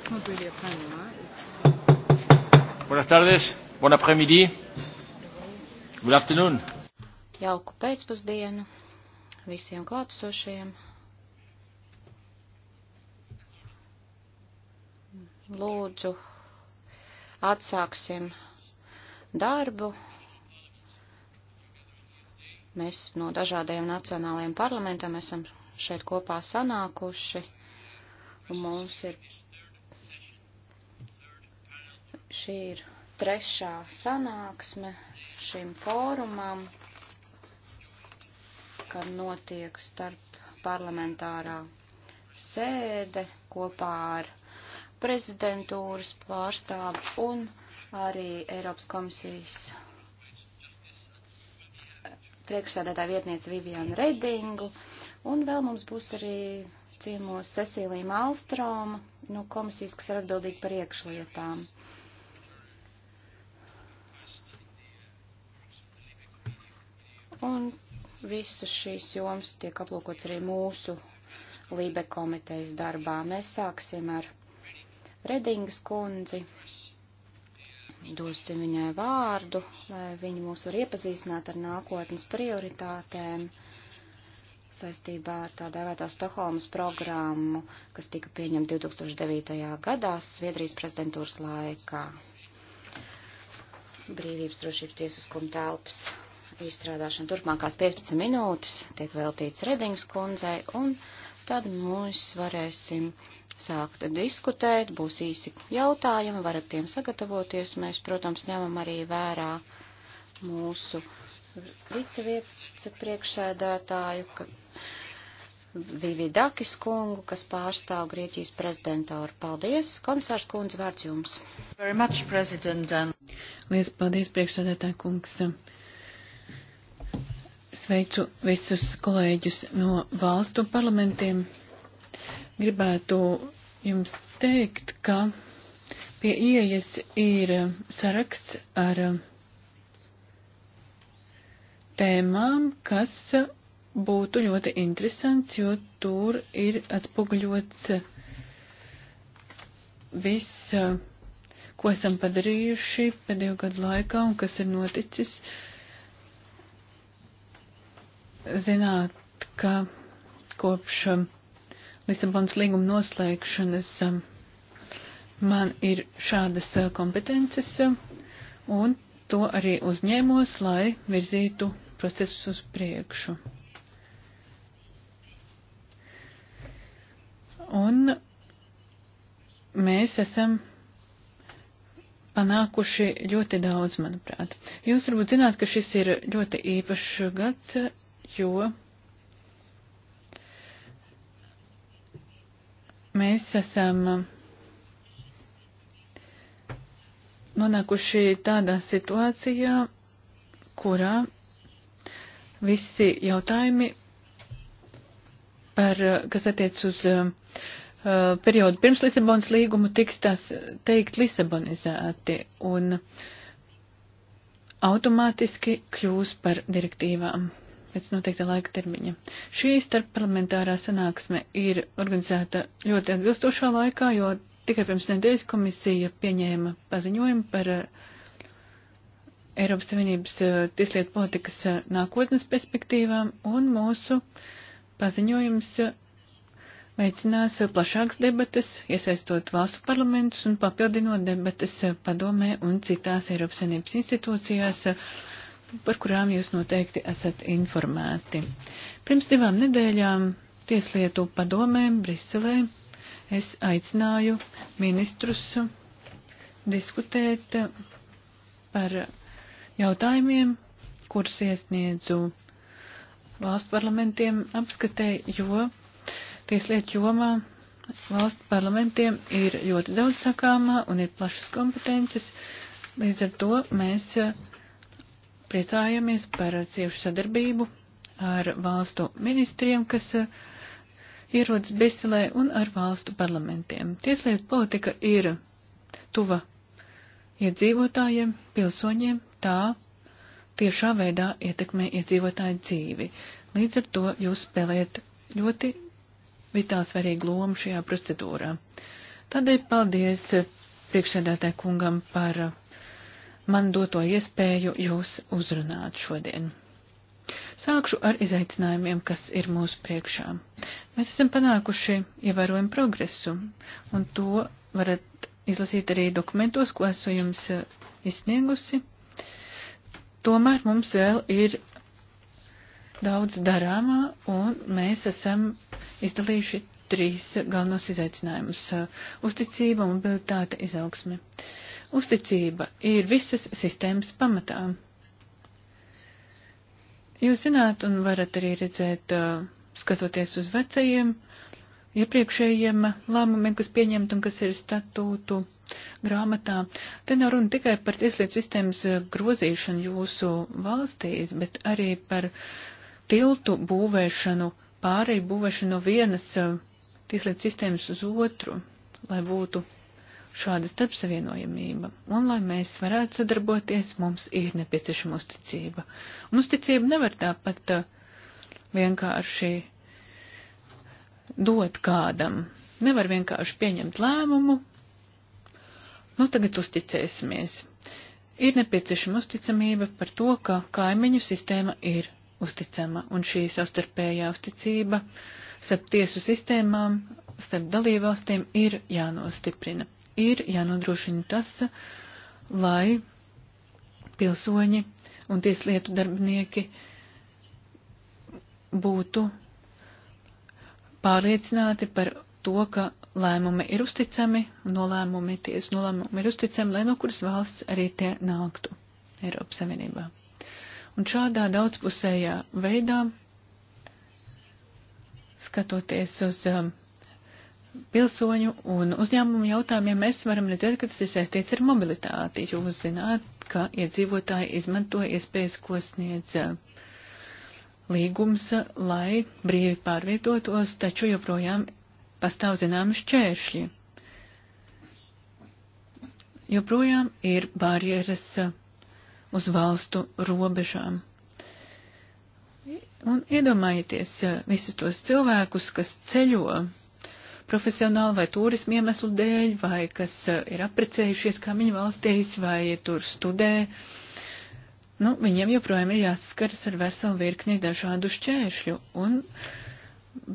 it's not really a panel, huh? it's... Buenas tardes, bon après-midi, good afternoon. Jauku pēcpusdienu visiem klātsošajiem. Lūdzu, atsāksim darbu. Mēs no dažādiem nacionālajiem parlamentiem esam šeit kopā sanākuši, un mums ir Šī ir trešā sanāksme šim fórumam, kad notiek starp parlamentārā sēde kopā ar prezidentūras pārstāvu un arī Eiropas komisijas priekšsēdētāja vietniece Viviana Redingu. Un vēl mums būs arī ciemos Cecīlija Malstroma no komisijas, kas ir atbildīga par iekšlietām. Un visas šīs jomas tiek aplūkots arī mūsu Lībe komitejas darbā. Mēs sāksim ar Redingas kundzi. Dosim viņai vārdu, lai viņa mūs var iepazīstināt ar nākotnes prioritātēm saistībā ar tā dēvētā Stokholmas programmu, kas tika pieņemta 2009. gadā Sviedrijas prezidentūras laikā. Brīvības drošības tiesiskuma telpas izstrādāšana turpmākās 15 minūtes tiek veltīts Redings kundzei, un tad mēs varēsim sākt diskutēt, būs īsi jautājumi, varat tiem sagatavoties. Mēs, protams, ņemam arī vērā mūsu vicepriekšsēdētāju Vivi Dakis kungu, kas pārstāv Grieķijas prezidentāru. Paldies, komisārs kundze, vārds jums. Much, Lies, paldies, priekšsēdētāju kungs. Sveicu visus kolēģus no valstu parlamentiem. Gribētu jums teikt, ka pie ieejas ir saraksts ar tēmām, kas būtu ļoti interesants, jo tur ir atspoguļots viss, ko esam padarījuši pēdējo gadu laikā un kas ir noticis. Uh, zināt, ka kopš um, Lisabonas līguma noslēgšanas um, man ir šādas uh, kompetences um, un to arī uzņēmos, lai virzītu procesus uz priekšu. Un mēs esam panākuši ļoti daudz, manuprāt. Jūs varbūt zināt, ka šis ir ļoti īpašs gads jo mēs esam nonākuši tādā situācijā, kurā visi jautājumi, par, kas attiec uz uh, periodu pirms Lisabonas līgumu, tiks tās teikt Lisabonizēti un automātiski kļūs par direktīvām pēc noteikta laika termiņa. Šī starpparlamentārā sanāksme ir organizēta ļoti atbilstošā laikā, jo tikai pirms nedēļas komisija pieņēma paziņojumu par eh, Eiropas Savienības eh, tieslietu politikas eh, nākotnes perspektīvām, un mūsu paziņojums veicinās plašāks debates, iesaistot valstu parlamentus un papildinot debates padomē un citās Eiropas Savienības institūcijās par kurām jūs noteikti esat informēti. Pirms divām nedēļām Tieslietu padomē Briselē es aicināju ministrus diskutēt par jautājumiem, kurus iesniedzu valstu parlamentiem apskatē, jo tieslietu jomā valstu parlamentiem ir ļoti daudz sakāmā un ir plašas kompetences. Līdz ar to mēs uh, priecājamies par ciešu sadarbību ar valstu ministriem, kas eh, ierodas Briselē un ar valstu parlamentiem. Tieslietu politika ir tuva iedzīvotājiem, pilsoņiem, tā tiešā veidā ietekmē iedzīvotāju dzīvi. Līdz ar to jūs spēlējat ļoti vitāli svarīgu lomu šajā procedūrā. Tādēļ paldies priekšsēdētāju kungam par man doto iespēju jūs uzrunāt šodien. Sākšu ar izaicinājumiem, kas ir mūsu priekšā. Mēs esam panākuši ievērojumu progresu, un to varat izlasīt arī dokumentos, ko esmu jums eh, izsniegusi. Tomēr mums vēl ir daudz darāmā, un mēs esam izdalījuši trīs galvenos izaicinājumus - uzticība, mobilitāte, izaugsme. Uh, Uzticība ir visas sistēmas pamatā. Jūs zināt un varat arī redzēt, skatoties uz vecajiem, iepriekšējiem lēmumiem, kas pieņemti un kas ir statūtu grāmatā. Te nav runa tikai par tieslietu sistēmas grozīšanu jūsu valstīs, bet arī par tiltu būvēšanu, pārēju būvēšanu no vienas tieslietu sistēmas uz otru, lai būtu šāda starpsavienojamība, un lai mēs varētu sadarboties, mums ir nepieciešama uzticība. Un uzticība nevar tāpat uh, vienkārši dot kādam. Nevar vienkārši pieņemt lēmumu, nu tagad uzticēsimies. Ir nepieciešama uzticamība par to, ka kaimiņu sistēma ir uzticama, un šī savstarpējā uzticība starp tiesu sistēmām, starp dalībvalstīm ir jānostiprina ir jānodrošina tas, lai pilsoņi un tieslietu darbinieki būtu pārliecināti par to, ka lēmumi ir uzticami, nolēmumi, tiesu nolēmumi ir uzticami, lai no kuras valsts arī tie nāktu Eiropas Savienībā. Un šādā daudzpusējā veidā, skatoties uz um, pilsoņu un uzņēmumu jautājumiem mēs varam redzēt, ka tas ir saistīts ar mobilitāti. Jūs zināt, ka iedzīvotāji izmanto iespējas, ko sniedz eh, līgums, lai brīvi pārvietotos, taču joprojām pastāv zināmi šķēršļi. Joprojām ir barjeras eh, uz valstu robežām. Un iedomājieties eh, visus tos cilvēkus, kas ceļo profesionāli vai turismu iemeslu dēļ, vai kas eh, ir aprecējušies kaimiņu valstīs, vai tur studē. Nu, viņiem joprojām ir jāsaskaras ar veselu virkni dažādu šķēršļu, un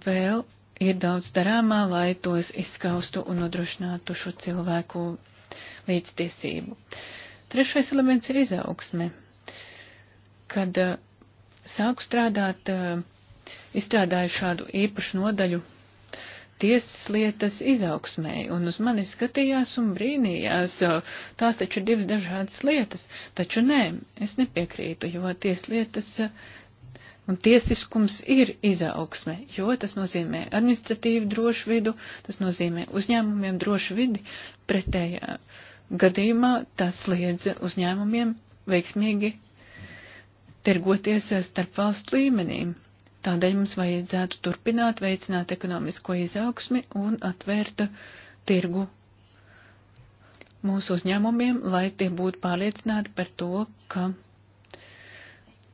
vēl ir daudz darāmā, lai tos izskaustu un nodrošinātu šo cilvēku līdztiesību. Trešais elements ir izaugsme. Kad eh, sāku strādāt, eh, izstrādāju šādu īpašu nodaļu tieslietas izaugsmēji, un uz mani skatījās un brīnījās, tās taču ir divas dažādas lietas, taču nē, es nepiekrītu, jo tieslietas un tiesiskums ir izaugsme, jo tas nozīmē administratīvu drošu vidu, tas nozīmē uzņēmumiem drošu vidi, pretējā gadījumā tas liedz uzņēmumiem veiksmīgi tirgoties starp valstu līmenīm. Tādēļ mums vajadzētu turpināt veicināt ekonomisko izaugsmi un atvērt tirgu mūsu uzņēmumiem, lai tie būtu pārliecināti par to, ka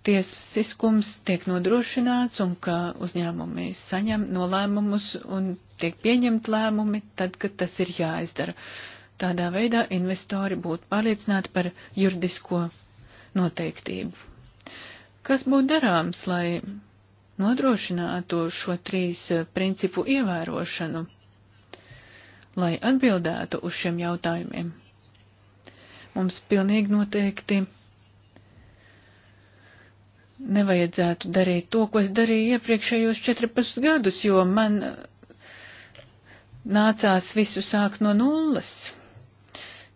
tiesiskums tiek nodrošināts un ka uzņēmumi saņem nolēmumus un tiek pieņemt lēmumi tad, kad tas ir jāizdara. Tādā veidā investori būtu pārliecināti par juridisko noteiktību. Kas būtu darāms, lai nodrošinātu šo trīs eh, principu ievērošanu, lai atbildētu uz šiem jautājumiem. Mums pilnīgi noteikti nevajadzētu darīt to, ko es darīju iepriekšējos 14 gadus, jo man nācās visu sākt no nulles.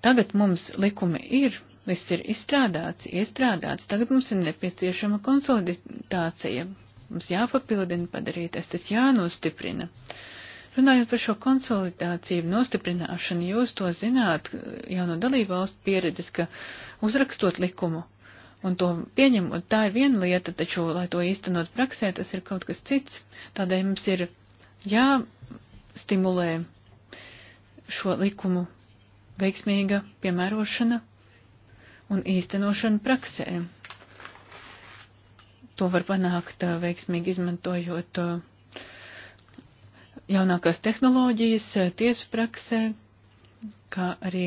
Tagad mums likumi ir, viss ir izstrādāts, iestrādāts, tagad mums ir nepieciešama konsolidācija, Mums jāpapildina padarītais, tas jānostiprina. Runājot par šo konsolidāciju, nostiprināšanu, jūs to zināt jau no dalību valstu pieredzes, ka uzrakstot likumu un to pieņemot, tā ir viena lieta, taču, lai to īstenot praksē, tas ir kaut kas cits. Tādēļ mums ir jāstimulē šo likumu veiksmīga piemērošana un īstenošana praksē to var panākt veiksmīgi izmantojot jaunākās tehnoloģijas tiesu praksē, kā arī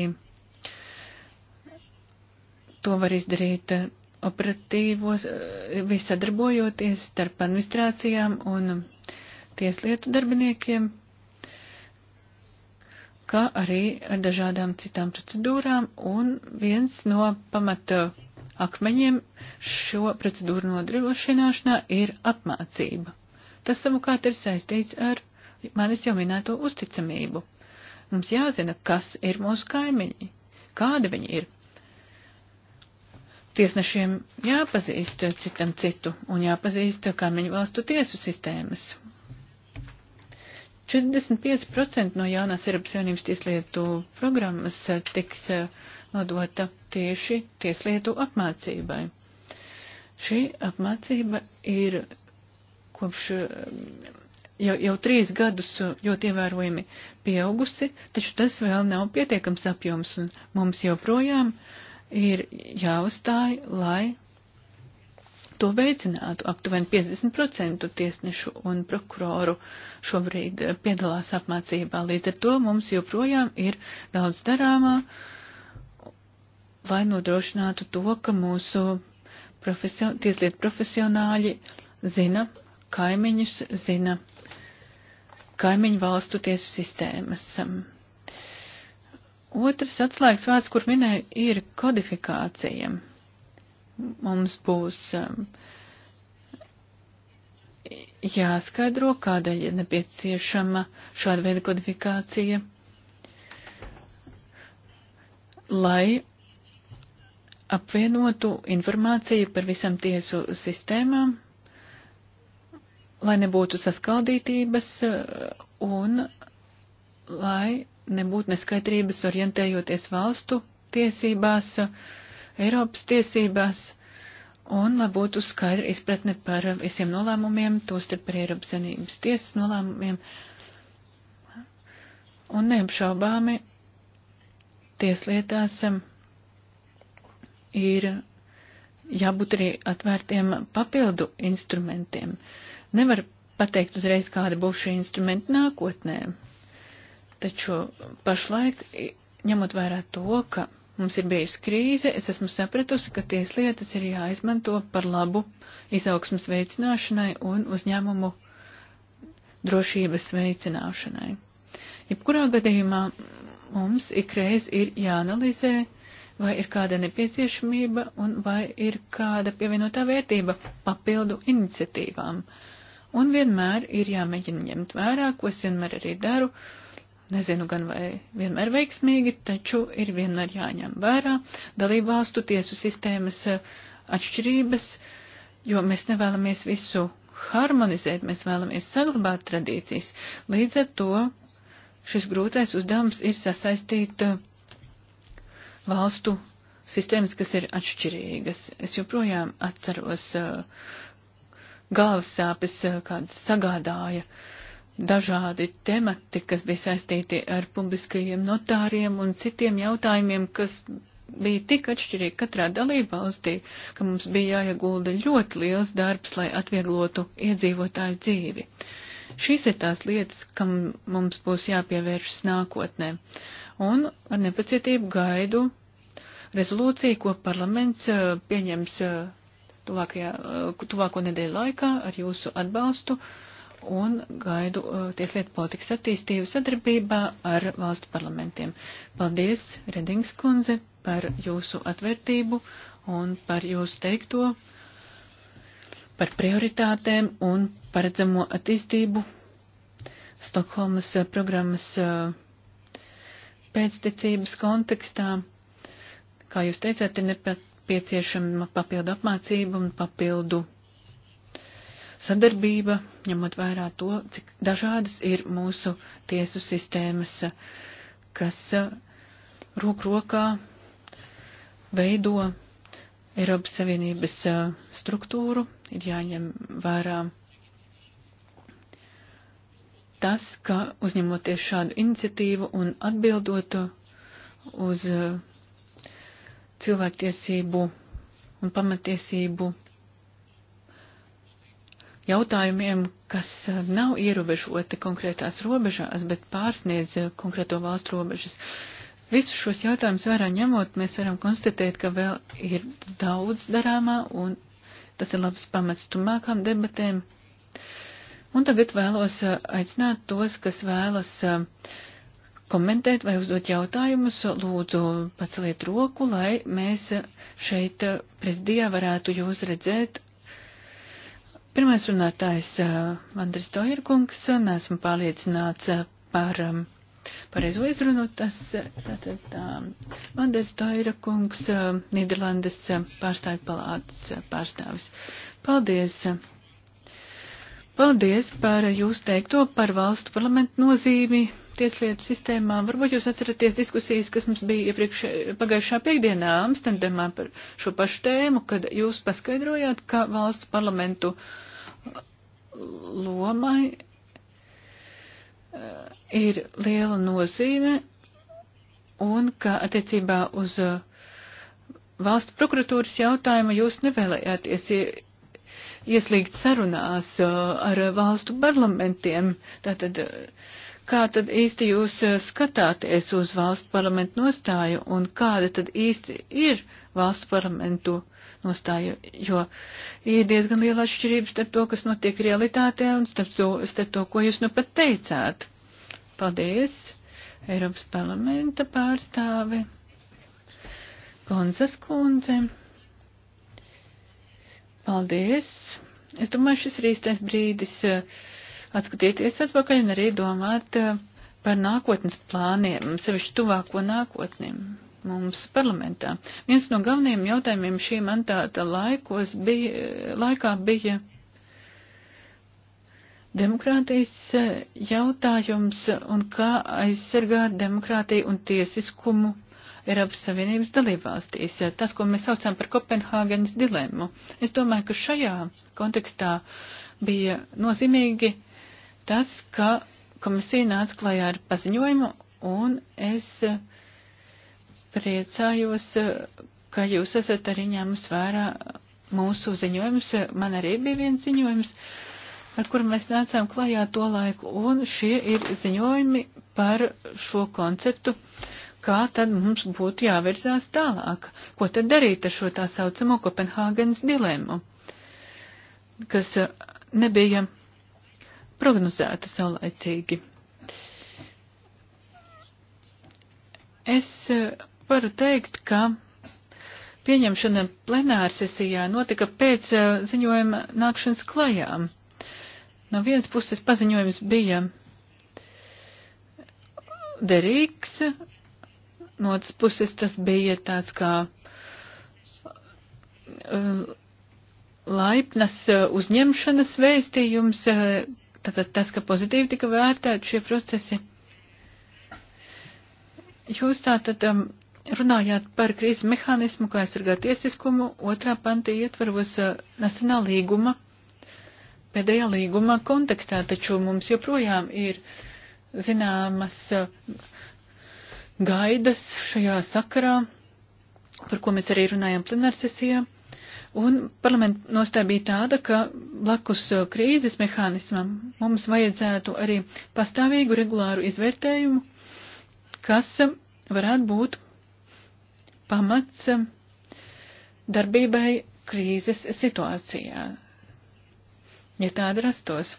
to var izdarīt operatīvos, visadarbojoties starp administrācijām un tieslietu darbiniekiem, kā arī ar dažādām citām procedūrām, un viens no pamata akmeņiem šo procedūru nodrošināšanā ir apmācība. Tas savukārt ir saistīts ar manis jau minēto uzticamību. Mums jāzina, kas ir mūsu kaimiņi, kādi viņi ir. Tiesnešiem jāpazīst citam citu un jāpazīst kaimiņu valstu tiesu sistēmas. 45% no jaunās Eiropas Savienības tieslietu programmas tiks uh, nodota tieši tieslietu apmācībai. Šī apmācība ir kopš eh, jau, jau trīs gadus eh, ļoti ievērojami pieaugusi, taču tas vēl nav pietiekams apjoms, un mums joprojām ir jāuzstāj, lai to veicinātu. Aptuveni 50% tiesnešu un prokuroru šobrīd eh, piedalās apmācībā. Līdz ar to mums joprojām ir daudz darāmā, lai nodrošinātu to, ka mūsu profesio tieslietu profesionāļi zina kaimiņus, zina kaimiņu valstu tiesu sistēmas. Otrs atslēgas vārds, kur minēju, ir kodifikācija. Mums būs um, jāskaidro, kādēļ ir nepieciešama šāda veida kodifikācija, lai apvienotu informāciju par visam tiesu sistēmām, lai nebūtu saskaldītības eh, un lai nebūtu neskaidrības orientējoties valstu tiesībās, Eiropas tiesībās un lai būtu skaidra izpratne par visiem nolēmumiem, tostarp par Eiropas Savienības tiesas nolēmumiem. Un neapšaubāmi tieslietās ir jābūt arī atvērtiem papildu instrumentiem. Nevar pateikt uzreiz, kāda būs šī instrumenta nākotnē. Taču pašlaik, ņemot vērā to, ka mums ir bijusi krīze, es esmu sapratusi, ka tieslietas ir jāizmanto par labu izaugsmas veicināšanai un uzņēmumu drošības veicināšanai. Jebkurā gadījumā mums ikreiz ir jāanalizē vai ir kāda nepieciešamība un vai ir kāda pievienotā vērtība papildu iniciatīvām. Un vienmēr ir jāmēģina ņemt vērā, ko es vienmēr arī daru. Nezinu gan vai vienmēr veiksmīgi, taču ir vienmēr jāņem vērā dalībvalstu tiesu sistēmas eh, atšķirības, jo mēs nevēlamies visu harmonizēt, mēs vēlamies saglabāt tradīcijas. Līdz ar to šis grūtais uzdevums ir sasaistīt uh, valstu sistēmas, kas ir atšķirīgas. Es joprojām atceros uh, galvas sāpes, uh, kādas sagādāja dažādi temati, kas bija saistīti ar publiskajiem notāriem un citiem jautājumiem, kas bija tik atšķirīgi katrā dalībvalstī, ka mums bija jāiegulda ļoti liels darbs, lai atvieglotu iedzīvotāju dzīvi. Uh, Šīs ir tās lietas, kam mums būs jāpievēršas nākotnē. Un ar nepacietību gaidu rezolūciju, ko parlaments eh, pieņems eh, tuvākajā, eh, tuvāko nedēļu laikā ar jūsu atbalstu un gaidu tieslietu politikas attīstību sadarbībā ar valstu parlamentiem. Paldies, Redingskundze, par jūsu atvērtību un par jūsu teikto par prioritātēm un paredzamo attīstību Stokholmas eh, programmas eh, pēcticības kontekstā. Kā jūs teicāt, ir nepieciešama papildu apmācība un papildu sadarbība, ņemot vērā to, cik dažādas ir mūsu tiesu sistēmas, kas eh, rok rokā veido Eiropas Savienības struktūru ir jāņem vērā tas, ka uzņemoties šādu iniciatīvu un atbildot uz uh, cilvēktiesību un pamatiesību jautājumiem, kas uh, nav ierobežoti konkrētās robežās, bet pārsniedz uh, konkrēto valstu robežas. Visus šos jautājumus vērā ņemot, mēs varam konstatēt, ka vēl ir daudz darāmā un Tas ir labs pamats tumākām debatēm. Un tagad vēlos uh, aicināt tos, kas vēlas uh, komentēt vai uzdot jautājumus, lūdzu paceliet roku, lai mēs uh, šeit prezidijā varētu jūs redzēt. Pirmais runātājs Andris Toirkungs, nesmu pārliecināts par um, pareizo izrunu, tas tātad tā, Vanders Toira kungs, Nīderlandes pārstāvju palātas pārstāvis. Paldies! Paldies par jūsu teikto par valstu parlamentu nozīmi tieslietu sistēmā. Varbūt jūs atceraties diskusijas, kas mums bija iepriekš pagājušā piekdienā Amsterdamā par šo pašu tēmu, kad jūs paskaidrojāt, ka valstu parlamentu lomai Eh, ir liela nozīme un ka attiecībā uz eh, valsts prokuratūras jautājumu jūs nevēlējāties ieslīgt sarunās eh, ar valstu parlamentiem. Tātad, kā tad īsti jūs skatāties uz valstu parlamentu nostāju un kāda tad īsti ir valstu parlamentu nostāja? nostāju, jo ir diezgan liela atšķirība starp to, kas notiek realitātē un starp to, starp to ko jūs nu pat teicāt. Paldies, Eiropas parlamenta pārstāve, Konzas kundze. Paldies. Es domāju, šis ir īstais brīdis eh, atskatīties atpakaļ un arī domāt eh, par nākotnes plāniem, sevišķi tuvāko nākotnēm mums parlamentā. Viens no galvenajiem jautājumiem šī mandāta laikos bija, laikā bija demokrātijas e, jautājums un kā aizsargāt demokrātiju un tiesiskumu Eiropas Savienības dalībvalstīs. E, tas, ko mēs saucam par Kopenhāgenes dilemmu. Es domāju, ka šajā kontekstā bija nozīmīgi tas, ka komisija nāca klajā ar paziņojumu un es uh, Priecājos, ka jūs esat arī ņēmus vērā mūsu ziņojumus. Man arī bija viens ziņojums, ar kuru mēs nācām klajā to laiku, un šie ir ziņojumi par šo konceptu, kā tad mums būtu jāvirzās tālāk, ko tad darīt ar šo tā saucamo Kopenhāgenes dilemmu, kas nebija prognozēta saulaicīgi. Es uh, varu teikt, ka pieņemšana plenārsesijā notika pēc uh, ziņojuma nākšanas klajām. No vienas puses paziņojums bija derīgs, no otras puses tas bija tāds kā uh, laipnas uh, uzņemšanas vēstījums, tātad tas, ka pozitīvi tika vērtēti šie procesi. Jūs tātad um, runājāt par krīzes mehānismu, kā aizsargāt tiesiskumu, otrā panta ietvaros nesenā līguma, pēdējā līguma kontekstā, taču mums joprojām ir zināmas gaidas šajā sakarā, par ko mēs arī runājam plenārsesijā. Un parlamenta nostāja bija tāda, ka blakus krīzes mehānismam mums vajadzētu arī pastāvīgu regulāru izvērtējumu, kas varētu būt pamats darbībai krīzes situācijā, ja tāda rastos.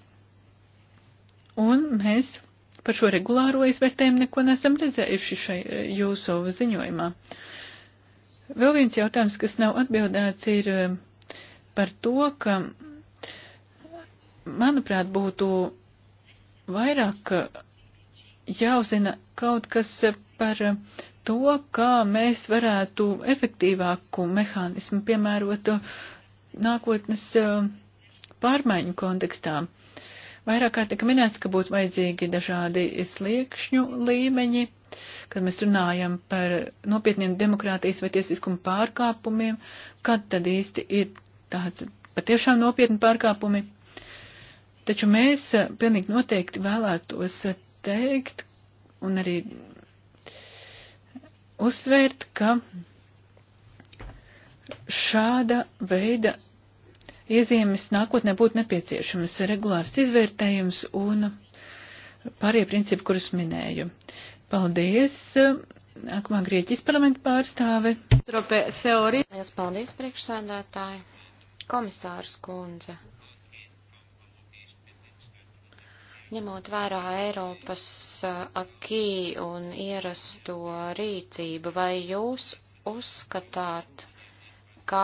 Un mēs par šo regulāro izvērtējumu neko nesam redzējuši šai jūsu ziņojumā. Vēl viens jautājums, kas nav atbildēts, ir eh, par to, ka, manuprāt, būtu vairāk eh, jāuzina kaut kas eh, par to, kā mēs varētu efektīvāku mehānismu piemērot nākotnes eh, pārmaiņu kontekstā. Vairāk kā tika minēts, ka būtu vajadzīgi dažādi sliekšņu līmeņi, kad mēs runājam par nopietniem demokrātijas vai tiesiskuma pārkāpumiem, kad tad īsti ir tāds patiešām nopietni pārkāpumi. Taču mēs eh, pilnīgi noteikti vēlētos teikt, un arī uzsvērt, ka šāda veida iezīmes nākotnē būtu nepieciešamas regulārs izvērtējums un pārējie principi, kurus minēju. Paldies! Nākamā Grieķijas parlamenta pārstāve. Trope teorija. Paldies, priekšsēdētāji. Komisārs kundze. Ņemot vērā Eiropas akī un ierasto rīcību, vai jūs uzskatāt, ka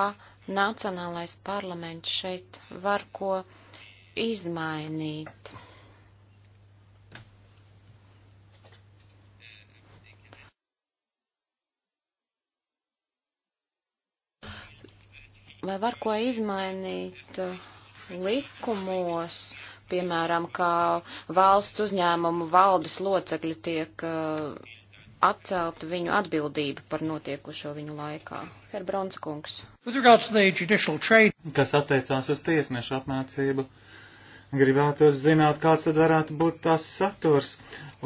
Nacionālais parlaments šeit var ko izmainīt? Vai var ko izmainīt likumos? Uh, piemēram, kā valsts uzņēmumu valdes locekļi tiek uh, atcelt viņu atbildību par notiekušo viņu laikā. Herbrons kungs. Kas attiecās uz tiesnešu apmācību? Gribētu zināt, kāds tad varētu būt tās saturs,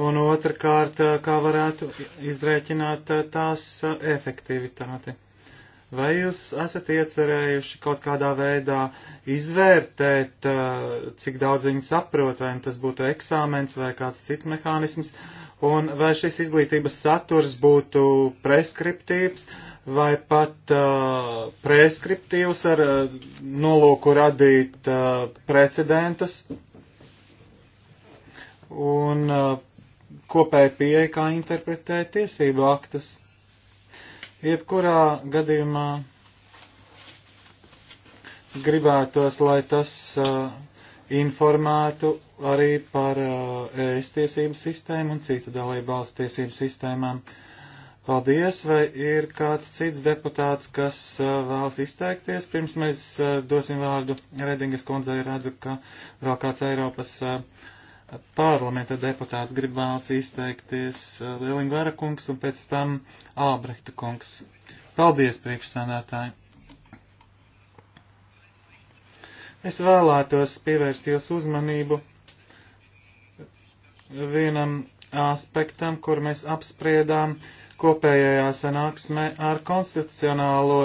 un otrkārt, kā varētu izrēķināt uh, tās uh, efektivitāti. Vai jūs esat iecerējuši kaut kādā veidā izvērtēt, uh, cik daudz viņi saprot, vai nu tas būtu eksāmens vai kāds cits mehānisms, un vai šis izglītības saturs būtu preskriptīvs vai pat uh, preskriptīvs ar uh, nolūku radīt uh, precedentus? Un uh, kopēja pieeja, kā interpretēt tiesību aktus? Jebkurā gadījumā gribētos, lai tas uh, informētu arī par uh, ES tiesību sistēmu un citu dalību valsts tiesību sistēmām. Paldies, vai ir kāds cits deputāts, kas uh, vēlas izteikties? Pirms mēs uh, dosim vārdu Redingas kundzei, redzu, ka vēl kāds Eiropas uh, parlamenta deputāts grib vēlas izteikties eh, Lielingvara kungs un pēc tam Ābrehta kungs. Paldies, priekšsādātāji! Es vēlētos pievērst jūsu uzmanību vienam aspektam, kur mēs apspriedām kopējā sanāksmē ar konstitucionālo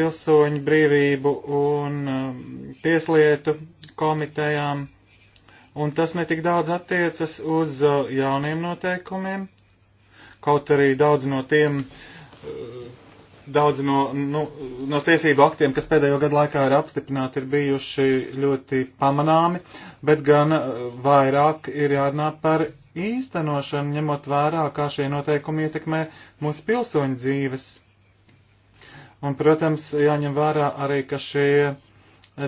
pilsoņu brīvību un um, tieslietu komitejām un tas netik daudz attiecas uz uh, jauniem noteikumiem, kaut arī daudz no tiem, uh, daudz no, nu, no tiesību aktiem, kas pēdējo gadu laikā ir apstiprināti, ir bijuši ļoti pamanāmi, bet gan uh, vairāk ir jārunā par īstenošanu, ņemot vērā, kā šie noteikumi ietekmē mūsu pilsoņu dzīves. Un, protams, jāņem vērā arī, ka šie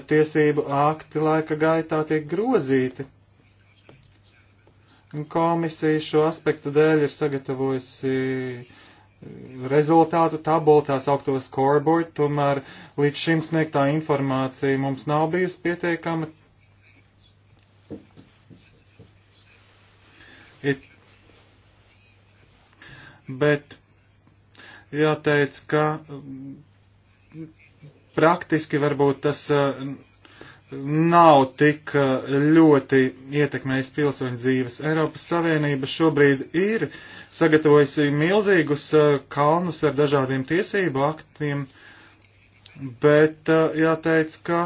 tiesību akti laika gaitā tiek grozīti. Komisija šo aspektu dēļ ir sagatavojusi eh, rezultātu tabulu, tā saukto scoreboard, tomēr līdz šim sniegtā informācija mums nav bijusi pietiekama. It, bet jāteic, ka praktiski varbūt tas eh, nav tik eh, ļoti ietekmējis pilsoņu dzīves. Eiropas Savienība šobrīd ir sagatavojusi milzīgus eh, kalnus ar dažādiem tiesību aktiem, bet jāteic, ka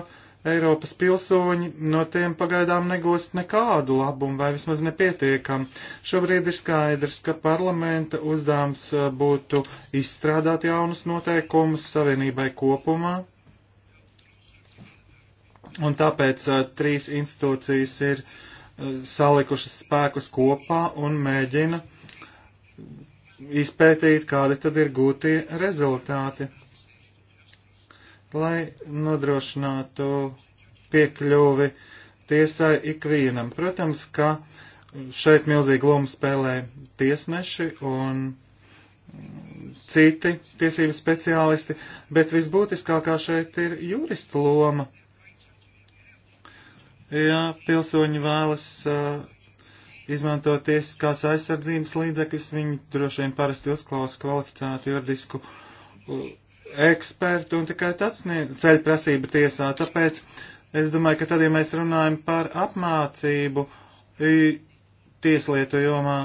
Eiropas pilsoņi no tiem pagaidām negūst nekādu labumu vai vismaz nepietiekam. Šobrīd ir skaidrs, ka parlamenta uzdevums būtu izstrādāt jaunus noteikumus savienībai kopumā Un tāpēc trīs institūcijas ir salikušas spēkus kopā un mēģina izpētīt, kādi tad ir gūti rezultāti, lai nodrošinātu piekļuvi tiesai ikvienam. Protams, ka šeit milzīgu lomu spēlē tiesneši un citi tiesību speciālisti, bet visbūtiskākā šeit ir jurista loma ja pilsoņi vēlas uh, izmantot tiesiskās aizsardzības līdzekļus, viņi droši vien parasti uzklausa kvalificētu juridisku uh, ekspertu un tikai tāds ceļ prasība tiesā. Tāpēc es domāju, ka tad, ja mēs runājam par apmācību tieslietu jomā,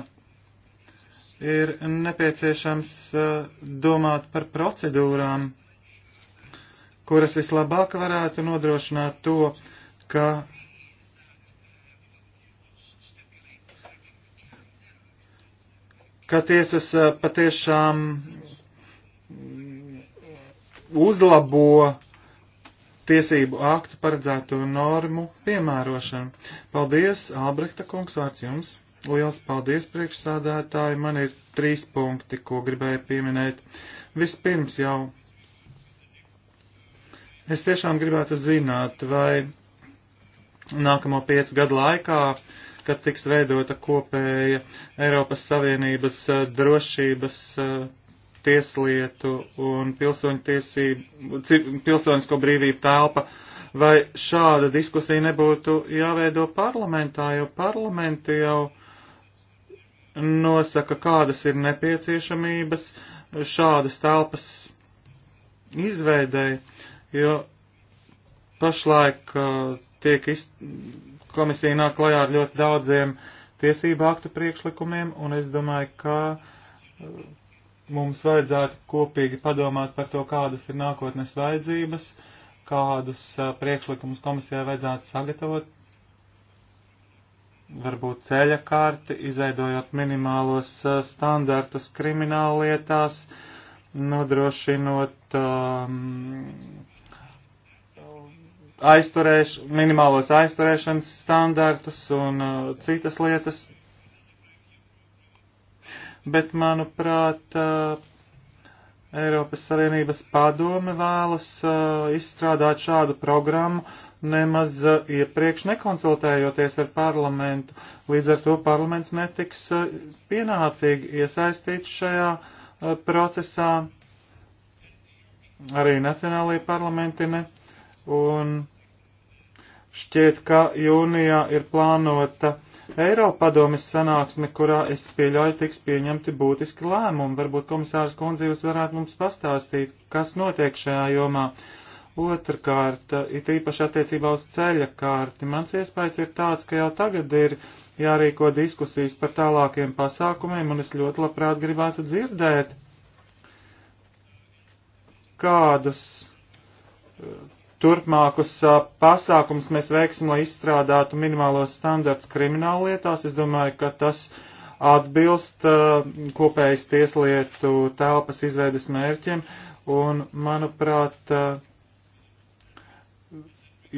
ir nepieciešams uh, domāt par procedūrām, kuras vislabāk varētu nodrošināt to, ka ka tiesas eh, patiešām uzlabo tiesību aktu paredzēto normu piemērošanu. Paldies, Albrekta kungs, vārds jums. Liels paldies priekšsādātāji. Man ir trīs punkti, ko gribēju pieminēt. Vispirms jau es tiešām gribētu zināt, vai nākamo piecu gadu laikā kad tiks veidota kopēja Eiropas Savienības eh, drošības eh, tieslietu un pilsoņu tiesību, pilsonisko brīvību telpa. Vai šāda diskusija nebūtu jāveido parlamentā, jo parlamenti jau nosaka, kādas ir nepieciešamības šādas telpas izveidēji, jo pašlaik uh, tiek iz, komisija nāk klajā ar ļoti daudziem tiesību aktu priekšlikumiem, un es domāju, ka uh, mums vajadzētu kopīgi padomāt par to, kādas ir nākotnes vajadzības, kādus uh, priekšlikumus komisijai vajadzētu sagatavot, varbūt ceļa karti, izveidojot minimālos uh, standartus krimināllietās, nodrošinot um, aizturēš, minimālos aizturēšanas standartus un uh, citas lietas. Bet, manuprāt, uh, Eiropas Savienības padome vēlas uh, izstrādāt šādu programmu, nemaz uh, iepriekš nekonsultējoties ar parlamentu. Līdz ar to parlaments netiks uh, pienācīgi iesaistīts šajā uh, procesā. Arī nacionālajie parlamenti netiks un šķiet, ka jūnijā ir plānota Eiropadomis sanāksme, kurā es pieļauju tiks pieņemti būtiski lēmumi. Varbūt komisārs kundze jūs varētu mums pastāstīt, kas notiek šajā jomā. Otrakārt, it īpaši attiecībā uz ceļa kārti, mans iespējas ir tāds, ka jau tagad ir jārīko diskusijas par tālākiem pasākumiem, un es ļoti labprāt gribētu dzirdēt, kādas turpmākus pasākums mēs veiksim, lai izstrādātu minimālos standarts krimināla lietās. Es domāju, ka tas atbilst kopējas tieslietu telpas izveides mērķiem. Un, manuprāt,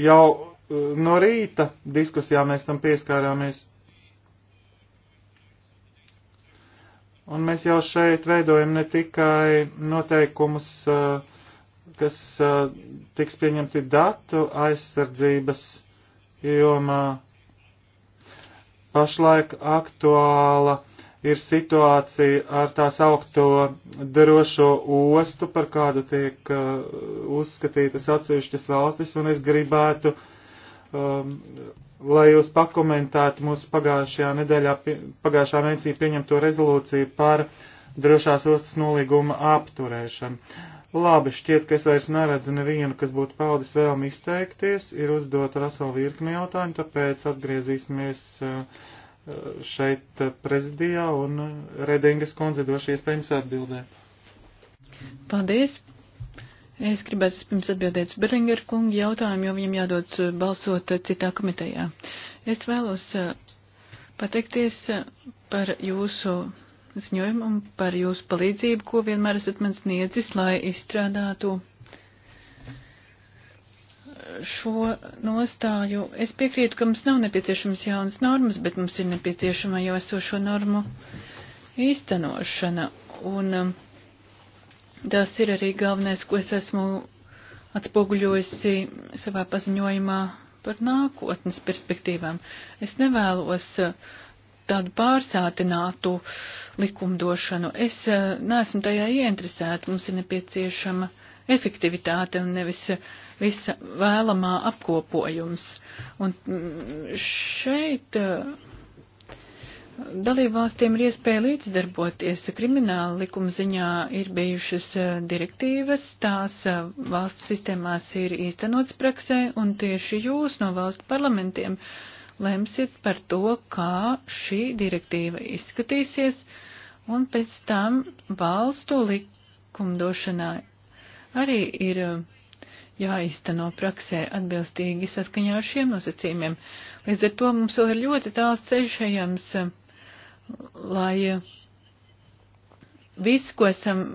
jau no rīta diskusijā mēs tam pieskārāmies. Un mēs jau šeit veidojam ne tikai noteikumus uh, kas uh, tiks pieņemti datu aizsardzības jomā. Pašlaik aktuāla ir situācija ar tās augto drošo ostu, par kādu tiek uh, uzskatītas atsevišķas valstis, un es gribētu, um, lai jūs pakomentētu mūsu pagājušajā nedēļā, pagājušā mēnesī pieņemto rezolūciju par drošās ostas nolīguma apturēšanu. Labi, šķiet, ka es vairs neredzu nevienu, kas būtu paudis vēlmi izteikties, ir uzdota vesela virkni jautājumu, tāpēc atgriezīsimies uh, uh, šeit uh, prezidijā un Redingas kundze došu iespējams atbildēt. Paldies! Es gribētu pirms atbildēt uz Berengeru kungu jautājumu, jo viņam jādodas balsot citā komitejā. Es vēlos pateikties par jūsu ziņojumu un par jūsu palīdzību, ko vienmēr esat man sniedzis, lai izstrādātu šo nostāju. Es piekrītu, ka mums nav nepieciešams jaunas normas, bet mums ir nepieciešama jau esošo normu īstenošana. Un um, tas ir arī galvenais, ko es esmu atspoguļojusi savā paziņojumā par nākotnes perspektīvām. Es nevēlos uh, tādu pārsātinātu likumdošanu. Es eh, neesmu tajā ieinteresēta. Mums ir nepieciešama efektivitāte un nevis eh, visa vēlamā apkopojums. Un mm, šeit eh, dalībvalstīm ir iespēja līdzdarboties. Krimināla likuma ziņā ir bijušas direktīvas, tās valstu sistēmās ir īstenots praksē, un tieši jūs no valstu parlamentiem uh, lemsiet par to, kā šī direktīva izskatīsies, un pēc tam valstu likumdošanā arī ir eh, jāizteno praksē atbilstīgi saskaņā ar šiem nosacījumiem. Līdz ar to mums vēl ir ļoti tāls ceļš ejams, eh, lai eh, viss, ko esam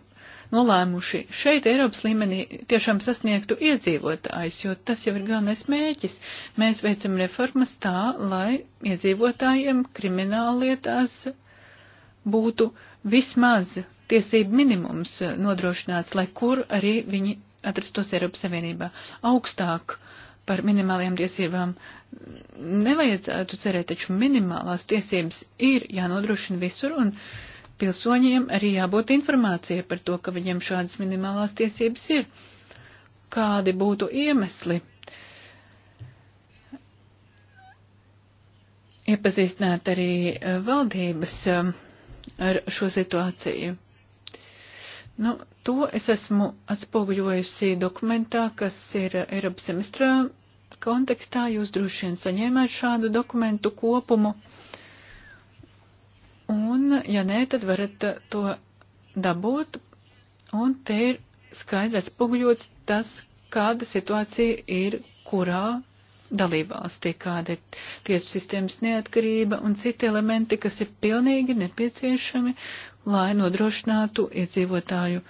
nolēmuši šeit Eiropas līmenī tiešām sasniegtu iedzīvotājs, jo tas jau ir galvenais mēķis. Mēs veicam reformas tā, lai iedzīvotājiem krimināllietās būtu vismaz tiesību minimums nodrošināts, lai kur arī viņi atrastos Eiropas Savienībā augstāk par minimālajām tiesībām nevajadzētu cerēt, taču minimālās tiesības ir jānodrošina visur, un pilsoņiem arī jābūt informācija par to, ka viņiem šādas minimālās tiesības ir. Kādi būtu iemesli? Iepazīstināt arī eh, valdības eh, ar šo situāciju. Nu, to es esmu atspoguļojusi dokumentā, kas ir Eiropas semestrā kontekstā. Jūs droši vien saņēmāt šādu dokumentu kopumu. Un, ja nē, tad varat to dabūt. Un te ir skaidri atspoguļots tas, kāda situācija ir kurā dalībvalstī, kāda ir tiesu sistēmas neatkarība un citi elementi, kas ir pilnīgi nepieciešami, lai nodrošinātu iedzīvotāju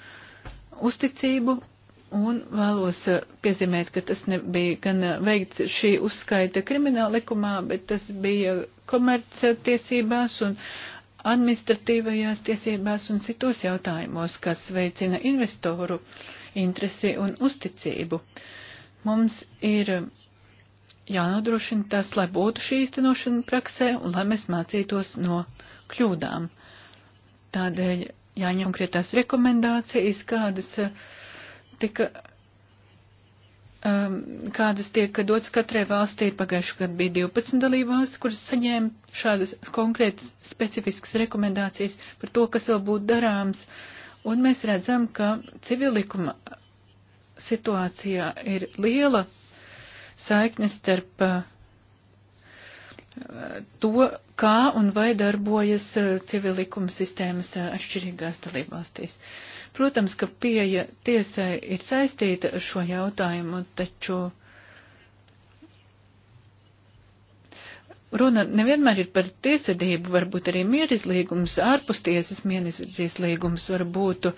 uzticību. Un vēlos eh, piezīmēt, ka tas nebija gan eh, veikts šī uzskaita krimināla likumā, bet tas bija komercietiesībās un administratīvajās tiesībās un citos jautājumos, kas veicina investoru interesi un uzticību. Mums ir jānodrošina tas, lai būtu šī īstenošana praksē un lai mēs mācītos no kļūdām. Tādēļ jāņem konkrētās rekomendācijas, kādas eh, tika Um, kādas tiek dotas katrai valstī. Pagājušajā gadā bija 12 dalībvalstis, kuras saņēma šādas konkrētas specifiskas rekomendācijas par to, kas vēl būtu darāms. Un mēs redzam, ka civilikuma situācijā ir liela saiknes starp uh, to, kā un vai darbojas uh, civilikuma sistēmas uh, atšķirīgās dalībvalstīs. Uh, Protams, ka pieeja tiesai ir saistīta ar šo jautājumu, taču runa nevienmēr ir par tiesvedību, varbūt arī mierizlīgums, ārpus tiesas mierizlīgums, varbūt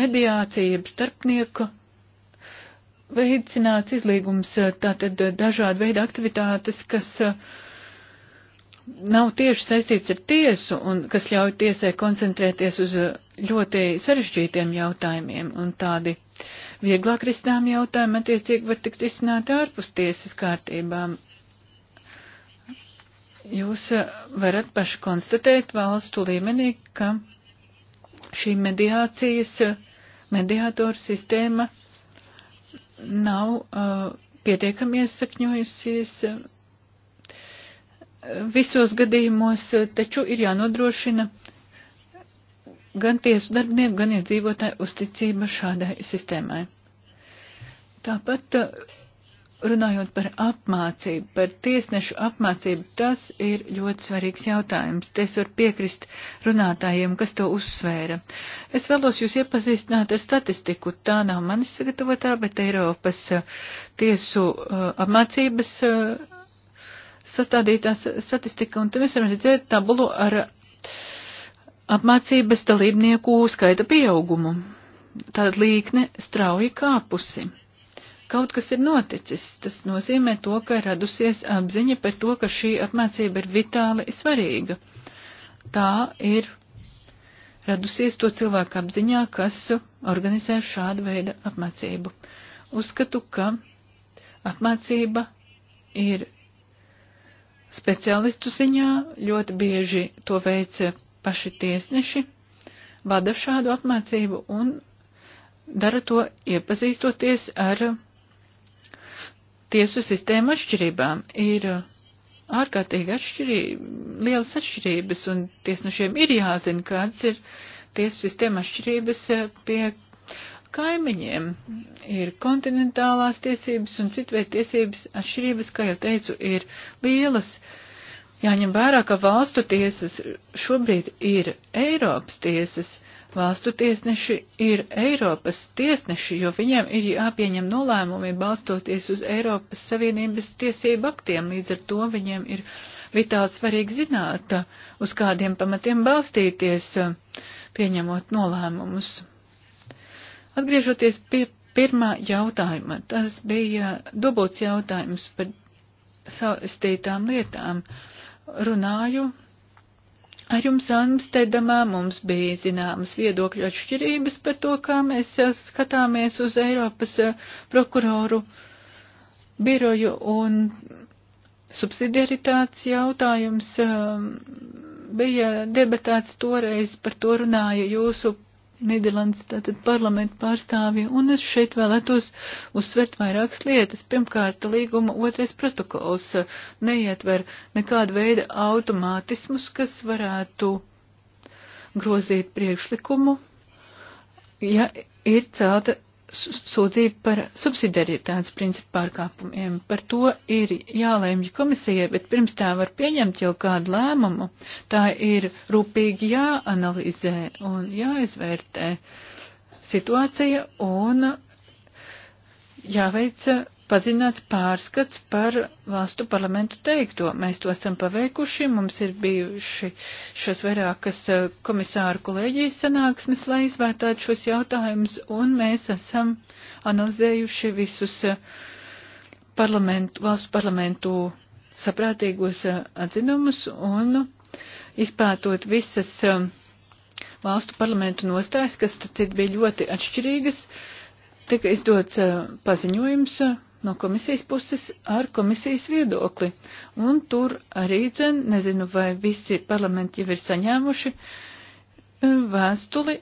mediācija, starpnieku veicināts izlīgums, tātad dažādi veidi aktivitātes, kas uh, nav tieši saistīts ar tiesu un kas ļauj tiesai koncentrēties uz uh, ļoti sarežģītiem jautājumiem un tādi vieglāk risinām jautājumi attiecīgi var tikt risināti ārpus tiesas kārtībām. Jūs uh, varat paši konstatēt valstu līmenī, ka šī mediācijas, uh, mediātoru sistēma nav uh, pietiekami iesakņojusies. Uh, visos gadījumos taču ir jānodrošina gan tiesu darbinieku, gan iedzīvotāju uzticība šādai sistēmai. Tāpat eh, runājot par apmācību, par tiesnešu apmācību, tas ir ļoti svarīgs jautājums. Te es varu piekrist runātājiem, kas to uzsvēra. Es vēlos jūs iepazīstināt ar statistiku. Tā nav manis sagatavotā, bet Eiropas eh, tiesu eh, apmācības sastādītā statistika, un te mēs varam redzēt tabulu ar apmācības dalībnieku skaita pieaugumu. Tātad līkne strauji kāpusi. Kaut kas ir noticis, tas nozīmē to, ka radusies apziņa par to, ka šī apmācība ir vitāli svarīga. Tā ir radusies to cilvēku apziņā, kas organizē šādu veidu apmācību. Uzskatu, ka apmācība ir speciālistu ziņā, ļoti bieži to veica paši tiesneši, vada šādu apmācību un dara to iepazīstoties ar tiesu sistēmu atšķirībām. Ir ārkārtīgi atšķirība, lielas atšķirības, un tiesnešiem ir jāzina, kāds ir tiesu sistēma atšķirības, pie kaimiņiem ir kontinentālās tiesības un citveid tiesības atšķirības, kā jau teicu, ir lielas. Jāņem vērā, ka valstu tiesas šobrīd ir Eiropas tiesas, valstu tiesneši ir Eiropas tiesneši, jo viņiem ir jāpieņem nolēmumi balstoties uz Eiropas Savienības tiesību aktiem, līdz ar to viņiem ir vitāli svarīgi zināt, uz kādiem pamatiem balstīties, pieņemot nolēmumus. Atgriežoties pie pirmā jautājuma, tas bija dubults jautājums par saistītām lietām. Runāju ar jums Amsterdamā, mums bija zināmas viedokļu atšķirības par to, kā mēs eh, skatāmies uz Eiropas eh, prokuroru biroju un subsidiaritātes jautājums eh, bija debatēts toreiz, par to runāja jūsu Nīderlandes tātad parlamentu pārstāvju, un es šeit vēlētos uzsvert vairākas lietas. Pirmkārt, līguma otrais protokols eh, neietver nekādu veidu automātismus, kas varētu grozīt priekšlikumu, ja ir celta sūdzību par subsidiaritātes principu pārkāpumiem. Par to ir jālēmj komisijai, bet pirms tā var pieņemt jau kādu lēmumu, tā ir rūpīgi jāanalizē un jāizvērtē situācija un jāveic padziļināts pārskats par valstu parlamentu teikto. Mēs to esam paveikuši, mums ir bijuši šos vairākas eh, komisāru kolēģijas sanāksmes, lai izvērtētu šos jautājumus, un mēs esam analizējuši visus eh, parlamentu, valstu parlamentu saprātīgos eh, atzinumus un izpētot visas valstu parlamentu nostājas, kas tad bija ļoti atšķirīgas, tika izdots paziņojums no komisijas puses ar komisijas viedokli. Un tur arī, dzen, nezinu, vai visi parlamenti jau ir saņēmuši e, vēstuli,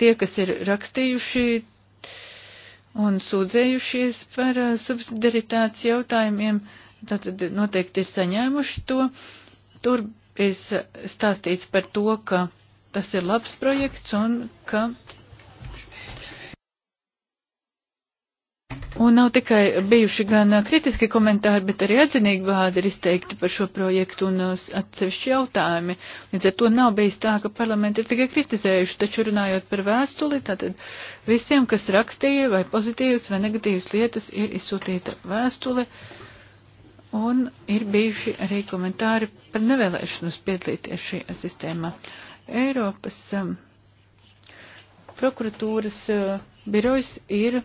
tie, kas ir rakstījuši un sūdzējušies par e, subsidiaritātes jautājumiem, tātad noteikti ir saņēmuši to. Tur ir stāstīts par to, ka tas ir labs projekts un ka Un nav tikai bijuši gan kritiski komentāri, bet arī atzinīgi vārdi ir izteikti par šo projektu un atsevišķi jautājumi. Līdz ar to nav bijis tā, ka parlamenti ir tikai kritizējuši, taču runājot par vēstuli, tātad visiem, kas rakstīja vai pozitīvas vai negatīvas lietas, ir izsūtīta vēstule un ir bijuši arī komentāri par nevēlēšanos piedalīties šajā sistēmā. Eiropas um, prokuratūras uh, birojs ir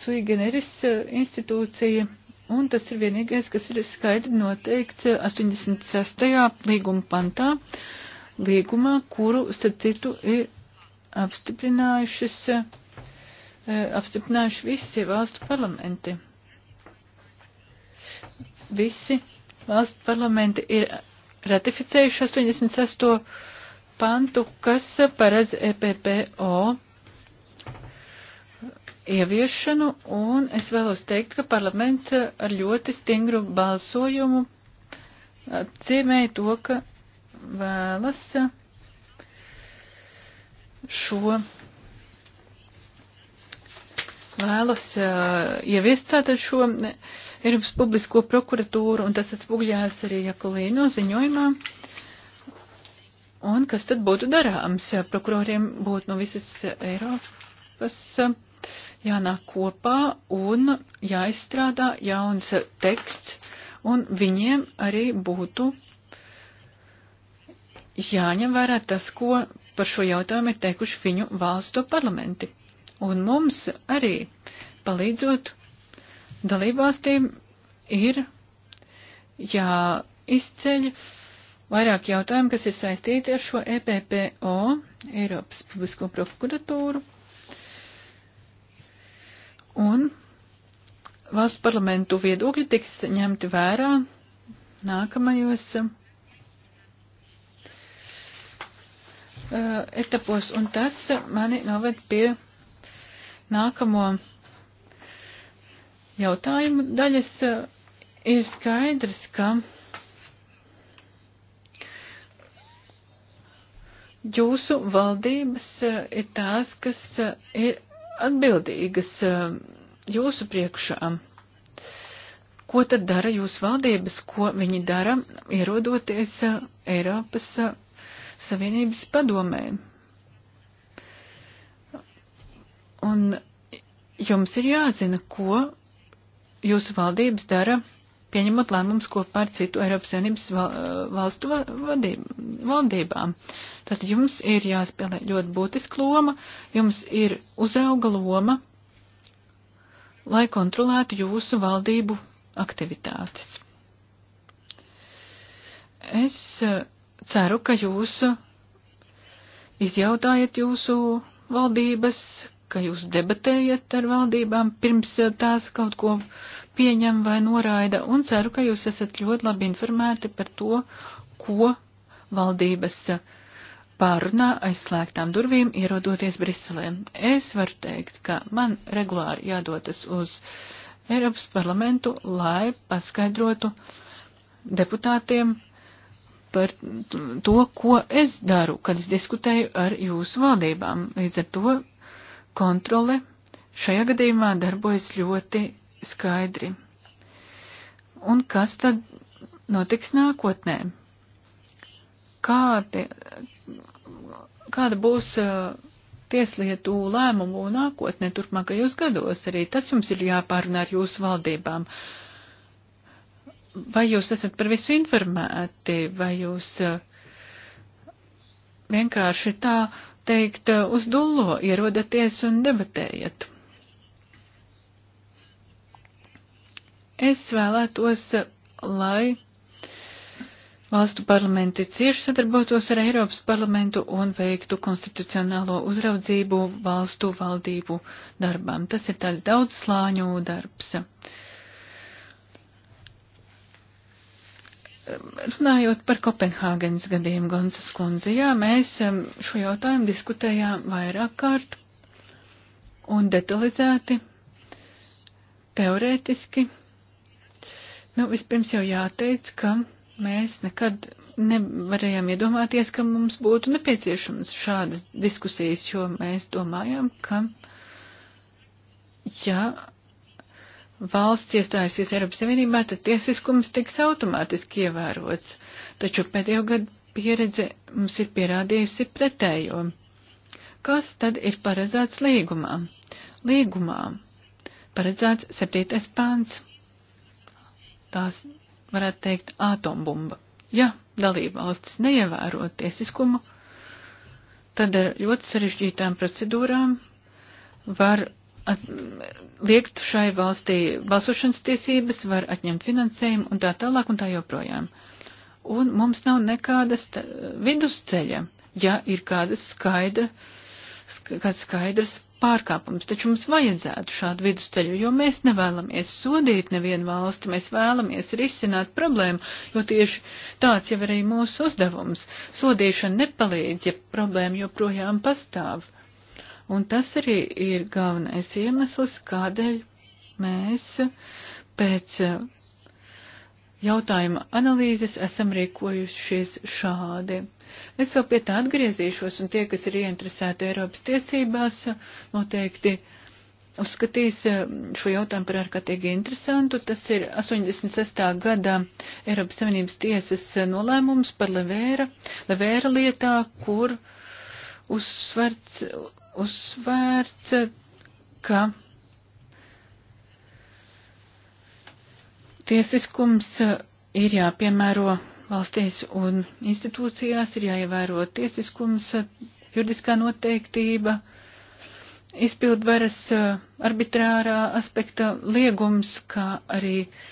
sui generis eh, institūcija, un tas ir vienīgais, kas ir skaidri noteikts 86. Eh, līguma pantā, līgumā, kuru, starp citu, ir apstiprinājušas, eh, apstiprinājuši visi valstu parlamenti. Visi valstu parlamenti ir ratificējuši 86. pantu, kas paredz EPPO ieviešanu, un es vēlos teikt, ka parlaments eh, ar ļoti stingru balsojumu eh, ciemēja to, ka vēlas eh, šo vēlas uh, ieviest tātad šo Eiropas publisko prokuratūru, un tas atspūgļās arī Jakulīno ziņojumā. Un kas tad būtu darāms? Prokuroriem būtu no visas Eiropas uh, jānāk kopā un jāizstrādā jauns teksts, un viņiem arī būtu jāņem vērā tas, ko par šo jautājumu ir teikuši viņu valstu parlamenti. Un mums arī palīdzot dalībvalstīm ir jāizceļ vairāk jautājumu, kas ir saistīti ar šo EPPO, Eiropas Publisko prokuratūru Un valstu parlamentu viedokļi tiks ņemti vērā nākamajos uh, etapos, un tas mani noved pie nākamo jautājumu daļas. Uh, ir skaidrs, ka jūsu valdības uh, ir tās, kas ir atbildīgas um, jūsu priekšā. Ko tad dara jūsu valdības, ko viņi dara, ierodoties uh, Eiropas uh, Savienības padomē? Un jums ir jāzina, ko jūsu valdības dara pieņemot lēmumus kopā ar citu Eiropas Savienības eh, valstu valdībām. Tātad jums ir jāspēlē ļoti būtiska loma, jums ir uzauga loma, lai kontrolētu jūsu valdību aktivitātes. Es eh, ceru, ka jūs izjautājat jūsu valdības ka jūs debatējat ar valdībām pirms eh, tās kaut ko pieņem vai noraida, un ceru, ka jūs esat ļoti labi informēti par to, ko valdības eh, pārunā aizslēgtām durvīm ierodoties Briselē. Es varu teikt, ka man regulāri jādotas uz Eiropas parlamentu, lai paskaidrotu deputātiem par to, ko es daru, kad es diskutēju ar jūsu valdībām. Līdz ar to kontrole šajā gadījumā darbojas ļoti skaidri. Un kas tad notiks nākotnē? Kādi, kāda būs uh, tieslietu lēmumu nākotnē turpmākajos gados? Arī tas jums ir jāpārunā ar jūsu valdībām. Vai jūs esat par visu informēti, vai jūs uh, vienkārši tā uh, teikt, eh, uz dullo ierodaties un debatējat. Es vēlētos, eh, lai valstu parlamenti cieši sadarbotos ar Eiropas parlamentu un veiktu konstitucionālo uzraudzību valstu valdību darbām. Tas ir tāds daudz slāņu darbs. Uh, Runājot par Kopenhāgenes gadījumu, Gonsas kundze, jā, mēs šo jautājumu diskutējām vairāk kārt un detalizēti, teorētiski. Nu, vispirms jau jāteic, ka mēs nekad nevarējām iedomāties, ka mums būtu nepieciešams šādas diskusijas, jo mēs domājām, ka, ja valsts iestājusies Eiropas Savienībā, tad tiesiskums tiks automātiski ievērots. Taču pēdējo gadu pieredze mums ir pierādījusi pretējo. Kas tad ir paredzēts līgumā? Līgumā paredzēts septītais pāns. Tās varētu teikt atombumba. Ja dalība valstis neievēro tiesiskumu, tad ar ļoti sarežģītām procedūrām var liekt šai valstī balsošanas tiesības, var atņemt finansējumu un tā tālāk un tā joprojām. Un mums nav nekādas vidusceļa, ja ir kādas skaidra, kāds skaidrs pārkāpums, taču mums vajadzētu šādu vidusceļu, jo mēs nevēlamies sodīt nevienu valsti, mēs vēlamies risināt problēmu, jo tieši tāds jau arī mūsu uzdevums. Sodīšana nepalīdz, ja problēma joprojām pastāv. Uh, Un tas arī ir galvenais iemesls, kādēļ mēs pēc eh, jautājuma analīzes esam rīkojušies šādi. Es vēl pie tā atgriezīšos, un tie, kas ir ieinteresēti Eiropas tiesībās, noteikti uzskatīs eh, šo jautājumu par ārkārtīgi interesantu. Tas ir 86. gada Eiropas Savienības tiesas nolēmums par Levēra, Levēra lietā, kur uzsverts uzsvērts, ka tiesiskums ir jāpiemēro valstīs un institūcijās, ir jāievēro tiesiskums, juridiskā noteiktība, izpildvaras arbitrārā aspekta liegums, kā arī uh,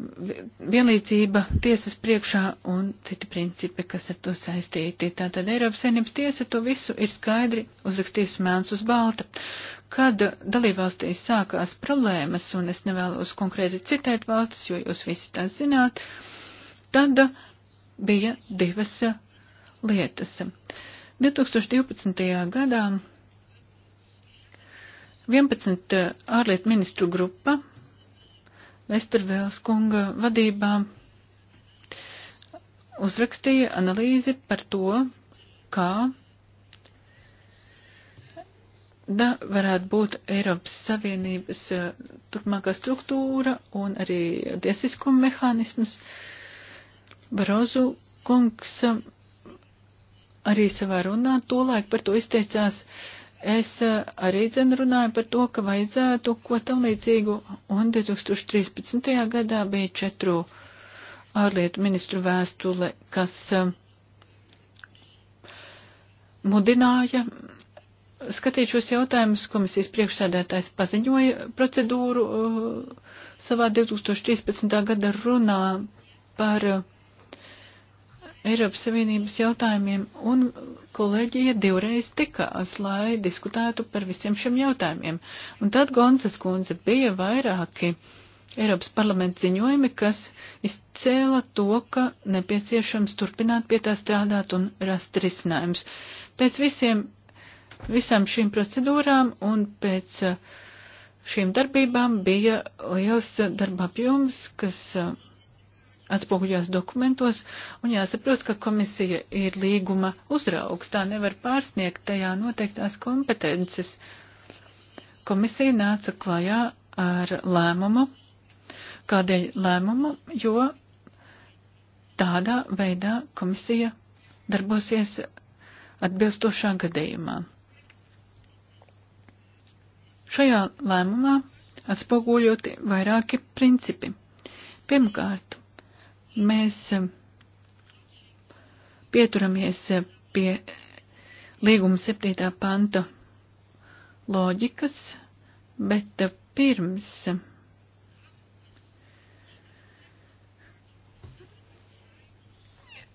vienlīdzība tiesas priekšā un citi principi, kas ar to saistīti. Tātad Eiropas Savienības tiesa to visu ir skaidri uzrakstījusi mēns uz balta. Kad dalībvalstīs sākās problēmas, un es nevēlos konkrēti citēt valstis, jo jūs visi tās zināt, tad bija divas lietas. 2012. gadā 11 ārlietu ministru grupa Vestervēls kunga vadībā uzrakstīja analīzi par to, kā da varētu būt Eiropas Savienības eh, turpmākā struktūra un arī tiesiskuma mehānisms. Barozu kungs eh, arī savā runā tolaik par to izteicās, uh, Es eh, arī dzenu runāju par to, ka vajadzētu ko tam līdzīgu, un 2013. gadā bija četru ārlietu ministru vēstule, kas eh, mudināja skatīt šos jautājumus. Komisijas priekšsēdētājs paziņoja procedūru eh, savā 2013. gada runā par Eiropas Savienības jautājumiem, un kolēģija divreiz tikās, lai diskutētu par visiem šiem jautājumiem. Un tad Gonsas kundze bija vairāki Eiropas parlamenta ziņojumi, kas izcēla to, ka nepieciešams turpināt pie tā strādāt un rast risinājumus. Pēc visiem, visām šīm procedūrām un pēc eh, šīm darbībām bija liels eh, darba apjoms, kas uh, atspoguļās dokumentos, un jāsaprot, ka komisija ir līguma uzraugs, tā nevar pārsniegt tajā noteiktās kompetences. Komisija nāca klajā ar lēmumu, kādēļ lēmumu, jo tādā veidā komisija darbosies atbilstošā gadījumā. Šajā lēmumā atspoguļoti vairāki principi. Pirmkārt, Mēs eh, pieturamies eh, pie līguma 7. panta loģikas, bet eh, pirms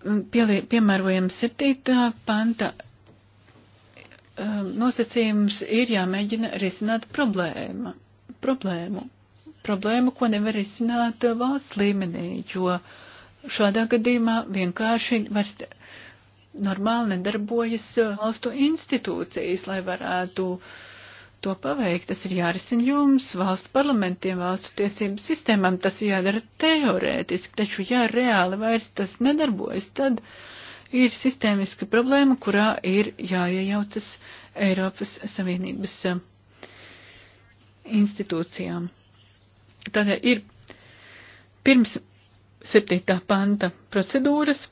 mm, pielie, piemērojam 7. panta nosacījums ir jāmēģina risināt problēma, problēmu. Problēmu, ko nevar risināt valsts līmenī, jo uh, šādā gadījumā vienkārši vairs normāli nedarbojas uh, valstu institūcijas, lai varētu to paveikt. Tas ir jārisina jums, valstu parlamentiem, valstu tiesību sistēmām. Tas ir jādara teorētiski, taču ja reāli vairs tas nedarbojas, tad ir sistēmiska problēma, kurā ir jāiejaucas Eiropas Savienības uh, institūcijām. Tādēļ ir pirms 7. panta procedūras,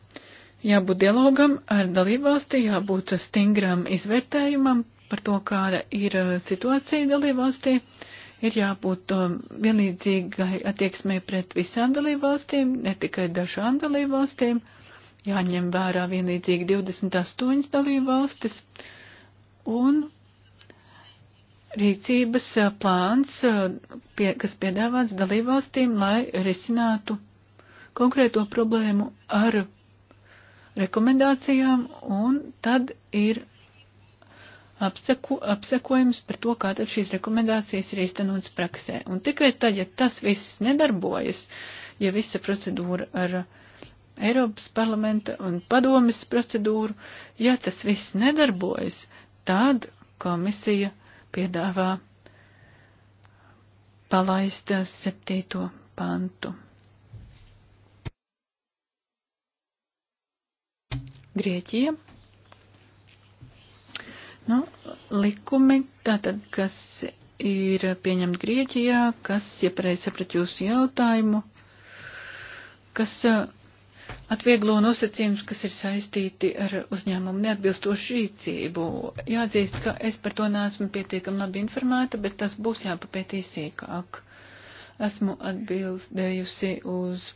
jābūt dialogam ar dalībvalsti, jābūt stingram izvērtējumam par to, kāda ir uh, situācija dalībvalstī, ir jābūt um, vienlīdzīgai attieksmē pret visām dalībvalstīm, ne tikai dažām dalībvalstīm, jāņem vērā vienlīdzīgi 28 dalībvalstis un rīcības uh, plāns, uh, pie, kas piedāvāts dalībvalstīm, lai risinātu konkrēto problēmu ar rekomendācijām, un tad ir apseku, apsekojums par to, kā tad šīs rekomendācijas ir īstenotas praksē. Un tikai tad, ja tas viss nedarbojas, ja visa procedūra ar Eiropas parlamenta un padomis procedūru, ja tas viss nedarbojas, tad komisija piedāvā palaist septīto pantu. Grieķija. Nu, likumi, tātad, kas ir pieņemti Grieķijā, kas, ja pareizi saprat jūsu jautājumu, kas atvieglo nosacījums, kas ir saistīti ar uzņēmumu neatbilstošu rīcību. Jāatzīst, ka es par to neesmu pietiekami labi informēta, bet tas būs jāpapētī sīkāk. Esmu atbildējusi uz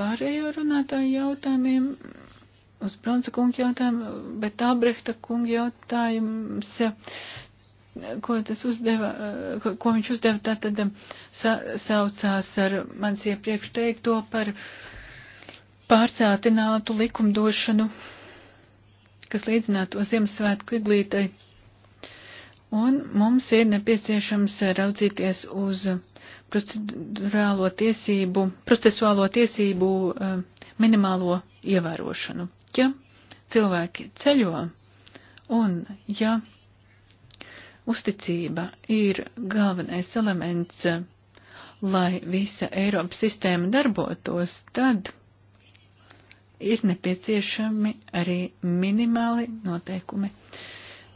pārējo runātāju jautājumiem uz Bronsa kunga jautājumu, bet Abrehta kunga jautājums, ko, uzdeva, ko, ko viņš uzdeva, tā tad um, sa, saucās ar mans iepriekš teikto par pārcātinātu likumdošanu, kas līdzinātu Ziemassvētku iglītai. Un mums ir nepieciešams raudzīties uz procedurālo tiesību, procesuālo tiesību uh, minimālo ievērošanu ja cilvēki ceļo un ja uzticība ir galvenais elements, lai visa Eiropas sistēma darbotos, tad ir nepieciešami arī minimāli noteikumi.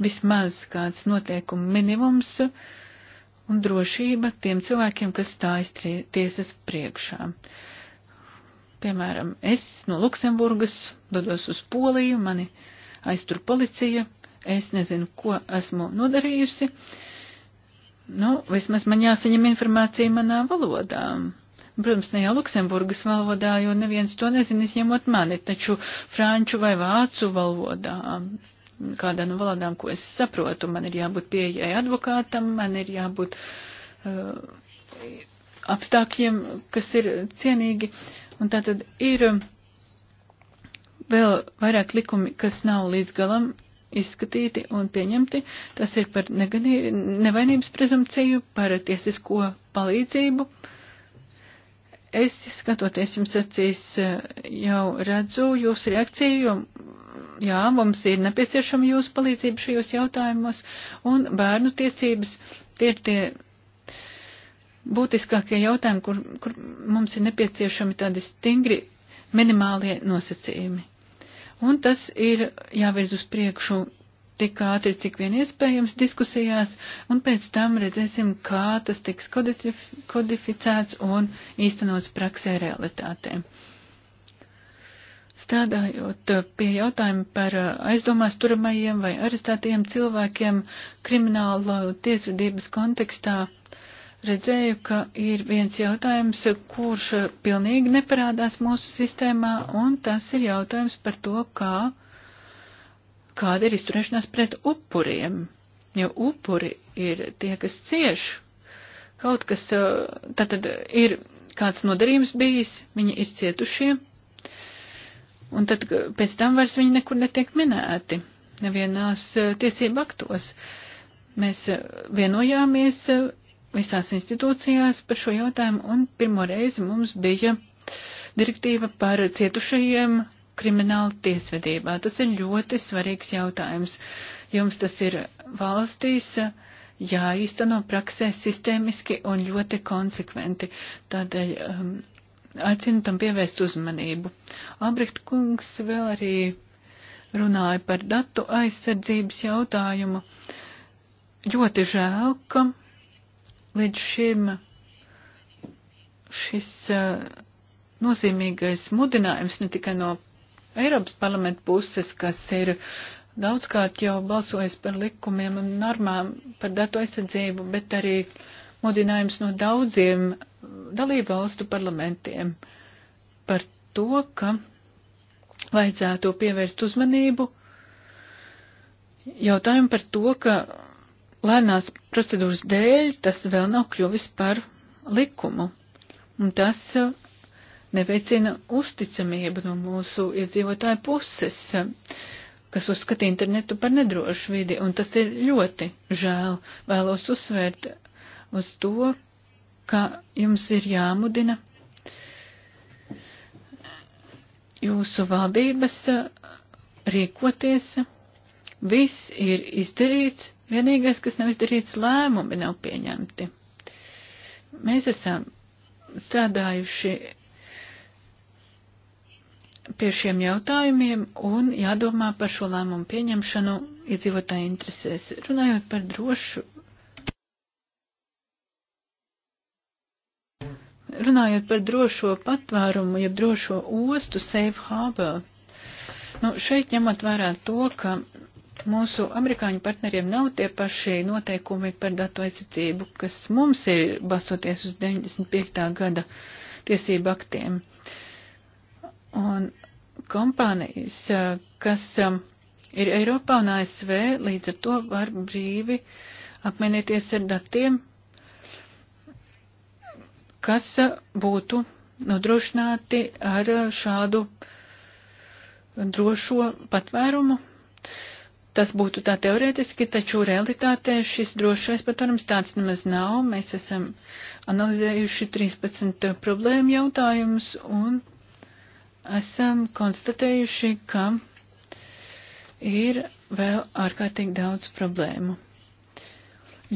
Vismaz kāds noteikumu minimums un drošība tiem cilvēkiem, kas stājas tiesas priekšā. Uh, Piemēram, es no Luksemburgas dodos uz Poliju, mani aiztur policija, es nezinu, ko esmu nodarījusi. Nu, vismaz man jāsaņem informācija manā valodā. Protams, ne jau Luksemburgas valodā, jo neviens to nezina, izņemot mani, taču franču vai vācu valodā. Kādā no valodām, ko es saprotu, man ir jābūt pieejai advokātam, man ir jābūt uh, apstākļiem, kas ir cienīgi. Uh, Un tā tad ir um, vēl vairāk likumi, kas nav līdz galam izskatīti un pieņemti. Tas ir par neganī, nevainības prezumciju, par tiesisko palīdzību. Es, skatoties jums acīs, eh, jau redzu jūsu reakciju, jo, jā, mums ir nepieciešama jūsu palīdzība šajos jautājumos, un bērnu tiesības tie ir tie būtiskākie jautājumi, kur, kur mums ir nepieciešami tādi stingri minimālie nosacījumi. Un tas ir jāvirz uz priekšu tik ātri, cik vien iespējams diskusijās, un pēc tam redzēsim, kā tas tiks kodif kodificēts un īstenots praksē realitātē. Strādājot pie jautājuma par aizdomās turamajiem vai arestētajiem cilvēkiem krimināla tiesvedības kontekstā, uh, redzēju, ka ir viens jautājums, kurš pilnīgi neparādās mūsu sistēmā, un tas ir jautājums par to, kā, kāda ir izturēšanās pret upuriem. Jo upuri ir tie, kas cieš. Kaut kas, tātad ir kāds nodarījums bijis, viņi ir cietušie, un tad pēc tam vairs viņi nekur netiek minēti, nevienās tiesību aktos. Mēs vienojāmies visās institūcijās par šo jautājumu, un pirmo reizi mums bija direktīva par cietušajiem krimināla tiesvedībā. Tas ir ļoti svarīgs jautājums. Jums tas ir valstīs jāīsteno praksē sistēmiski un ļoti konsekventi. Tādēļ um, aicinu tam pievērst uzmanību. Albrecht kungs vēl arī runāja par datu aizsardzības jautājumu. Ļoti žēl, ka Līdz šim šis nozīmīgais mudinājums ne tikai no Eiropas parlamenta puses, kas ir daudzkārt jau balsojis par likumiem un normām par datu aizsardzību, bet arī mudinājums no daudziem dalībvalstu parlamentiem par to, ka vajadzētu pievērst uzmanību jautājumu par to, ka lēnās procedūras dēļ tas vēl nav kļuvis par likumu. Un tas uh, neveicina uzticamību no mūsu iedzīvotāju puses, uh, kas uzskata internetu par nedrošu vidi, un tas ir ļoti žēl. Vēlos uzsvērt uz to, ka jums ir jāmudina jūsu valdības uh, rīkoties. Viss ir izdarīts, Vienīgais, kas nav izdarīts, lēmumi nav pieņemti. Mēs esam strādājuši pie šiem jautājumiem un jādomā par šo lēmumu pieņemšanu iedzīvotāju interesēs. Runājot par drošu. Runājot par drošo patvērumu, jeb ja drošo ostu, safe harbor, nu, šeit ņemot vērā to, ka mūsu amerikāņu partneriem nav tie paši noteikumi par datu aizsardzību, kas mums ir balstoties uz 95. gada tiesību aktiem. Un kompānijas, kas ir Eiropā un ASV, līdz ar to var brīvi apmainīties ar datiem, kas būtu nodrošināti ar šādu drošo patvērumu Tas būtu tā teorētiski, taču realitātē šis drošais patvērums tāds nemaz nav. Mēs esam analizējuši 13 problēmu jautājumus un esam konstatējuši, ka ir vēl ārkārtīgi daudz problēmu.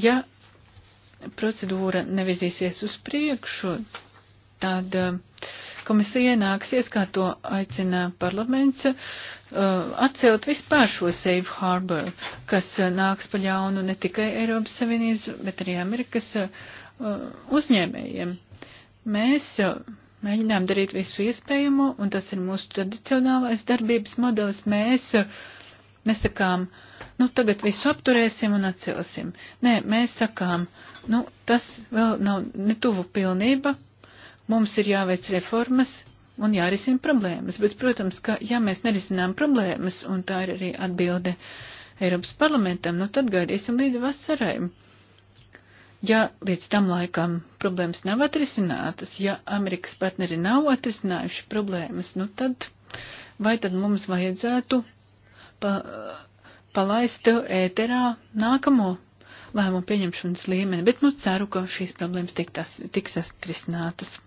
Ja procedūra nevizīsies uz priekšu, tad uh, komisija nāksies, kā to aicina parlaments, uh, atcelt vispār šo safe harbor, kas uh, nāks pa ļaunu ne tikai Eiropas Savienības, bet arī Amerikas uh, uzņēmējiem. Mēs mēģinām darīt visu iespējamo, un tas ir mūsu tradicionālais darbības modelis. Mēs nesakām, nu tagad visu apturēsim un atcelsim. Nē, mēs sakām, nu tas vēl nav netuvu pilnība, Mums ir jāveic reformas un jārisina problēmas, bet, protams, ka ja mēs nerisinām problēmas, un tā ir arī atbilde Eiropas parlamentam, nu tad gaidīsim līdz vasarai. Ja līdz tam laikam problēmas nav atrisinātas, ja Amerikas partneri nav atrisinājuši problēmas, nu tad vai tad mums vajadzētu pa, palaist ēterā nākamo lēmumu pieņemšanas līmeni, bet nu ceru, ka šīs problēmas tiks atrisinātas.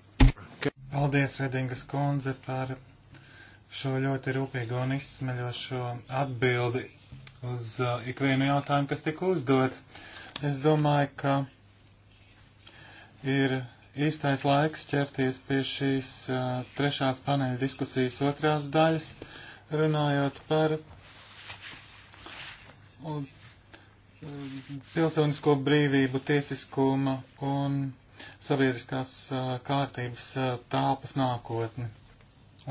Paldies, Redingas kundze, par šo ļoti rūpīgo un izsmeļošo atbildi uz uh, ikvienu jautājumu, kas tika uzdots. Es domāju, ka ir īstais laiks ķerties pie šīs uh, trešās paneļa diskusijas otrās daļas, runājot par uh, pilsonisko brīvību, tiesiskuma un sabiedriskās eh, kārtības eh, tāpas nākotni.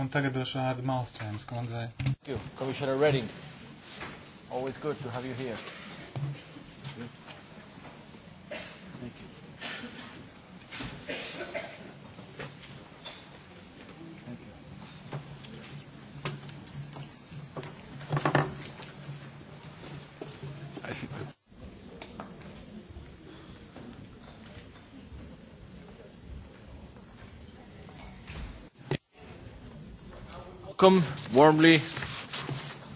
Un tagad došu vārdu Malstrēmas kundzei. Thank you, Commissioner Redding. Always good to have you here. Thank you. welcome warmly,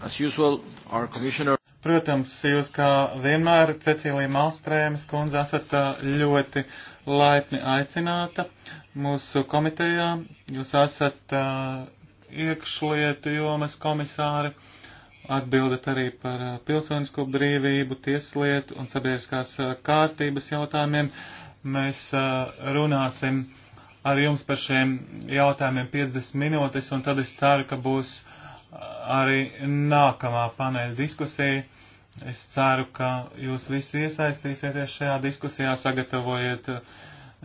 as usual, our commissioner. Protams, jūs kā vienmēr, Cecīlija Malstrēmas kundze, esat ļoti laipni aicināta mūsu komitejā. Jūs esat iekšlietu jomas komisāri, atbildat arī par pilsonisko brīvību, tieslietu un sabiedriskās kārtības jautājumiem. Mēs runāsim par ar jums par šiem jautājumiem 50 minūtes, un tad es ceru, ka būs uh, arī nākamā paneļa diskusija. Es ceru, ka jūs visi iesaistīsieties šajā diskusijā, sagatavojiet uh,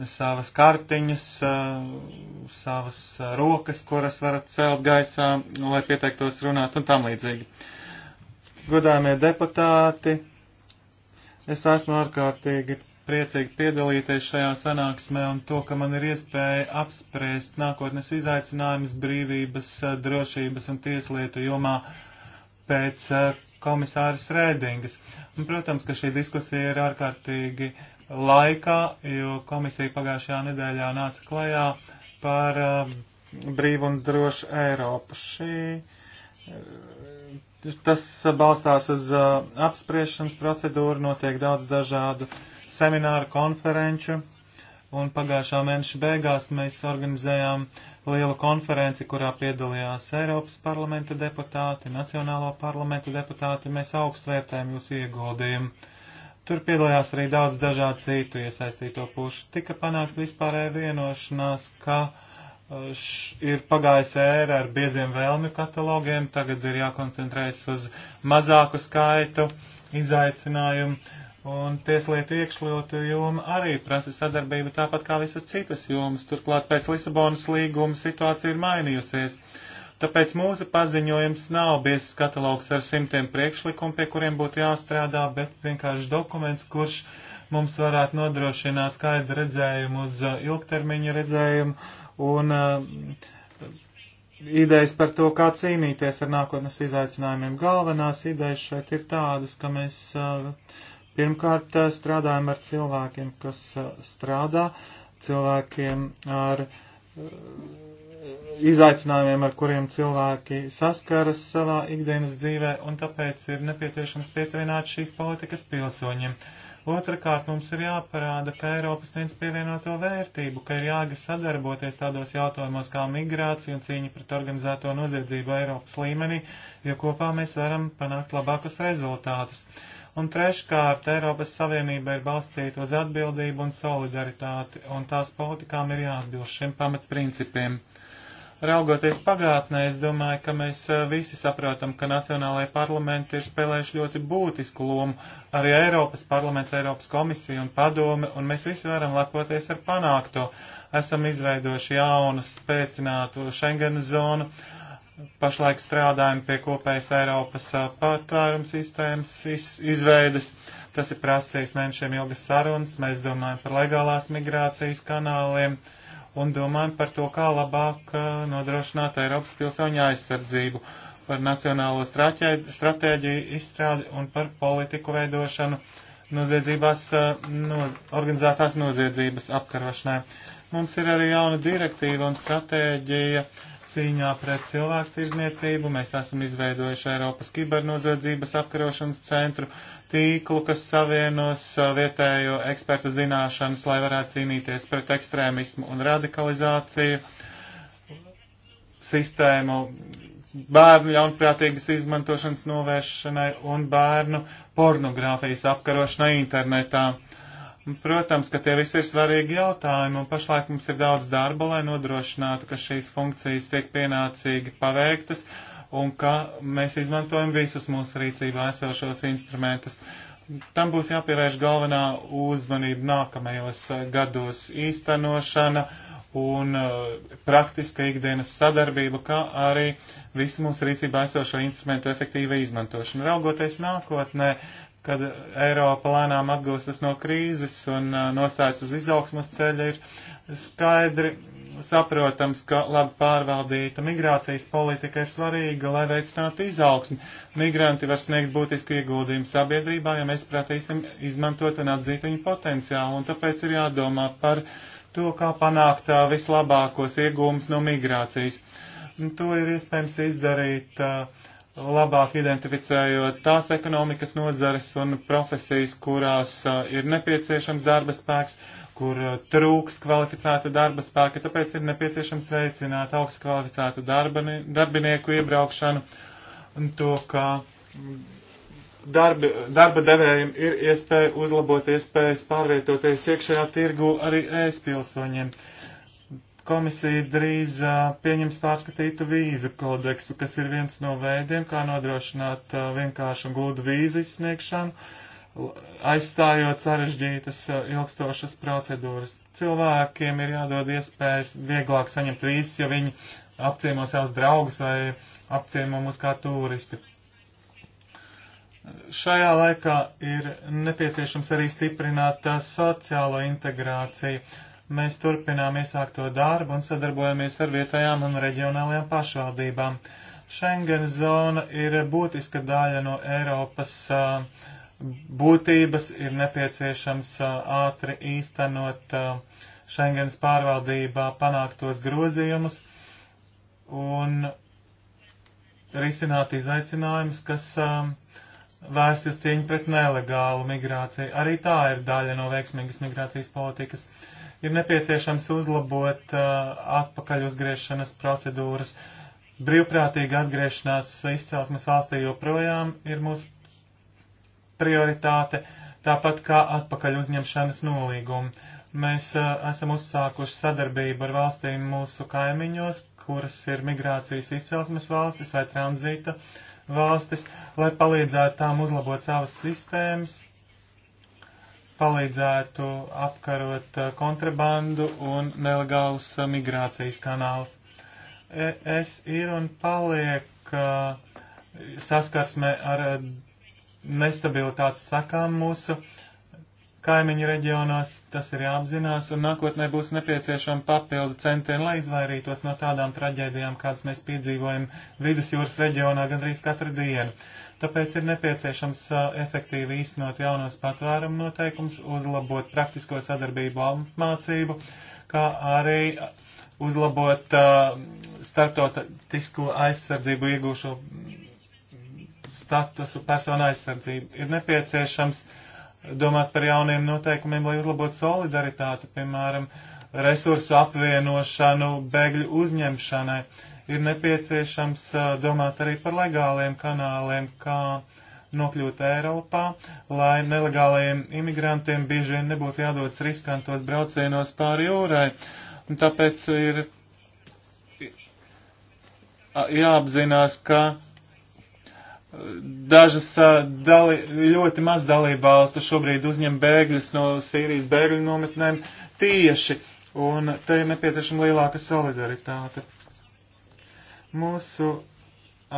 savas kartiņas, uh, savas rokas, kuras varat celt gaisā, lai pieteiktos runāt un tam līdzīgi. Godāmie deputāti, es esmu ārkārtīgi priecīgi piedalīties šajā sanāksmē un to, ka man ir iespēja apspriest nākotnes izaicinājumus brīvības, eh, drošības un tieslietu jomā pēc eh, komisāras Rēdingas. Un, protams, ka šī diskusija ir ārkārtīgi laikā, jo komisija pagājušajā nedēļā nāca klajā par eh, brīvu un drošu Eiropu. Šī, tas balstās uz apspriešanas procedūru, notiek daudz dažādu uh, semināru konferenču, un pagājušā mēneša beigās mēs organizējām lielu konferenci, kurā piedalījās Eiropas parlamenta deputāti, Nacionālo parlamentu deputāti, mēs augstvērtējam jūsu ieguldījumu. Tur piedalījās arī daudz dažādu citu iesaistīto pušu. Tika panākt vispārēja vienošanās, ka uh, š, ir pagājusi ēra ar bieziem vēlmju katalogiem, tagad ir jākoncentrējas uz mazāku skaitu izaicinājumu Un tieslietu iekšļotu joma arī prasa sadarbību tāpat kā visas citas jomas. Turklāt pēc Lisabonas līguma situācija ir mainījusies. Tāpēc mūsu paziņojums nav biezs katalogs ar simtiem priekšlikumu, pie kuriem būtu jāstrādā, bet vienkārši dokuments, kurš mums varētu nodrošināt skaidru redzējumu uz uh, ilgtermiņa redzējumu un uh, idejas par to, kā cīnīties ar nākotnes izaicinājumiem. Galvenās idejas šeit ir tādas, ka mēs. Uh, Pirmkārt, eh, strādājam ar cilvēkiem, kas eh, strādā, cilvēkiem ar eh, izaicinājumiem, ar kuriem cilvēki saskaras savā ikdienas dzīvē, un tāpēc ir nepieciešams pietuvināt šīs politikas pilsoņiem. Otrakārt, mums ir jāparāda, ka Eiropas sniedz pievienoto vērtību, ka ir jāga sadarboties tādos jautājumos kā migrācija un cīņa pret organizēto noziedzību Eiropas līmenī, jo kopā mēs varam panākt labākus rezultātus. Uh, Un treškārt, Eiropas Savienība ir balstīta uz atbildību un solidaritāti, un tās politikām ir jāatbilst šiem pamatprincipiem. Raugoties pagātnē, es domāju, ka mēs e, visi saprotam, ka nacionālajie parlamenti ir spēlējuši ļoti būtisku lomu, arī Eiropas parlaments, Eiropas komisija un padome, un mēs visi varam lepoties ar panākto. Esam izveidojuši jaunu, spēcinātu Schengen zonu, Pašlaik strādājam pie kopējas Eiropas pārtvērums sistēmas iz, izveides. Tas ir prasījis mēnešiem ilgas sarunas. Mēs domājam par legālās migrācijas kanāliem un domājam par to, kā labāk nodrošināt Eiropas pilsoņu aizsardzību, par nacionālo stratēģiju izstrādi un par politiku veidošanu noziedzībās, no, organizētās noziedzības apkarošanai. Mums ir arī jauna direktīva un stratēģija Cīņā pret cilvēku tirzniecību mēs esam izveidojuši Eiropas kibernozadzības apkarošanas centru tīklu, kas savienos uh, vietējo ekspertu zināšanas, lai varētu cīnīties pret ekstrēmismu un radikalizāciju sistēmu bērnu ļaunprātīgas izmantošanas novēršanai un bērnu pornogrāfijas apkarošanai internetā. Uh, Protams, ka tie visi ir svarīgi jautājumi, un pašlaik mums ir daudz darba, lai nodrošinātu, ka šīs funkcijas tiek pienācīgi paveiktas un ka mēs izmantojam visus mūsu rīcībā esošos instrumentus. Tam būs jāpievērš galvenā uzmanība nākamajos eh, gados īstenošana un eh, praktiska ikdienas sadarbība, kā arī visu mūsu rīcībā esošo instrumentu efektīva izmantošana. Raugoties nākotnē, kad Eiropa lēnām atgūstas no krīzes un nostājas uz izaugsmas ceļa, ir skaidri saprotams, ka labi pārvaldīta migrācijas politika ir svarīga, lai veicinātu izaugsmi. Migranti var sniegt būtisku ieguldījumu sabiedrībā, ja mēs prātīsim izmantot un atzīt viņu potenciālu, un tāpēc ir jādomā par to, kā panākt vislabākos iegūmus no migrācijas. Un to ir iespējams izdarīt uh, labāk identificējot tās ekonomikas nozares un profesijas, kurās eh, ir nepieciešams darba spēks, kur eh, trūks kvalificēta darba spēka, tāpēc ir nepieciešams veicināt augstu kvalificētu darbini, darbinieku iebraukšanu un to, ka mm, darbi, darba devējiem ir iespēja uzlabot iespējas pārvietoties iekšējā tirgu arī ēst pilsoņiem. E komisija drīz pieņems pārskatītu vīzu kodeksu, kas ir viens no veidiem, kā nodrošināt vienkāršu un gludu vīzu izsniegšanu, aizstājot sarežģītas ilgstošas procedūras. Cilvēkiem ir jādod iespējas vieglāk saņemt vīzes, ja viņi apciemo savus draugus vai apciemo mūs kā turisti. Šajā laikā ir nepieciešams arī stiprināt sociālo integrāciju Mēs turpinām iesākto darbu un sadarbojamies ar vietējām un reģionālajām pašvaldībām. Schengen zona ir būtiska daļa no Eiropas uh, būtības, ir nepieciešams uh, ātri īstenot uh, Schengens pārvaldībā panāktos grozījumus un risināt izaicinājumus, kas vērsti uz cieņu pret nelegālu migrāciju. Arī tā ir daļa no veiksmīgas migrācijas politikas ir nepieciešams uzlabot uh, atpakaļ uzgriešanas procedūras. Brīvprātīga atgriešanās izcelsmes valstī joprojām ir mūsu prioritāte, tāpat kā atpakaļ uzņemšanas nolīgumi. Mēs uh, esam uzsākuši sadarbību ar valstīm mūsu kaimiņos, kuras ir migrācijas izcelsmes valstis vai tranzīta valstis, lai palīdzētu tām uzlabot savas sistēmas palīdzētu apkarot uh, kontrabandu un nelegālus uh, migrācijas kanālus. Es ir un paliek uh, saskarsmē ar nestabilitātes sakām mūsu kaimiņu reģionos, tas ir jāapzinās, un nākotnē būs nepieciešama papildu centieni, lai izvairītos no tādām traģēdijām, kādas mēs piedzīvojam vidusjūras reģionā gandrīz katru dienu. Tāpēc ir nepieciešams efektīvi īstenot jaunos patvērumu noteikums, uzlabot praktisko sadarbību apmācību, kā arī uzlabot uh, starptautisko aizsardzību iegūšo statusu personu aizsardzību. Ir nepieciešams domāt par jauniem noteikumiem, lai uzlabotu solidaritāti, piemēram, resursu apvienošanu, bēgļu uzņemšanai. Uh, ir nepieciešams domāt arī par legāliem kanāliem, kā nokļūt Eiropā, lai nelegālajiem imigrantiem bieži vien nebūtu jādodas riskantos braucienos pāri jūrai. Un tāpēc ir jāapzinās, ka dažas dali, ļoti maz dalībvalstu šobrīd uzņem bēgļus no Sīrijas bēgļu nometnēm tieši, un te ir nepieciešama lielāka solidaritāte. Mūsu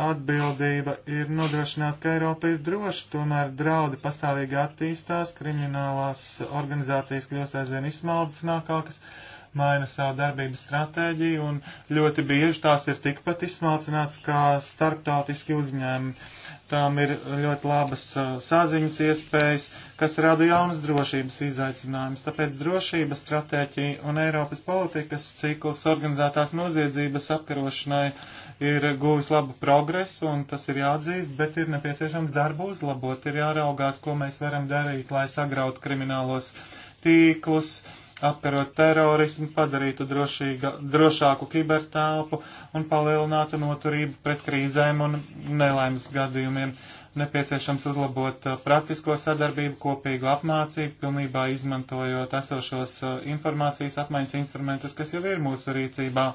atbildība ir nodrošināt, ka Eiropa ir droša, tomēr draudi pastāvīgi attīstās, kriminālās organizācijas kļūst aizvien izsmaldzinātākas maina savu darbības stratēģiju, un ļoti bieži tās ir tikpat izsmalcināts kā starptautiski uzņēmumi. Tām ir ļoti labas saziņas iespējas, kas rada jaunas drošības izaicinājumus. Tāpēc drošības stratēģija un Eiropas politikas cikls organizētās noziedzības apkarošanai ir guvis labu progresu, un tas ir jāatzīst, bet ir nepieciešams darbu uzlabot, ir jāraugās, ko mēs varam darīt, lai sagrautu kriminālos tīklus, uh, apkarot terorismu, padarītu drošīga, drošāku kibertālpu un palielinātu noturību pret krīzēm un nelaimes gadījumiem. Nepieciešams uzlabot uh, praktisko sadarbību, kopīgu apmācību, pilnībā izmantojot esošos uh, informācijas apmaiņas instrumentus, kas jau ir mūsu rīcībā.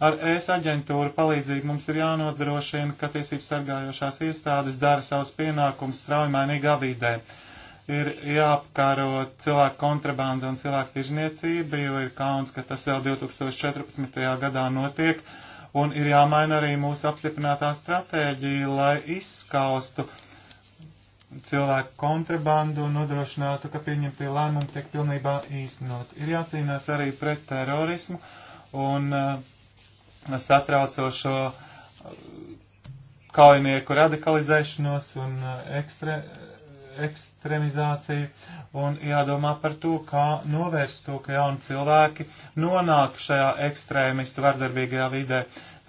Ar ES aģentūru palīdzību mums ir jānodrošina, ka tiesības sargājošās iestādes dara savus pienākumus strauji mainīgā vidē ir jāapkaro cilvēku kontrabanda un cilvēku tirzniecība, jo ir kauns, ka tas vēl 2014. gadā notiek, un ir jāmaina arī mūsu apstiprinātā stratēģija, lai izskaustu cilvēku kontrabandu un nodrošinātu, ka pieņemtie lēmumi tiek pilnībā īstenot. Ir jācīnās arī pret terorismu un uh, satraucošo uh, kaujinieku radikalizēšanos un uh, ekstre, ekstremizāciju un jādomā par to, kā novērst to, ka jauni cilvēki nonāk šajā ekstrēmistu vardarbīgajā vidē.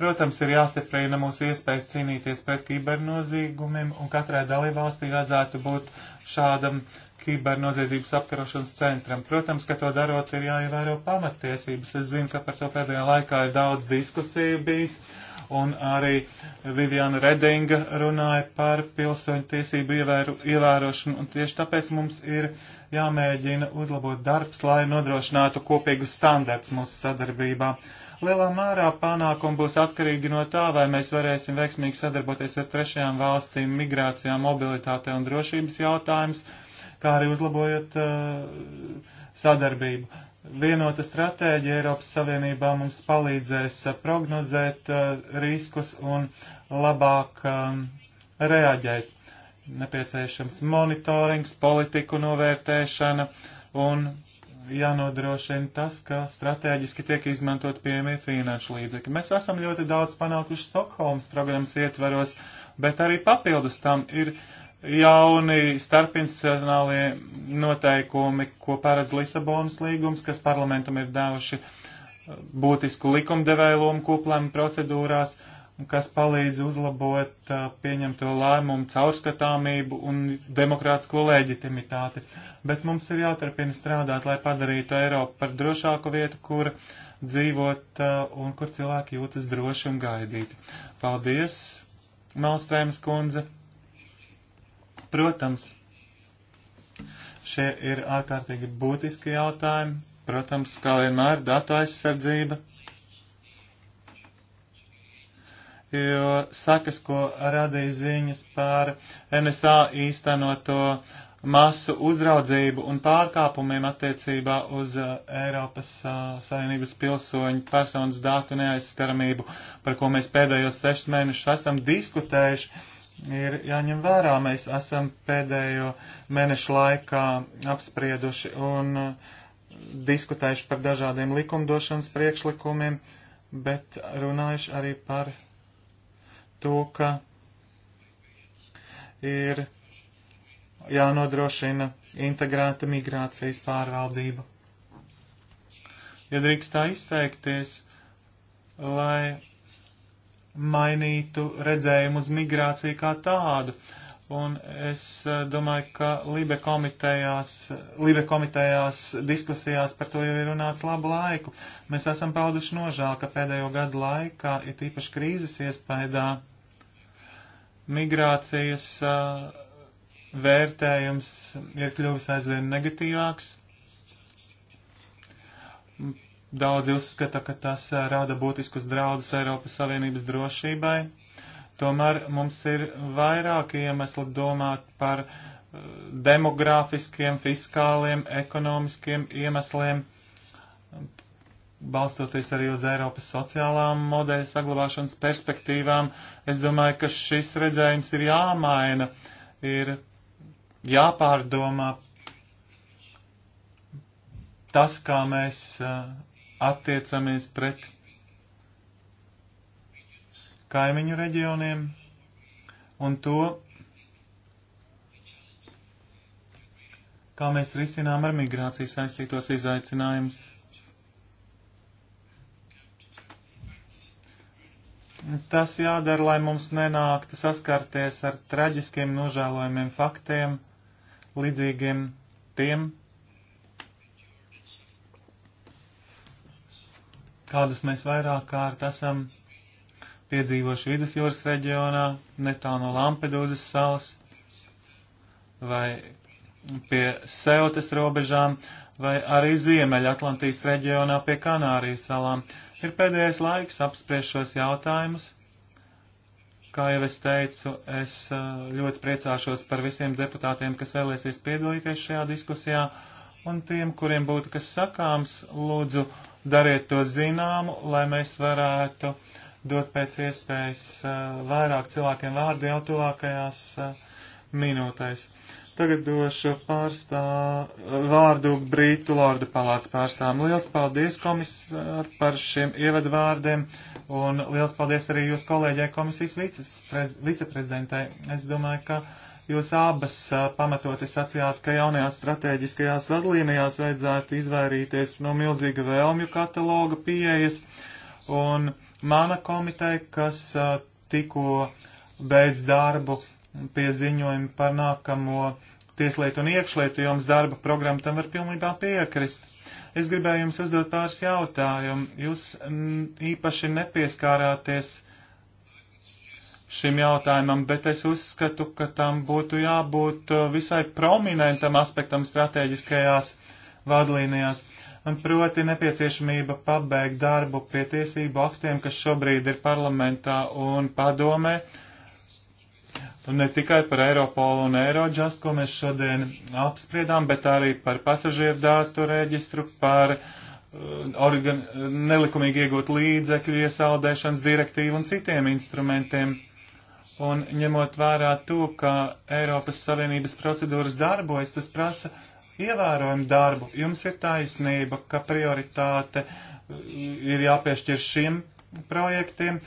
Protams, ir jāstiprina mūsu iespējas cīnīties pret kibernozīgumiem, un katrai dalībvalstī vajadzētu būt šādam kibernoziedzības apkarošanas centram. Protams, ka to darot ir jāievēro pamatiesības. Es zinu, ka par to pēdējā laikā ir daudz diskusiju bijis. Uh, un arī Viviana Redinga runāja par pilsoņu tiesību ievēru, ievērošanu, un tieši tāpēc mums ir jāmēģina uzlabot darbs, lai nodrošinātu kopīgus standarts mūsu sadarbībā. Lielā mērā panākumi būs atkarīgi no tā, vai mēs varēsim veiksmīgi sadarboties ar trešajām valstīm migrācijā, mobilitātē un drošības jautājums, kā arī uzlabojot uh, sadarbību. Vienota stratēģija Eiropas Savienībā mums palīdzēs eh, prognozēt eh, riskus un labāk ehm, reaģēt. Nepieciešams monitorings, politiku novērtēšana un jānodrošina tas, ka strateģiski tiek izmantot pieejamie finanšu līdzekļi. Mēs esam ļoti daudz panākuši Stokholmas programmas ietvaros, bet arī papildus tam ir uh, jauni starpinstitucionālie noteikumi, ko paredz Lisabonas līgums, kas parlamentam ir devuši uh, būtisku likumdevēju lomu koplēmu procedūrās, kas palīdz uzlabot uh, pieņemto lēmumu caurskatāmību un demokrātisko leģitimitāti. Bet mums ir jāturpina strādāt, lai padarītu Eiropu par drošāku vietu, kur dzīvot uh, un kur cilvēki jūtas droši un gaidīti. Paldies, Malstrēmas kundze! Protams, šie ir ārkārtīgi būtiski jautājumi. Protams, kā vienmēr, datu aizsardzība. Jo sakas, ko radīja ziņas par NSA īstenoto masu uzraudzību un pārkāpumiem attiecībā uz uh, Eiropas uh, Savienības pilsoņu personas datu neaizskaramību, par ko mēs pēdējos sešus mēnešus esam diskutējuši, ir jāņem vērā. Mēs esam pēdējo mēnešu laikā apsprieduši un uh, diskutējuši par dažādiem likumdošanas priekšlikumiem, bet runājuši arī par to, ka ir jānodrošina integrēta migrācijas pārvaldība. Ja drīkst tā izteikties, lai mainītu redzējumu uz migrāciju kā tādu. Un es eh, domāju, ka Libe komitejās, Libe komitejās diskusijās par to jau ir runāts labu laiku. Mēs esam pauduši nožēlu, ka pēdējo gadu laikā, ir tīpaši krīzes iespējā, migrācijas eh, vērtējums ir kļuvis aizvien negatīvāks Daudzi uzskata, ka tas rada būtiskus draudus Eiropas Savienības drošībai. Tomēr mums ir vairāk iemesli domāt par demogrāfiskiem, fiskāliem, ekonomiskiem iemesliem, balstoties arī uz Eiropas sociālām modeļu saglabāšanas perspektīvām, es domāju, ka šis redzējums ir jāmaina, ir jāpārdomā tas, kā mēs attiecamies pret kaimiņu reģioniem un to, kā mēs risinām ar migrāciju saistītos izaicinājumus. Tas jādara, lai mums nenāktu saskarties ar traģiskiem nožēlojumiem faktiem, līdzīgiem tiem, kādus mēs vairāk kārt esam piedzīvojuši vidusjūras reģionā, netālu no Lampedūzas salas vai pie Seutas robežām, vai arī Ziemeļatlantijas reģionā pie Kanārijas salām. Ir pēdējais laiks apspriešos jautājumus. Kā jau es teicu, es eh, ļoti priecāšos par visiem deputātiem, kas vēlēsies piedalīties šajā diskusijā, un tiem, kuriem būtu kas sakāms, lūdzu Dariet to zināmu, lai mēs varētu dot pēc iespējas eh, vairāk cilvēkiem vārdu jau tuvākajās eh, minūtēs. Tagad došu pārstā, vārdu Brītu Lorda palāca pārstāvam. Liels paldies, komisār, par šiem ievadvārdiem, un liels paldies arī jūs kolēģai komisijas viceprezidentai. Es domāju, ka Jūs abas pamatoti sacījāt, ka jaunajās strateģiskajās vadlīnijās vajadzētu izvairīties no milzīga vēlmju kataloga pieejas, un mana komiteja, kas tikko beidz darbu pie ziņojuma par nākamo tieslietu un iekšlietu jums darba programmu, tam var pilnībā piekrist. Es gribēju jums uzdot pāris jautājumu. Jūs m, īpaši nepieskārāties šim jautājumam, bet es uzskatu, ka tam būtu jābūt uh, visai prominentam aspektam strateģiskajās vadlīnijās. Un proti nepieciešamība pabeigt darbu pie tiesību aktiem, kas šobrīd ir parlamentā un padomē, un ne tikai par Eiropolu un Eirodžast, ko mēs šodien apspriedām, bet arī par pasažieru dātu reģistru, par uh, organ, nelikumīgi iegūt līdzekļu iesaldēšanas direktīvu un citiem instrumentiem. Un ņemot vērā to, ka Eiropas Savienības procedūras darbojas, tas prasa ievērojumu darbu. Jums ir taisnība, ka prioritāte uh, ir jāpiešķir šiem projektiem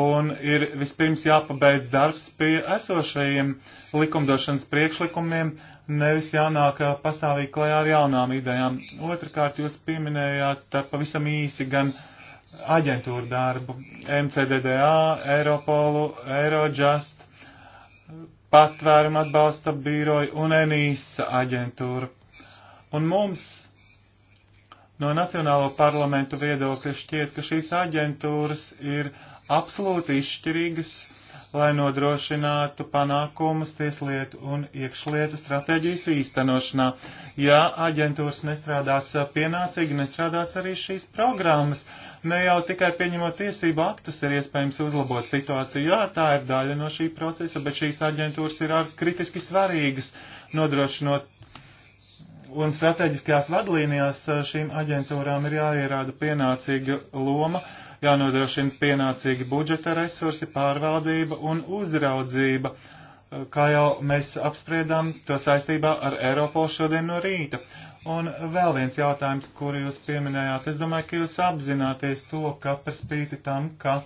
un ir vispirms jāpabeidz darbs pie esošajiem likumdošanas priekšlikumiem, nevis jānāk uh, pastāvīgi klajā ar jaunām idejām. Otrakārt, jūs pieminējāt uh, pavisam īsi gan uh, aģentūru darbu - MCDDA, Europolu, Eurojust, patvēruma atbalsta bīroju un ENISA aģentūra. Un mums no Nacionālo parlamentu viedokļa šķiet, ka šīs aģentūras ir absolūti izšķirīgas, lai nodrošinātu panākumus tieslietu un iekšlietu stratēģijas īstenošanā. Ja aģentūras nestrādās pienācīgi, nestrādās arī šīs programmas, Ne jau tikai pieņemot tiesību aktus ir iespējams uzlabot situāciju. Jā, tā ir daļa no šī procesa, bet šīs aģentūras ir kritiski svarīgas nodrošinot un strateģiskajās vadlīnijās eh, šīm aģentūrām ir jāierāda pienācīga loma, jānodrošina pienācīgi budžeta resursi, pārvaldība un uzraudzība. Uh, kā jau mēs apspriedām to saistībā ar Eiropolu šodien no rīta. Un vēl viens jautājums, kuru jūs pieminējāt. Es domāju, ka jūs apzināties to, ka par spīti tam, ka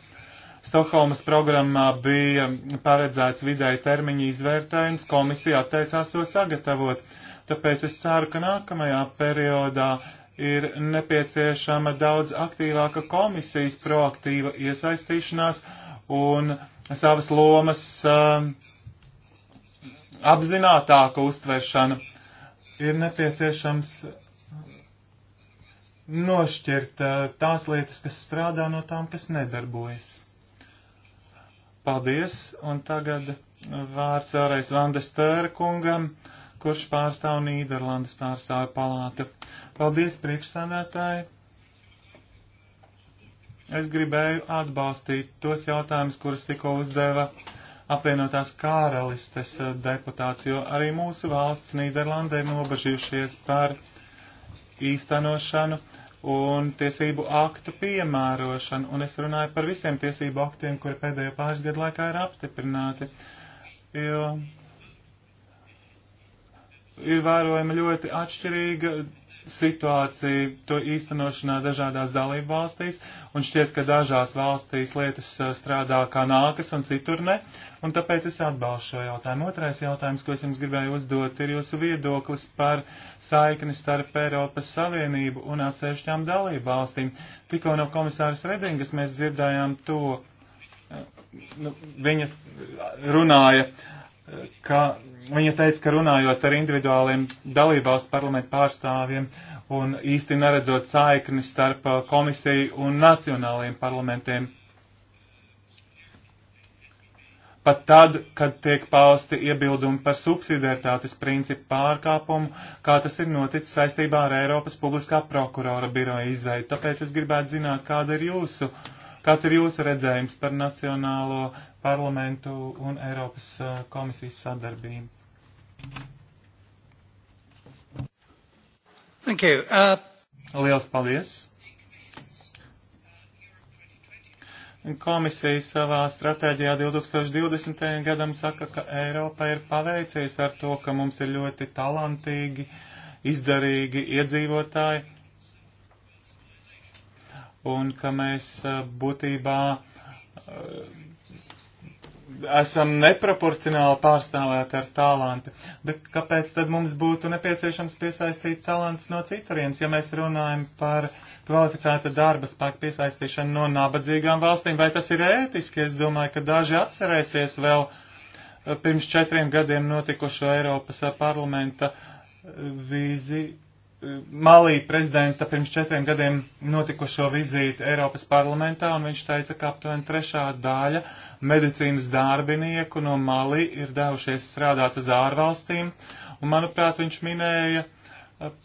Stokholmas programmā bija paredzēts vidēji termiņa izvērtējums, komisija atteicās to sagatavot. Tāpēc es ceru, ka nākamajā periodā ir nepieciešama daudz aktīvāka komisijas proaktīva iesaistīšanās un savas lomas uh, apzinātāka uztveršana. Ir nepieciešams nošķirt eh, tās lietas, kas strādā no tām, kas nedarbojas. Paldies, un tagad vārds vēlreiz Vanda Stēra kungam, kurš pārstāv Nīderlandes pārstāvju palāta. Paldies, priekšsādātāji! Es gribēju atbalstīt tos jautājumus, kurus tikko uzdeva apvienotās karalistes eh, deputāts, jo arī mūsu valsts Nīderlandē ir nobažījušies par īstenošanu un tiesību aktu piemērošanu, un es runāju par visiem tiesību aktiem, kuri pēdējo pāris gadu laikā ir apstiprināti, jo ir vērojama ļoti atšķirīga situāciju to īstenošanā dažādās dalību valstīs, un šķiet, ka dažās valstīs lietas strādā kā nākas un citur ne, un tāpēc es atbalstu šo jautājumu. Otrais jautājums, ko es jums gribēju uzdot, ir jūsu viedoklis par saikni starp Eiropas Savienību un atsevišķām dalību valstīm. Tikko no komisāras Redingas mēs dzirdējām to, nu, viņa runāja ka viņa teica, ka runājot ar individuāliem dalībvalstu parlamentu pārstāvjiem un īsti neredzot saikni starp uh, komisiju un nacionālajiem parlamentiem. Pat tad, kad tiek pausti iebildumi par subsidiaritātes principu pārkāpumu, kā tas ir noticis saistībā ar Eiropas publiskā prokurora biroja izveidu. Tāpēc es gribētu zināt, kāda ir jūsu uh, Kāds ir jūsu redzējums par Nacionālo parlamentu un Eiropas komisijas sadarbību? Thank you. Uh... Liels paldies! Komisija savā stratēģijā 2020. gadam saka, ka Eiropa ir paveicies ar to, ka mums ir ļoti talantīgi, izdarīgi iedzīvotāji un ka mēs eh, būtībā eh, esam neproporcionāli pārstāvēti ar talantu. Bet kāpēc tad mums būtu nepieciešams piesaistīt talants no citurienes, ja mēs runājam par kvalificēta darba spēka piesaistīšanu no nabadzīgām valstīm? Vai tas ir ētiski? Es domāju, ka daži atcerēsies vēl eh, pirms četriem gadiem notikušo Eiropas parlamenta vīzi Malī prezidenta pirms četriem gadiem notikušo vizīti Eiropas parlamentā, un viņš teica, ka aptuveni trešā daļa medicīnas darbinieku no Malī ir devušies strādāt uz ārvalstīm, un manuprāt, viņš minēja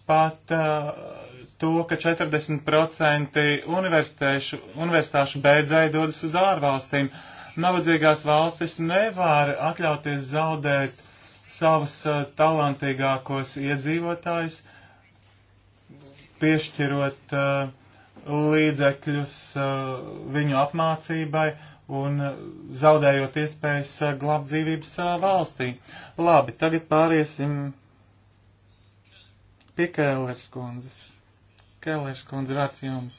pat uh, to, ka 40% universitāšu beidzēji dodas uz ārvalstīm. Nabadzīgās valstis nevar atļauties zaudēt savus uh, talantīgākos iedzīvotājus, uh, piešķirot uh, līdzekļus uh, viņu apmācībai un uh, zaudējot iespējas glābt dzīvības valstī. Labi, tagad pāriesim pie Kēlers kundzes. Kēlers kundze, vārds jums.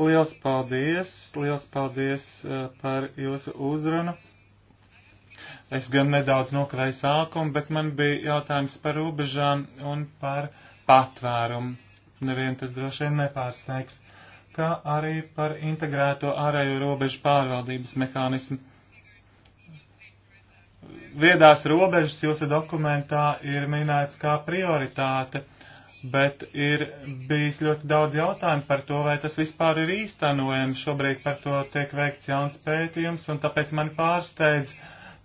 Liels paldies, liels paldies par jūsu uzrunu. Es gan nedaudz nokavēju sākumu, bet man bija jautājums par robežām un par patvērumu nevien tas droši vien nepārsniegs, kā arī par integrēto ārējo robežu pārvaldības mehānismu. Viedās robežas jūsu dokumentā ir minēts kā prioritāte, bet ir bijis ļoti daudz jautājumu par to, vai tas vispār ir īstenojams. Šobrīd par to tiek veikts jauns pētījums, un tāpēc mani pārsteidz,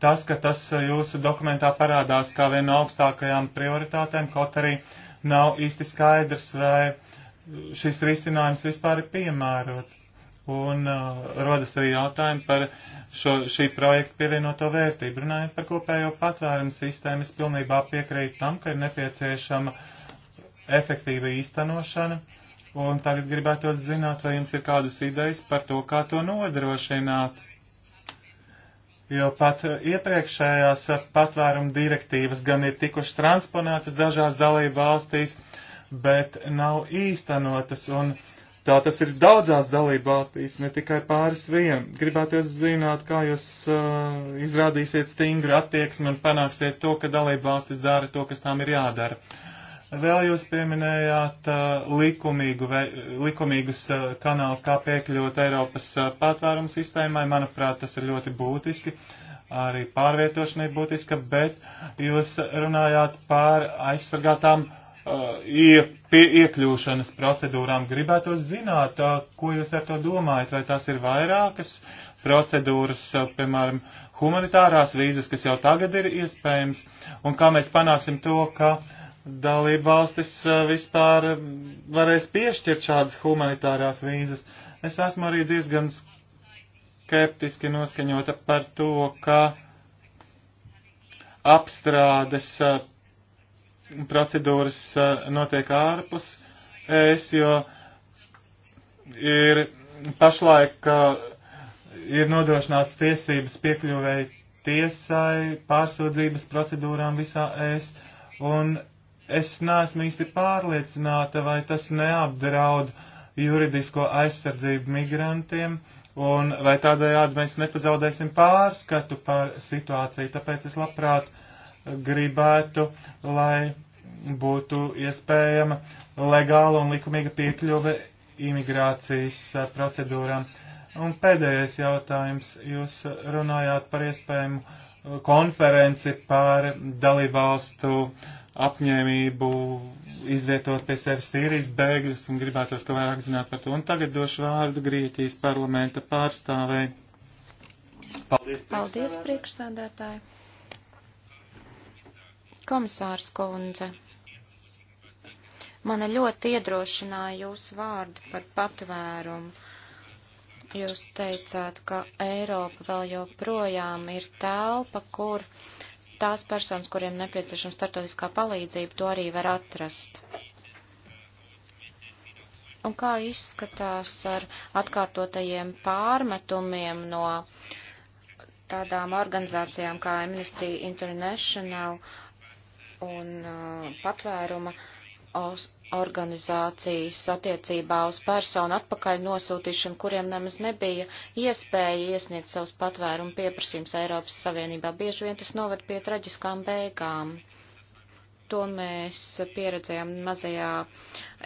tas, ka tas jūsu dokumentā parādās kā viena no augstākajām prioritātēm, kaut arī nav īsti skaidrs, vai šis risinājums vispār ir piemērots. Un uh, rodas arī jautājumi par šo, šī projekta pievienoto vērtību. Runājot par kopējo patvērumu sistēmu, es pilnībā piekrītu tam, ka ir nepieciešama efektīva īstenošana. Un tagad gribētu zināt, vai jums ir kādas idejas par to, kā to nodrošināt jo pat eh, iepriekšējās eh, patvēruma direktīvas gan ir tikuši transponētas dažās dalību valstīs, bet nav īstenotas, un tā tas ir daudzās dalību valstīs, ne tikai pāris vien. Gribētos zināt, kā jūs uh, izrādīsiet stingru attieksmi un panāksiet to, ka dalību valstis dara to, kas tām ir jādara. Uh, Vēl jūs pieminējāt uh, likumīgu, likumīgus uh, kanāls, kā piekļūt Eiropas uh, patvērumu sistēmai. Manuprāt, tas ir ļoti būtiski. Arī pārvietošana ir būtiska, bet jūs runājāt par aizsargātām ie, pie, iekļūšanas procedūrām. Gribētu zināt, ko jūs ar to domājat, vai tās ir vairākas procedūras, piemēram, humanitārās vīzas, kas jau tagad ir iespējams, un kā mēs panāksim to, ka uh, dalību valstis vispār varēs piešķirt šādas humanitārās vīzas. Es esmu arī diezgan skeptiski noskaņota par to, ka apstrādes procedūras notiek ārpus es, jo ir pašlaik ir nodrošināts tiesības piekļuvēji tiesai, pārsūdzības procedūrām visā es, un Es neesmu īsti pārliecināta, vai tas neapdraud juridisko aizsardzību migrantiem, un vai tādējādi mēs nepazaudēsim pārskatu par situāciju. Tāpēc es labprāt gribētu, lai būtu iespējama legāla un likumīga piekļuve imigrācijas procedūrām. Un pēdējais jautājums. Jūs runājāt par iespējamu konferenci par dalībvalstu apņēmību izvietot pie sevis Sīrijas bēgļus un gribētos, ka vairāk zināt par to. Un tagad došu vārdu Grieķijas parlamenta pārstāvēji. Paldies, Paldies priekšsādātāji. Komisārs Kundze, mani ļoti iedrošināja jūsu vārdi par patvērumu. Jūs teicāt, ka Eiropa vēl joprojām ir telpa, kur tās personas, kuriem nepieciešama startautiskā palīdzība, to arī var atrast. Un kā izskatās ar atkārtotajiem pārmetumiem no tādām organizācijām kā Amnesty International un uh, patvēruma organizācijas attiecībā uz personu atpakaļ nosūtīšanu, kuriem nemaz nebija iespēja iesniegt savus patvērumu pieprasījums Eiropas Savienībā. Bieži vien tas noved pie traģiskām beigām. To mēs pieredzējām mazajā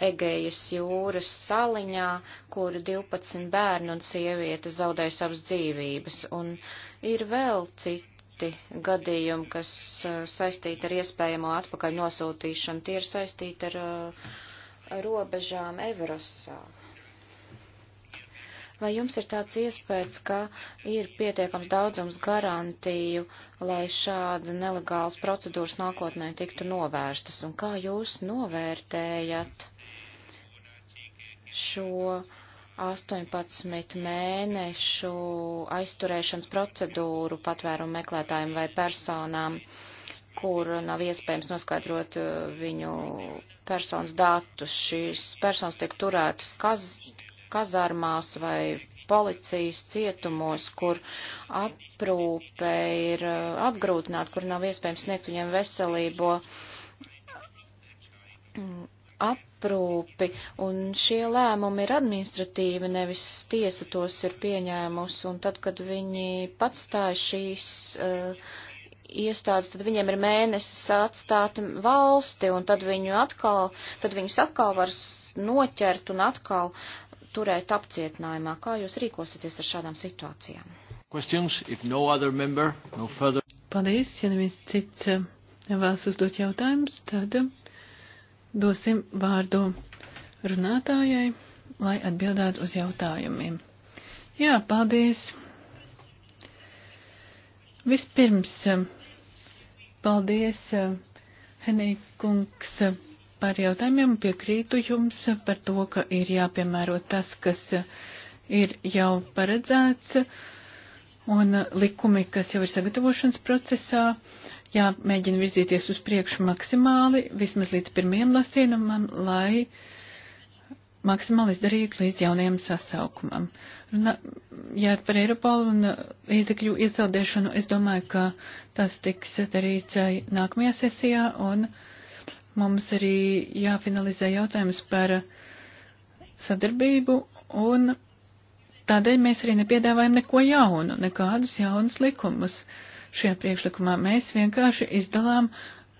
Egejas jūras saliņā, kur 12 bērnu un sieviete zaudēja savas dzīvības. Un ir vēl citi citi gadījumi, kas uh, saistīti ar iespējamo atpakaļ nosūtīšanu, tie ir saistīti ar, uh, ar robežām Everosā. Vai jums ir tāds iespējas, ka ir pietiekams daudzums garantiju, lai šāda nelegāls procedūras nākotnē tiktu novērstas? Un kā jūs novērtējat šo? 18 mēnešu aizturēšanas procedūru patvērumu meklētājiem vai personām, kur nav iespējams noskaidrot uh, viņu personas datus. Šīs personas tiek turētas kaz kazarmās vai policijas cietumos, kur aprūpe ir uh, apgrūtināta, kur nav iespējams sniegt viņiem veselībo mm, ap aprūpi, un šie lēmumi ir administratīvi, nevis tiesa tos ir pieņēmusi, un tad, kad viņi patstāja šīs uh, iestādes, tad viņiem ir mēnesis atstāt valsti, un tad viņu atkal, tad viņus atkal var noķert un atkal turēt apcietinājumā. Kā jūs rīkosieties ar šādām situācijām? Questions, if no other member, no further. Paldies, ja neviens cits eh, vēlas uzdot jautājumus, tad dosim vārdu runātājai, lai atbildētu uz jautājumiem. Jā, paldies! Vispirms, paldies, Henīkungs, par jautājumiem piekrītu jums par to, ka ir jāpiemēro tas, kas ir jau paredzēts un likumi, kas jau ir sagatavošanas procesā jāmēģina virzīties uz priekšu maksimāli, vismaz līdz pirmiem lasījumam, lai maksimāli izdarītu līdz jaunajam sasaukumam. Runā, ja par Eiropolu un līdzekļu iesaldēšanu, es domāju, ka tas tiks darīts eh, nākamajā sesijā un mums arī jāfinalizē jautājums par sadarbību un tādēļ mēs arī nepiedāvājam neko jaunu, nekādus jaunus likumus. Uh, šajā priekšlikumā. Mēs vienkārši izdalām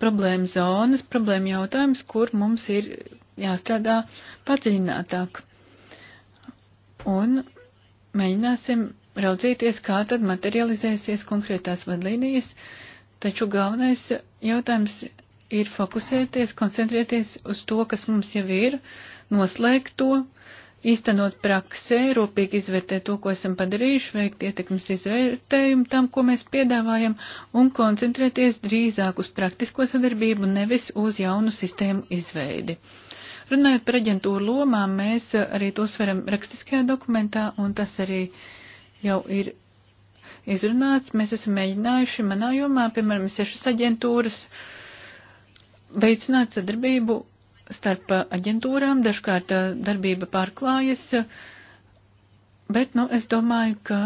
problēmu zonas, problēmu jautājumus, kur mums ir jāstrādā padziļinātāk. Un mēģināsim raudzīties, kā tad materializēsies konkrētās vadlīnijas, taču galvenais jautājums ir fokusēties, koncentrēties uz to, kas mums jau ir, noslēgt to īstenot praksē, rūpīgi izvērtēt to, ko esam padarījuši, veikt ietekmes izvērtējumu tam, ko mēs piedāvājam, un koncentrēties drīzāk uz praktisko sadarbību, nevis uz jaunu sistēmu izveidi. Runājot par aģentūru lomām, mēs arī to sveram rakstiskajā dokumentā, un tas arī jau ir izrunāts. Mēs esam mēģinājuši manā jomā, piemēram, sešas aģentūras, veicināt sadarbību starp aģentūrām, dažkārt eh, darbība pārklājas, bet, nu, es domāju, ka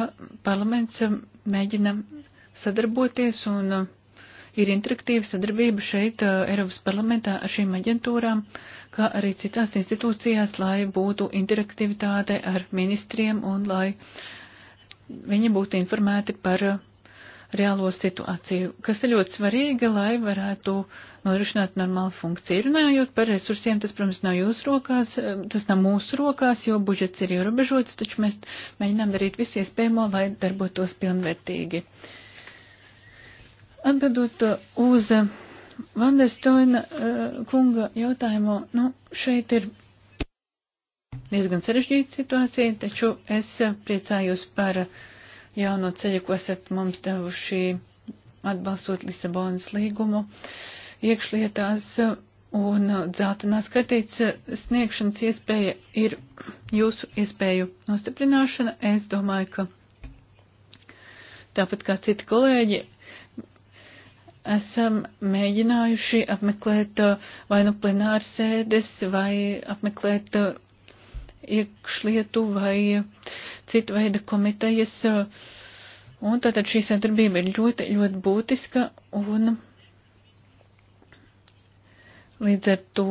parlaments eh, mēģina sadarboties un eh, ir interaktīva sadarbība šeit Eiropas parlamentā ar šīm aģentūrām, kā arī citās institūcijās, lai būtu interaktivitāte ar ministriem un lai viņi būtu informēti par uh, reālo situāciju, kas ir ļoti svarīga, lai varētu nodrošināt normālu funkciju. Runājot par resursiem, tas, protams, nav jūsu rokās, eh, tas nav mūsu rokās, jo budžets ir ierobežots, taču mēs mēģinām darīt visu iespējamo, lai darbotos pilnvērtīgi. Atbildot uz Vandestoina eh, kunga jautājumu, nu, šeit ir diezgan sarežģīta situācija, taču es priecājos par uh, jauno ceļu, ko esat mums devuši atbalstot Lisabonas līgumu iekšlietās un dzeltenās kartītes sniegšanas iespēja ir jūsu iespēju nostiprināšana. Es domāju, ka tāpat kā citi kolēģi, esam mēģinājuši apmeklēt uh, vai nu plenāras sēdes, vai apmeklēt uh, iekšlietu vai citu veidu komitejas. Uh, un tātad šī sadarbība ir ļoti, ļoti būtiska un līdz ar to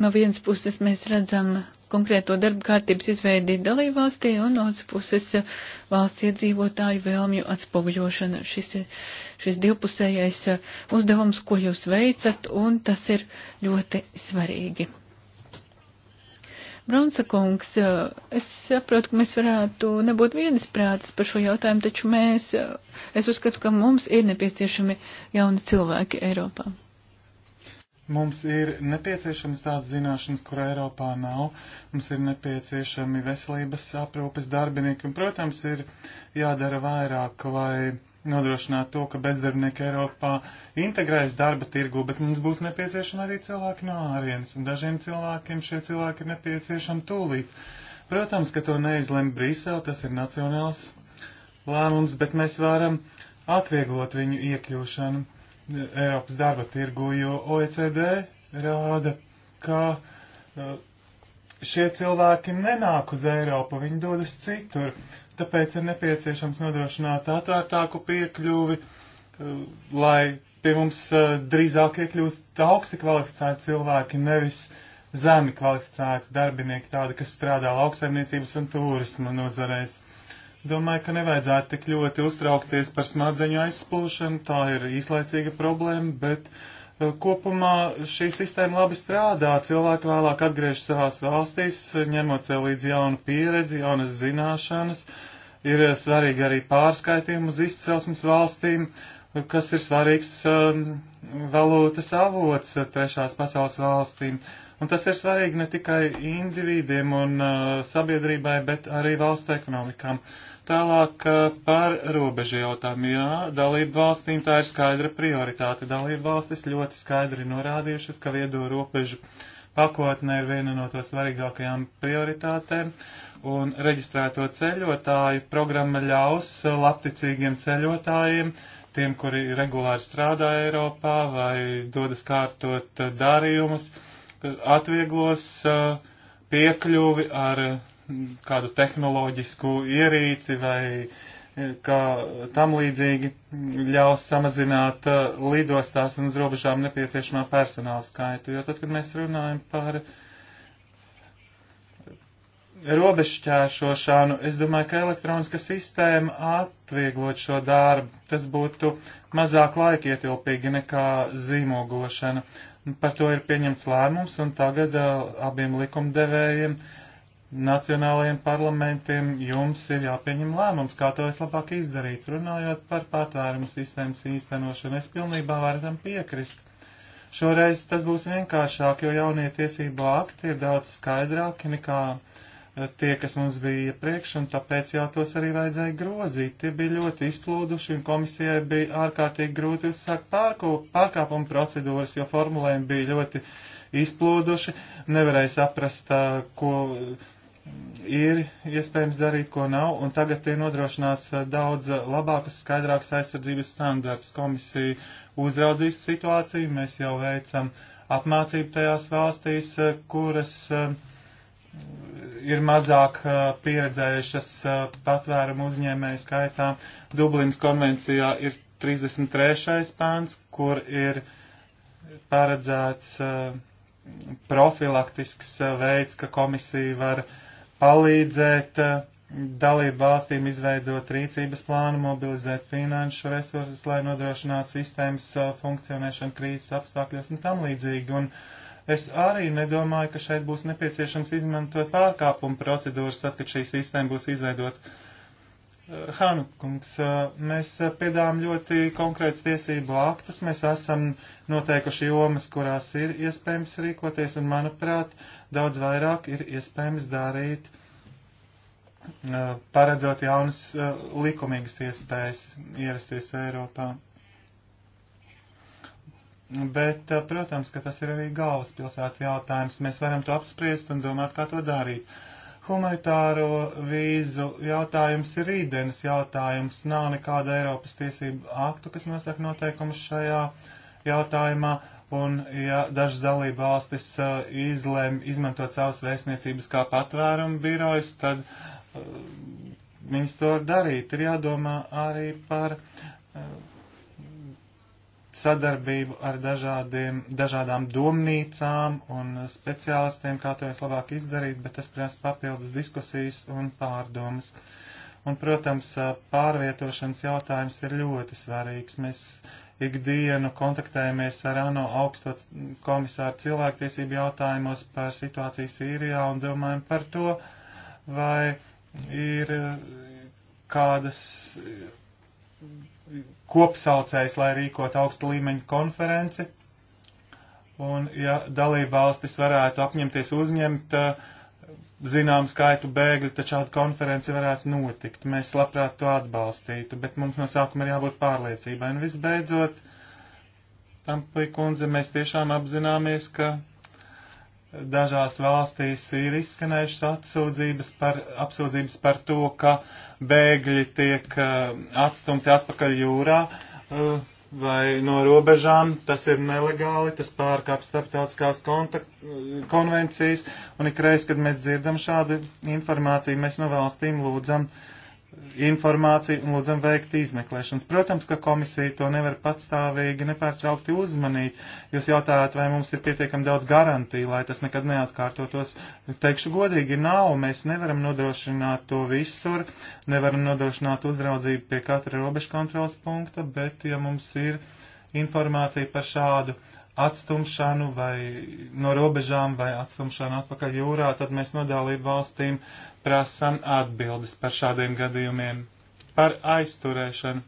no vienas puses mēs redzam konkrēto darba kārtības izveidi dalībvalstī un no otras puses uh, valsts iedzīvotāju vēlmju atspoguļošana. Šis ir šis divpusējais uh, uzdevums, ko jūs veicat, un tas ir ļoti svarīgi. Brunsa kungs, es saprotu, ka mēs varētu nebūt vienas prātas par šo jautājumu, taču mēs, es uzskatu, ka mums ir nepieciešami jauni cilvēki Eiropā. Mums ir nepieciešams tās zināšanas, kur Eiropā nav. Mums ir nepieciešami veselības aprūpes darbinieki un, protams, ir jādara vairāk, lai nodrošināt to, ka bezdarbnieki Eiropā integrējas darba tirgu, bet mums būs nepieciešami arī cilvēki no ārienes, un dažiem cilvēkiem šie cilvēki ir nepieciešami tūlīt. Protams, ka to neizlem Brīsele, tas ir nacionāls lēmums, bet mēs varam atvieglot viņu iekļūšanu Eiropas darba tirgu, jo OECD rāda, ka uh, šie cilvēki nenāk uz Eiropu, viņi dodas citur. Uh, Tāpēc ir nepieciešams nodrošināt atvērtāku piekļuvi, eh, lai pie mums eh, drīzāk iekļūst augsti kvalificēti cilvēki, nevis zemi kvalificēti darbinieki, tādi, kas strādā lauksaimniecības un turisma nozarēs. Domāju, ka nevajadzētu tik ļoti uztraukties par smadzeņu aizspūšanu, tā ir īslaicīga problēma, bet uh, Eh, kopumā šī sistēma labi strādā, cilvēki vēlāk atgriežas savās valstīs, ņemot sev līdz jaunu pieredzi, jaunas zināšanas. Ir eh, svarīgi arī pārskaitījumi uz izcelsmes valstīm, eh, kas ir svarīgs um, valūtas avots trešās pasaules valstīm. Un tas ir svarīgi ne tikai individiem un uh, sabiedrībai, bet arī valstu ekonomikām. Uh, Tālāk par robežu jautājumu. Jā, dalību valstīm tā ir skaidra prioritāte. Dalību valstis ļoti skaidri norādījušas, ka viedo robežu pakotne ir viena no to svarīgākajām prioritātēm, un reģistrēto ceļotāju programma ļaus labticīgiem ceļotājiem, tiem, kuri regulāri strādā Eiropā vai dodas kārtot darījumus, atvieglos piekļuvi ar kādu tehnoloģisku ierīci vai eh, kā tam līdzīgi ļaus samazināt eh, lidostās un uz robežām nepieciešamā personāla skaitu. Jo tad, kad mēs runājam par robežu ķēršošanu, es domāju, ka elektroniska sistēma atvieglot šo darbu, tas būtu mazāk laikietilpīgi nekā zīmogošana. Par to ir pieņemts lēmums, un tagad uh, abiem likumdevējiem uh, nacionālajiem parlamentiem jums ir jāpieņem lēmums, kā to vislabāk izdarīt. Runājot par patvērumu sistēmas īstenošanu, es pilnībā varu tam piekrist. Šoreiz tas būs vienkāršāk, jo jaunie tiesību akti ir daudz skaidrāki nekā eh, tie, kas mums bija priekš, un tāpēc jau tos arī vajadzēja grozīt. Tie bija ļoti izplūduši, un komisijai bija ārkārtīgi grūti uzsākt pārkāpumu procedūras, jo formulējumi bija ļoti izplūduši, nevarēja saprast, eh, ko ir iespējams darīt, ko nav, un tagad tie nodrošinās eh, daudz eh, labākas, skaidrākas aizsardzības standarts. Komisija uzraudzīs situāciju, mēs jau veicam apmācību tajās valstīs, eh, kuras ir mazāk pieredzējušas patvērumu uzņēmēju skaitā. Dublinas konvencijā ir 33. pāns, kur ir paredzēts profilaktisks veids, ka komisija var uh, palīdzēt eh, dalību valstīm izveidot rīcības plānu, mobilizēt finanšu resursus, lai nodrošinātu sistēmas eh, funkcionēšanu krīzes apstākļos un tam līdzīgi. Un es arī nedomāju, ka šeit būs nepieciešams izmantot pārkāpumu procedūras, tad, kad šī sistēma būs izveidota Hanukungs, eh, mēs piedāvājam ļoti konkrēts tiesību aktus, mēs esam noteikuši jomas, kurās ir iespējams rīkoties, un, manuprāt, daudz vairāk ir iespējams darīt, eh, paredzot jaunas eh, likumīgas iespējas ierasties Eiropā. Bet, protams, ka tas ir arī galvaspilsēta jautājums. Mēs varam to apspriest un domāt, kā to darīt. Uh, Humanitāro vīzu jautājums ir rītdienas jautājums. Nav nekāda Eiropas tiesību aktu, kas nosaka noteikumus šajā jautājumā. Un, ja dažas dalība valstis uh, izlēma izmantot savas vēstniecības kā patvērumu birojas, tad uh, viņas to var darīt. Ir jādomā arī par uh, sadarbību ar dažādiem, dažādām domnīcām un speciālistiem, kā to vislabāk izdarīt, bet tas prasa papildus diskusijas un pārdomas. Un, protams, pārvietošanas jautājums ir ļoti svarīgs. Mēs ikdienu kontaktējamies ar ANO augsto komisāru cilvēktiesību jautājumos par situāciju Sīrijā un domājam par to, vai ir kādas kopsaucējs, lai rīkot augsta līmeņa konferenci. Un, ja dalībvalstis varētu apņemties uzņemt eh, zinām skaitu bēgļu, tad šāda konference varētu notikt. Mēs labprāt to atbalstītu, bet mums no sākuma ir jābūt pārliecībai. Un visbeidzot, Tamplī kundze, mēs tiešām apzināmies, ka dažās valstīs ir izskanējušas atsūdzības par, apsūdzības par to, ka bēgļi tiek eh, atstumti atpakaļ jūrā eh, vai no robežām. Tas ir nelegāli, tas pārkāpj starptautiskās kontakt, konvencijas, un ikreiz, kad mēs dzirdam šādu informāciju, mēs no valstīm lūdzam uh, informāciju un lūdzam veikt izmeklēšanas. Protams, ka komisija to nevar patstāvīgi nepārtraukti uzmanīt. Jūs jautājat, vai mums ir pietiekami daudz garantiju, lai tas nekad neatkārtotos. Teikšu godīgi, nav. Mēs nevaram nodrošināt to visur, nevaram nodrošināt uzraudzību pie katra robežu kontrols punkta, bet ja mums ir informācija par šādu atstumšanu vai no robežām vai atstumšanu atpakaļ jūrā, tad mēs no dalību valstīm prasam atbildes par šādiem gadījumiem, par aizturēšanu.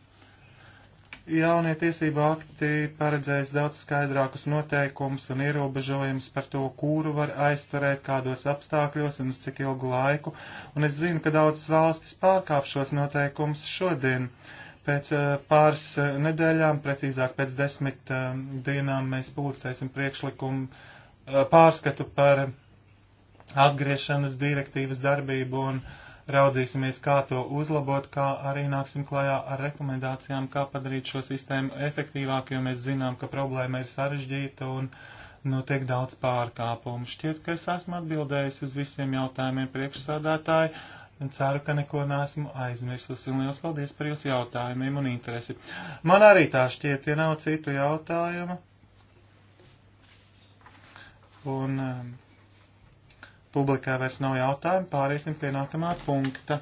Jaunie tiesību akti paredzēs daudz skaidrākus noteikumus un ierobežojumus par to, kuru var aizturēt, kādos apstākļos un uz cik ilgu laiku, un es zinu, ka daudzas valstis pārkāp šos noteikumus šodien. Uh, Pēc eh, pāris eh, nedēļām, precīzāk pēc desmit eh, dienām, mēs publicēsim priekšlikumu pārskatu par atgriešanas direktīvas darbību un raudzīsimies, kā to uzlabot, kā arī nāksim klajā ar rekomendācijām, kā padarīt šo sistēmu efektīvāku, jo mēs zinām, ka problēma ir sarežģīta un notiek daudz pārkāpumu. Šķiet, ka es esmu atbildējis uz visiem jautājumiem priekšsādātāji Ceru, ka neko nesmu aizmirsusi un liels paldies par jūsu jautājumiem un interesi. Man arī tā šķiet, ja nav citu jautājumu. Un um, publikā vairs nav jautājumu, pāriesim pie nākamā punkta.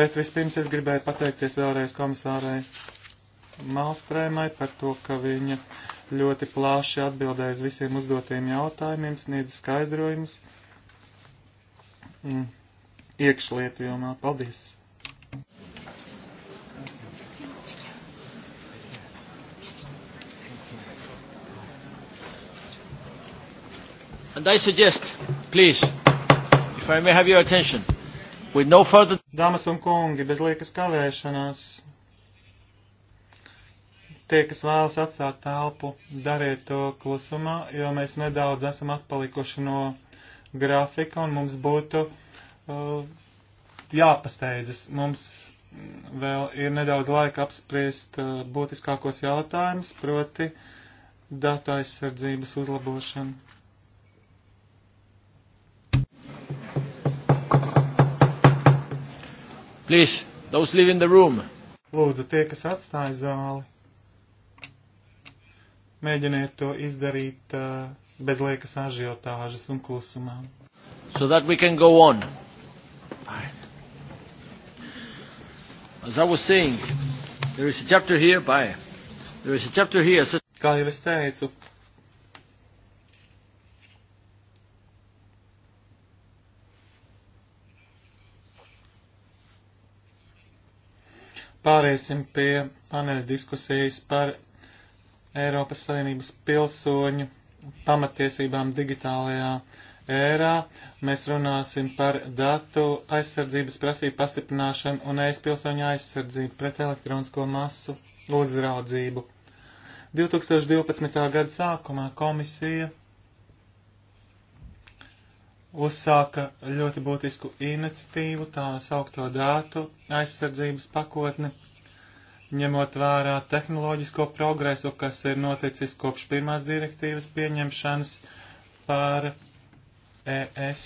Bet vispirms es gribēju pateikties vēlreiz komisārai Malstrēmai par to, ka viņa ļoti plāši atbildēja uz visiem uzdotiem jautājumiem, sniedz skaidrojumus. Mm. iekšlietu jomā. Paldies! And I suggest, please, if I may have your attention, with no further... Dāmas un kungi, bez liekas kavēšanās, tie, kas vēlas atstāt telpu, dariet to klusumā, jo mēs nedaudz esam atpalikuši no grafika un mums būtu uh, jāpasteidzas. Mums vēl ir nedaudz laika apspriest uh, būtiskākos jautājumus, proti datu aizsardzības uzlabošanu. Please, those live in the room. Lūdzu, tie, kas atstāja zāli, mēģiniet to izdarīt uh, bez liekas ažiotāžas un klusumā. So that we can go on. As I was saying, there is a chapter here by, there is a chapter here. Kā jau es teicu, pāriesim pie paneļa diskusijas par Eiropas Savienības pilsoņu pamatiesībām digitālajā ērā. Mēs runāsim par datu aizsardzības prasību pastiprināšanu un e-pilsoņu aizsardzību pret elektronisko masu uzraudzību. 2012. gada sākumā komisija uzsāka ļoti būtisku iniciatīvu, tā saukto dātu aizsardzības pakotni ņemot vērā tehnoloģisko progresu, kas ir noticis kopš pirmās direktīvas pieņemšanas par ES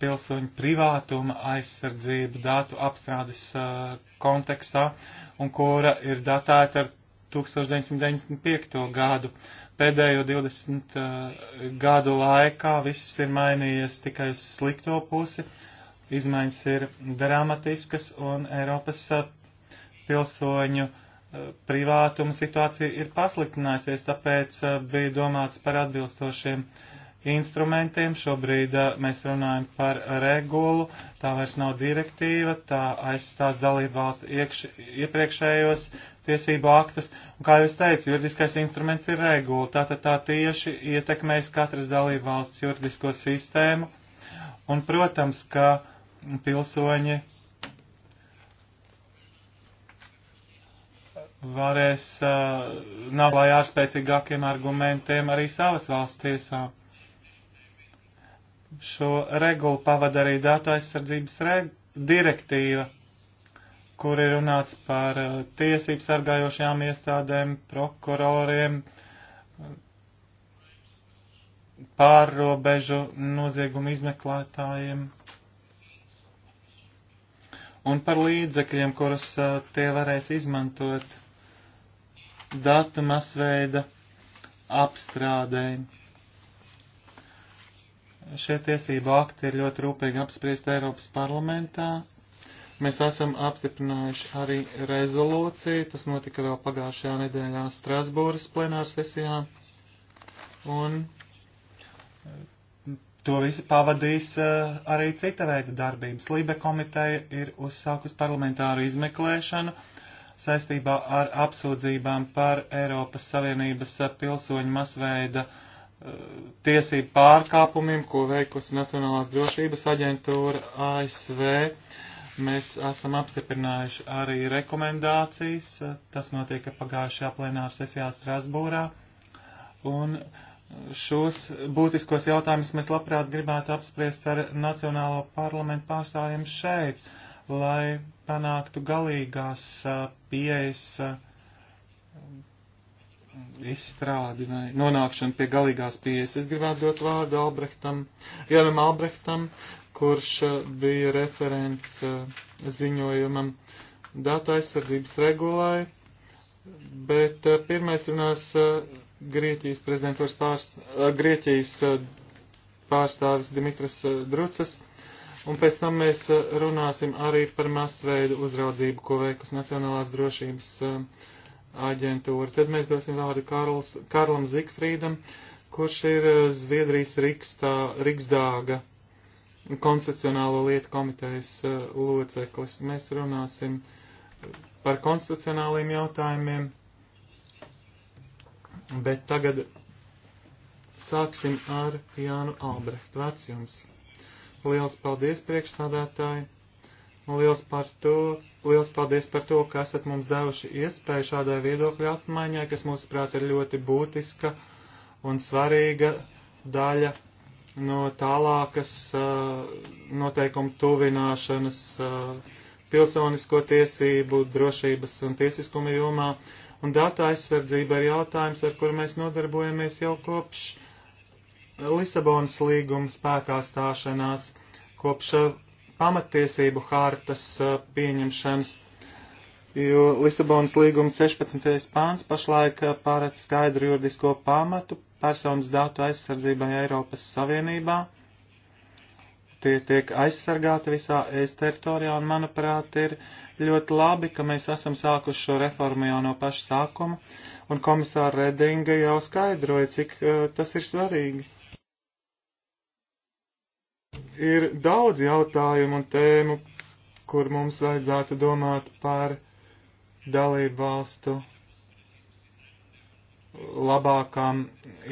pilsoņu privātuma aizsardzību datu apstrādes uh, kontekstā, un kura ir datēta ar 1995. gadu. Pēdējo 20 uh, gadu laikā viss ir mainījies tikai uz slikto pusi. Izmaiņas ir dramatiskas, un Eiropas uh, pilsoņu eh, privātuma situācija ir pasliktinājusies, tāpēc eh, bija domāts par atbilstošiem instrumentiem. Šobrīd eh, mēs runājam par regulu, tā vairs nav direktīva, tā aizstās dalību valstu iekš, iepriekšējos tiesību aktus. Un, kā jūs teicu, juridiskais instruments ir regula, tātad tā tieši ietekmēs katras dalību valsts juridisko sistēmu. Un, protams, ka pilsoņi varēs uh, nav klājā ar spēcīgākiem argumentiem arī savas valsts tiesā. Šo regulu pavada arī datu aizsardzības direktīva, kur ir runāts par uh, tiesību sargājošajām iestādēm, prokuroriem, pārrobežu noziegumu izmeklētājiem un par līdzekļiem, kurus uh, tie varēs izmantot datu masveida apstrādēji. Šie tiesību akti ir ļoti rūpīgi apspriest Eiropas parlamentā. Mēs esam apstiprinājuši arī rezolūciju, tas notika vēl pagājušajā nedēļā Strasbūras plenārsesijā, un to visu pavadīs eh, arī cita veida darbības. Lībe komiteja ir uzsākus parlamentāru izmeklēšanu, uh, saistībā ar apsūdzībām par Eiropas Savienības eh, pilsoņu masveida eh, tiesību pārkāpumiem, ko veikusi Nacionālās drošības aģentūra ASV. Mēs esam apstiprinājuši arī rekomendācijas. Tas notiek pagājušajā plenāra sesijā Strasbūrā. Un eh, šos būtiskos jautājumus mēs labprāt gribētu apspriest ar Nacionālo parlamentu pārstāvjiem šeit. Uh, lai panāktu galīgās pieejas izstrādi vai nonākšanu pie galīgās pieejas. Es gribētu dot vārdu Albrechtam, Janam Albrechtam, kurš bija referents ziņojumam datu aizsardzības regulai, bet pirmais runās Grieķijas prezidentūras pārst, Grieķijas pārstāvis Dimitras Drucas Un pēc tam mēs eh, runāsim arī par masveidu uzraudzību, ko veikus Nacionālās drošības eh, aģentūra. Tad mēs dosim vārdu Karls, Karlam Zikfrīdam, kurš ir eh, Zviedrijas Rikstā, Riksdāga konstitucionālo lietu komitejas loceklis. Mēs runāsim par konstitucionāliem jautājumiem, bet tagad sāksim ar Jānu Albrecht. Vārds jums! Liels paldies, priekšsādātāji! Liels, par to, liels paldies par to, ka esat mums devuši iespēju šādai viedokļu apmaiņai, kas mūsuprāt ir ļoti būtiska un svarīga daļa no tālākas uh, noteikumu tuvināšanas uh, pilsonisko tiesību, drošības un tiesiskuma jomā. Un data aizsardzība ir jautājums, ar kuru mēs nodarbojamies jau kopš Lisabonas līguma spēkā stāšanās, kopš eh, pamatiesību hartas eh, pieņemšanas, jo Lisabonas līguma 16. pāns pašlaik eh, pārēc skaidru juridisko pamatu personas datu aizsardzībai Eiropas Savienībā. Tie tiek aizsargāti visā ES teritorijā, un, manuprāt, ir ļoti labi, ka mēs esam sākuši šo reformu jau no paša sākuma, un komisāra Redinga jau skaidroja, cik uh, tas ir svarīgi Ir daudz jautājumu un tēmu, kur mums vajadzētu domāt par dalību valstu labākām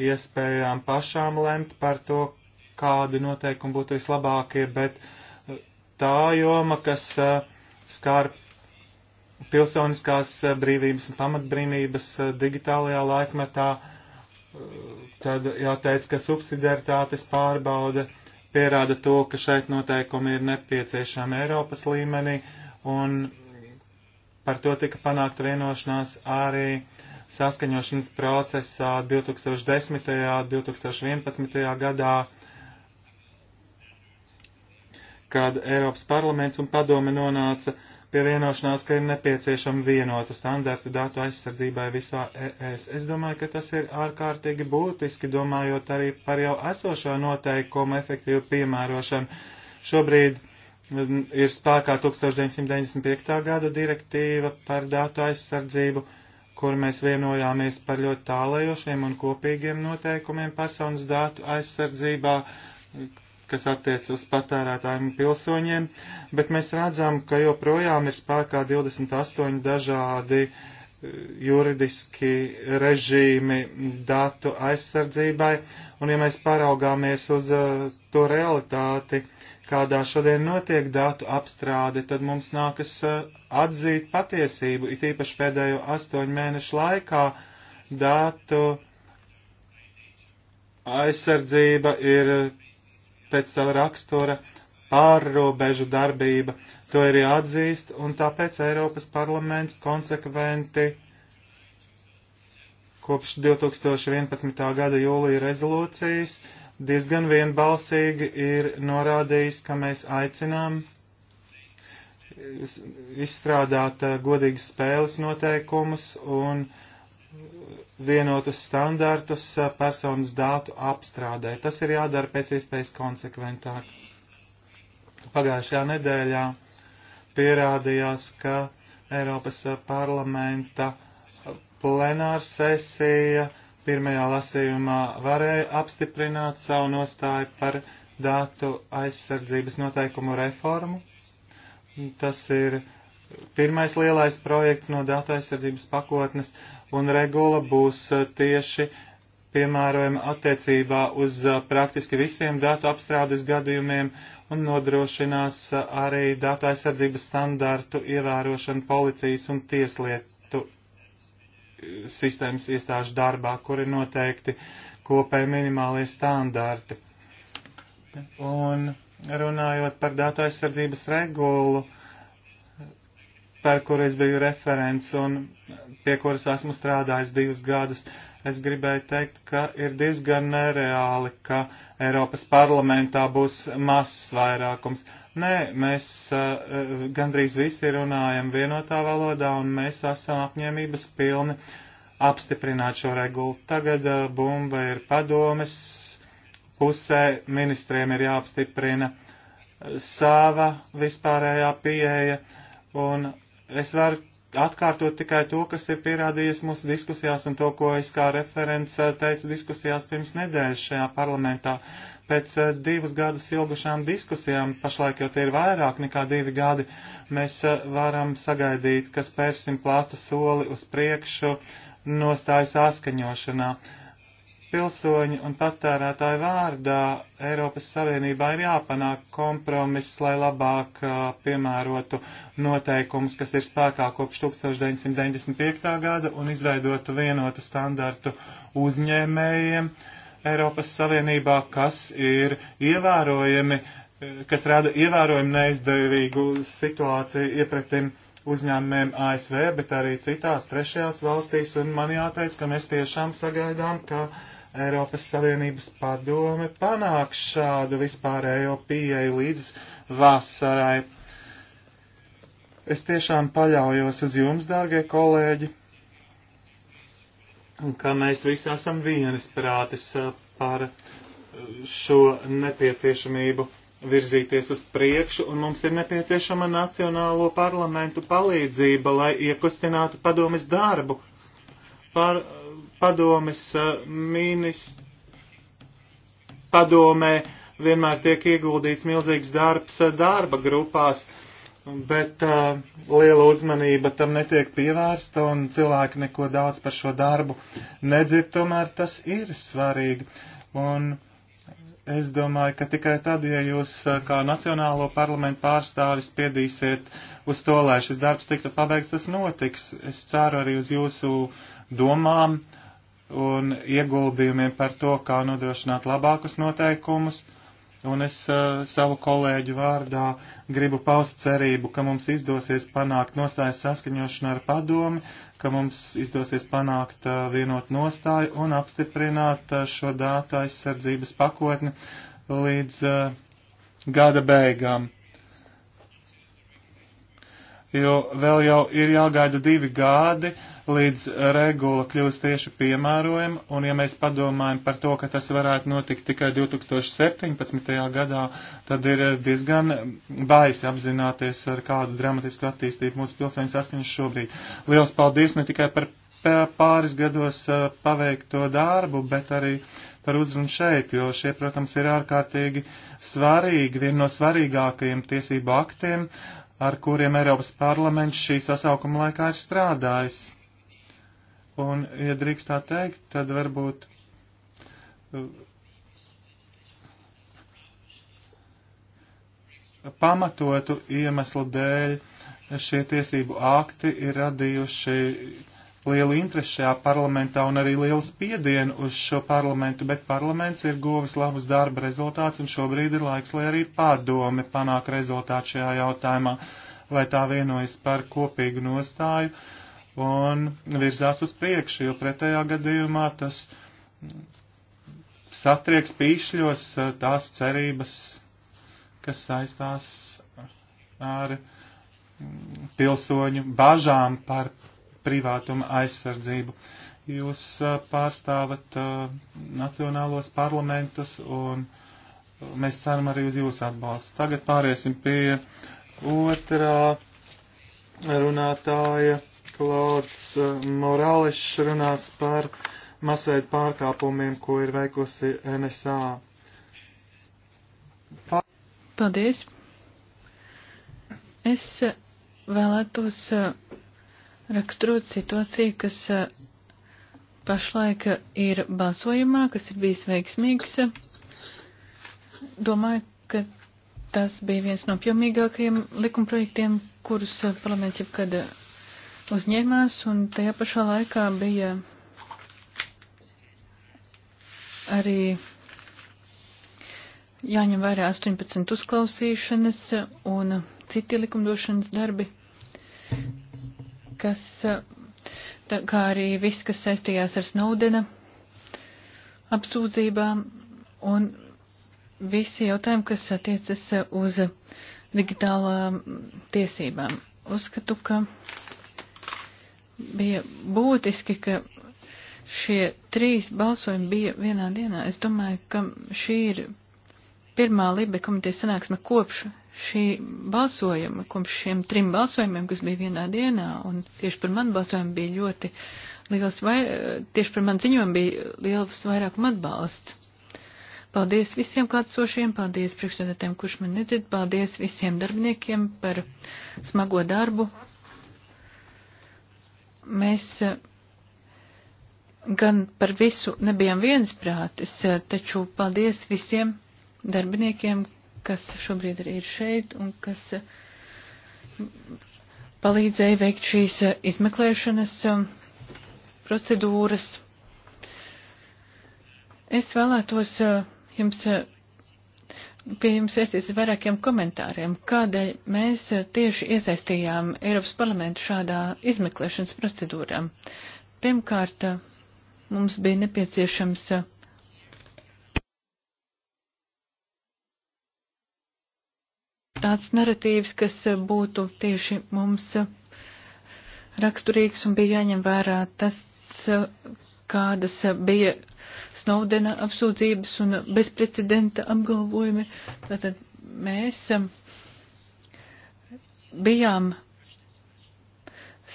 iespējām pašām lemt par to, kādi noteikumi būtu vislabākie, bet tā joma, kas eh, skār pilsoniskās eh, brīvības un pamatbrīvības eh, digitālajā laikmetā, tad jāteic, ka subsidiaritātes pārbauda pierāda to, ka šeit noteikumi ir nepieciešami Eiropas līmenī, un par to tika panākta vienošanās arī saskaņošanas procesā 2010. un 2011. gadā, kad Eiropas parlaments un padome nonāca pie vienošanās, ka ir nepieciešama vienota standarta datu aizsardzībai visā ES. Es domāju, ka tas ir ārkārtīgi būtiski, domājot arī par jau esošo noteikumu efektīvu piemērošanu. Šobrīd mm, ir spēkā 1995. gada direktīva par datu aizsardzību, kur mēs vienojāmies par ļoti tālajošiem un kopīgiem noteikumiem personas datu aizsardzībā, kas attiec uz patērētājiem un pilsoņiem, bet mēs redzam, ka joprojām ir spēkā 28 dažādi eh, juridiski režīmi datu aizsardzībai, un ja mēs paraugāmies uz eh, to realitāti, kādā šodien notiek datu apstrāde, tad mums nākas eh, atzīt patiesību, it īpaši pēdējo astoņu mēnešu laikā datu aizsardzība ir pēc sava rakstura pārrobežu darbība. To ir jāatzīst, un tāpēc Eiropas parlaments konsekventi kopš 2011. gada jūlija rezolūcijas diezgan vienbalsīgi ir norādījis, ka mēs aicinām izstrādāt eh, godīgas spēles noteikumus un uh, vienotus standartus personas dātu apstrādē. Tas ir jādara pēc iespējas konsekventāk. Pagājušajā nedēļā pierādījās, ka Eiropas parlamenta plenāra sesija pirmajā lasījumā varēja apstiprināt savu nostāju par dātu aizsardzības noteikumu reformu. Tas ir pirmais lielais projekts no datu aizsardzības pakotnes. Uh, un regula būs eh, tieši piemērojama attiecībā uz eh, praktiski visiem datu apstrādes gadījumiem un nodrošinās eh, arī datu aizsardzības standartu ievērošanu policijas un tieslietu sistēmas iestāžu darbā, kur ir noteikti kopēji minimālie standarti. Un runājot par datu aizsardzības regulu, uh, par kuru es biju referents un pie kuras esmu strādājis divus gadus, es gribēju teikt, ka ir diezgan nereāli, ka Eiropas parlamentā būs mazs vairākums. Nē, mēs uh, gandrīz visi runājam vienotā valodā un mēs esam apņēmības pilni apstiprināt šo regulu. Tagad uh, bumba ir padomes pusē, ministriem ir jāapstiprina eh, sava vispārējā pieeja un Es varu atkārtot tikai to, kas ir pierādījies mūsu diskusijās un to, ko es kā referents eh, teicu diskusijās pirms nedēļas šajā parlamentā. Pēc eh, divus gadus ilgušām diskusijām, pašlaik jau tie ir vairāk nekā divi gadi, mēs eh, varam sagaidīt, ka spērsim plātu soli uz priekšu nostājas āskaņošanā. Uh, pilsoņu un patērētāju vārdā Eiropas Savienībā ir jāpanāk kompromiss, lai labāk uh, piemērotu noteikumus, kas ir spēkā kopš 1995. gada un izveidotu vienotu standartu uzņēmējiem Eiropas Savienībā, kas ir ievērojami, kas rada ievērojami neizdevīgu situāciju iepretim uzņēmumiem ASV, bet arī citās trešajās valstīs, un man jāteic, ka mēs tiešām sagaidām, ka uh, Eiropas Savienības padome panāk šādu vispārējo pieeju līdz vasarai. Es tiešām paļaujos uz jums, dārgie kolēģi, ka mēs visi esam vienisprātis uh, par uh, šo nepieciešamību virzīties uz priekšu, un mums ir nepieciešama nacionālo parlamentu palīdzība, lai iekustinātu padomis darbu. Par, padomes eh, ministrs padomē vienmēr tiek ieguldīts milzīgs darbs eh, darba grupās, bet uh, liela uzmanība tam netiek pievērsta un cilvēki neko daudz par šo darbu nedzird, tomēr tas ir svarīgi. Un es domāju, ka tikai tad, ja jūs kā Nacionālo parlamentu pārstāvis piedīsiet uz to, lai šis darbs tiktu pabeigts, tas notiks. Es ceru arī uz jūsu domām. Uh, un ieguldījumiem par to, kā nodrošināt labākus noteikumus. Un es uh, savu kolēģu vārdā gribu paust cerību, ka mums izdosies panākt nostāju saskaņošanu ar padomi, ka mums izdosies panākt uh, vienot nostāju un apstiprināt uh, šo dāta aizsardzības pakotni līdz uh, gada beigām. Jo vēl jau ir jāgaida divi gadi, uh, līdz regula kļūst tieši piemērojama, un ja mēs padomājam par to, ka tas varētu notikt tikai 2017. gadā, tad ir diezgan bais apzināties, ar kādu dramatisku attīstību mūsu pilsēņu saskaņas šobrīd. Liels paldies ne tikai par pāris gados paveikto darbu, bet arī par uzrunu šeit, jo šie, protams, ir ārkārtīgi svarīgi, viena no svarīgākajiem tiesību aktiem, ar kuriem Eiropas parlaments šī sasaukuma laikā ir strādājis. Un, ja drīkst tā teikt, tad varbūt uh, pamatotu iemeslu dēļ šie tiesību akti ir radījuši lielu interesi šajā parlamentā un arī lielu spiedienu uz šo parlamentu, bet parlaments ir guvis labus darba rezultātus un šobrīd ir laiks, lai arī padome panāk rezultātu šajā jautājumā, lai tā vienojas par kopīgu nostāju un virzās uz priekšu, jo pretējā gadījumā tas satrieks pīšļos tās cerības, kas saistās ar mm, pilsoņu bažām par privātuma aizsardzību. Jūs pārstāvat uh, nacionālos parlamentus un mēs ceram arī uz jūsu atbalstu. Tagad pāriesim pie otrā runātāja Klods eh, Morālišs runās par masveidu pārkāpumiem, ko ir veikusi NSA. Pa... Paldies. Es eh, vēlētos eh, raksturot situāciju, kas pašlaik ir balsojumā, kas ir bijis veiksmīgs. Domāju, ka tas bija viens no pjomīgākajiem likumprojektiem, kurus parlaments jebkad uzņēmās, un tajā pašā laikā bija arī jāņem vērā 18 uzklausīšanas un citi likumdošanas darbi, kas, tā kā arī viss, kas saistījās ar Snowdena apsūdzībām un visi jautājumi, kas attiecas uz digitālām tiesībām. Uzskatu, ka bija būtiski, ka šie trīs balsojumi bija vienā dienā. Es domāju, ka šī ir pirmā Libe komitejas sanāksme kopš šī balsojuma, kopš šiem trim balsojumiem, kas bija vienā dienā, un tieši par manu balsojumu bija ļoti liels, vai, tieši par manu ziņojumu bija liels vairākuma atbalsts. Paldies visiem klātsošiem, paldies priekšstādātiem, kurš man nedzird, paldies visiem darbiniekiem par smago darbu, mēs eh, gan par visu nebijām viensprātis, eh, taču paldies visiem darbiniekiem, kas šobrīd arī ir šeit un kas eh, palīdzēja veikt šīs izmeklēšanas procedūras. Es vēlētos jums pie jums iesties vairākiem komentāriem, kādēļ mēs eh, tieši iesaistījām Eiropas parlamentu šādā izmeklēšanas procedūrā. Pirmkārt, eh, mums bija nepieciešams eh, tāds narratīvs, kas būtu tieši mums raksturīgs un bija jāņem vērā tas, kādas bija Snowdena apsūdzības un bezprecedenta apgalvojumi. Tātad mēs um, bijām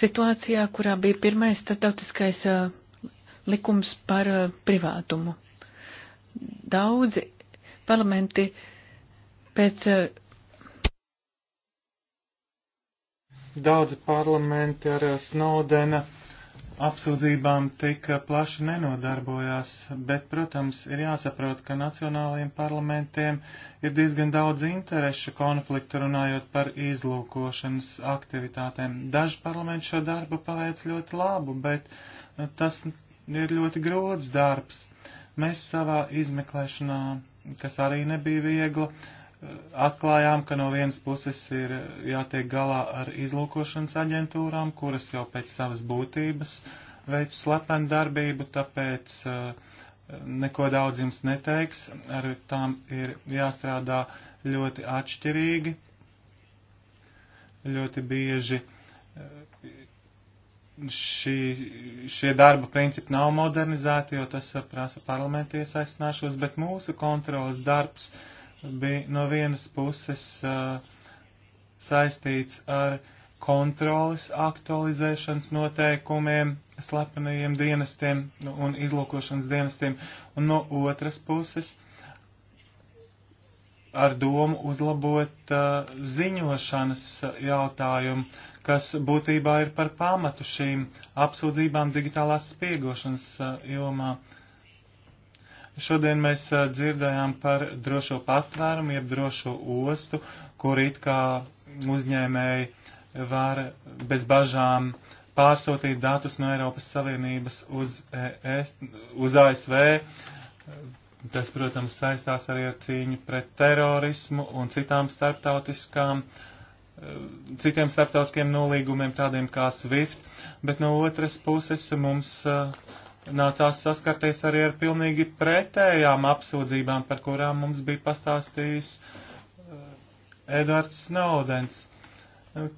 situācijā, kurā bija pirmais startautiskais uh, likums par uh, privātumu. Daudzi parlamenti pēc. Uh, Daudzi parlamenti ar Snowdena apsūdzībām tik plaši nenodarbojās, bet, protams, ir jāsaprot, ka nacionālajiem parlamentiem ir diezgan daudz interešu konfliktu runājot par izlūkošanas aktivitātēm. Daži parlamenti šo darbu paveic ļoti labu, bet eh, tas ir ļoti grods darbs. Mēs savā izmeklēšanā, kas arī nebija viegla, uh, atklājām, ka no vienas puses ir jātiek galā ar izlūkošanas aģentūrām, kuras jau pēc savas būtības veic slepenu darbību, tāpēc eh, neko daudz jums neteiks, ar tām ir jāstrādā ļoti atšķirīgi, ļoti bieži eh, šī, šie darba principi nav modernizēti, jo tas prasa parlamentu iesaistināšos, bet mūsu kontrolas darbs uh, bija no vienas puses uh, saistīts ar kontrolas aktualizēšanas noteikumiem, slepenajiem dienestiem nu, un izlūkošanas dienestiem, un no otras puses ar domu uzlabot uh, ziņošanas jautājumu, kas būtībā ir par pamatu šīm apsūdzībām digitālās spiegošanas uh, jomā. Uh, Šodien mēs dzirdējām par drošo patvērumu, jeb drošo ostu, kur it kā uzņēmēji var bez bažām pārsūtīt datus no Eiropas Savienības uz, ES, uz ASV. Tas, protams, saistās arī ar cīņu pret terorismu un citām starptautiskām, citiem starptautiskiem nolīgumiem, tādiem kā SWIFT, bet no otras puses mums uh, nācās saskarties arī ar pilnīgi pretējām apsūdzībām, par kurām mums bija pastāstījis eh, Edvards Snaudens.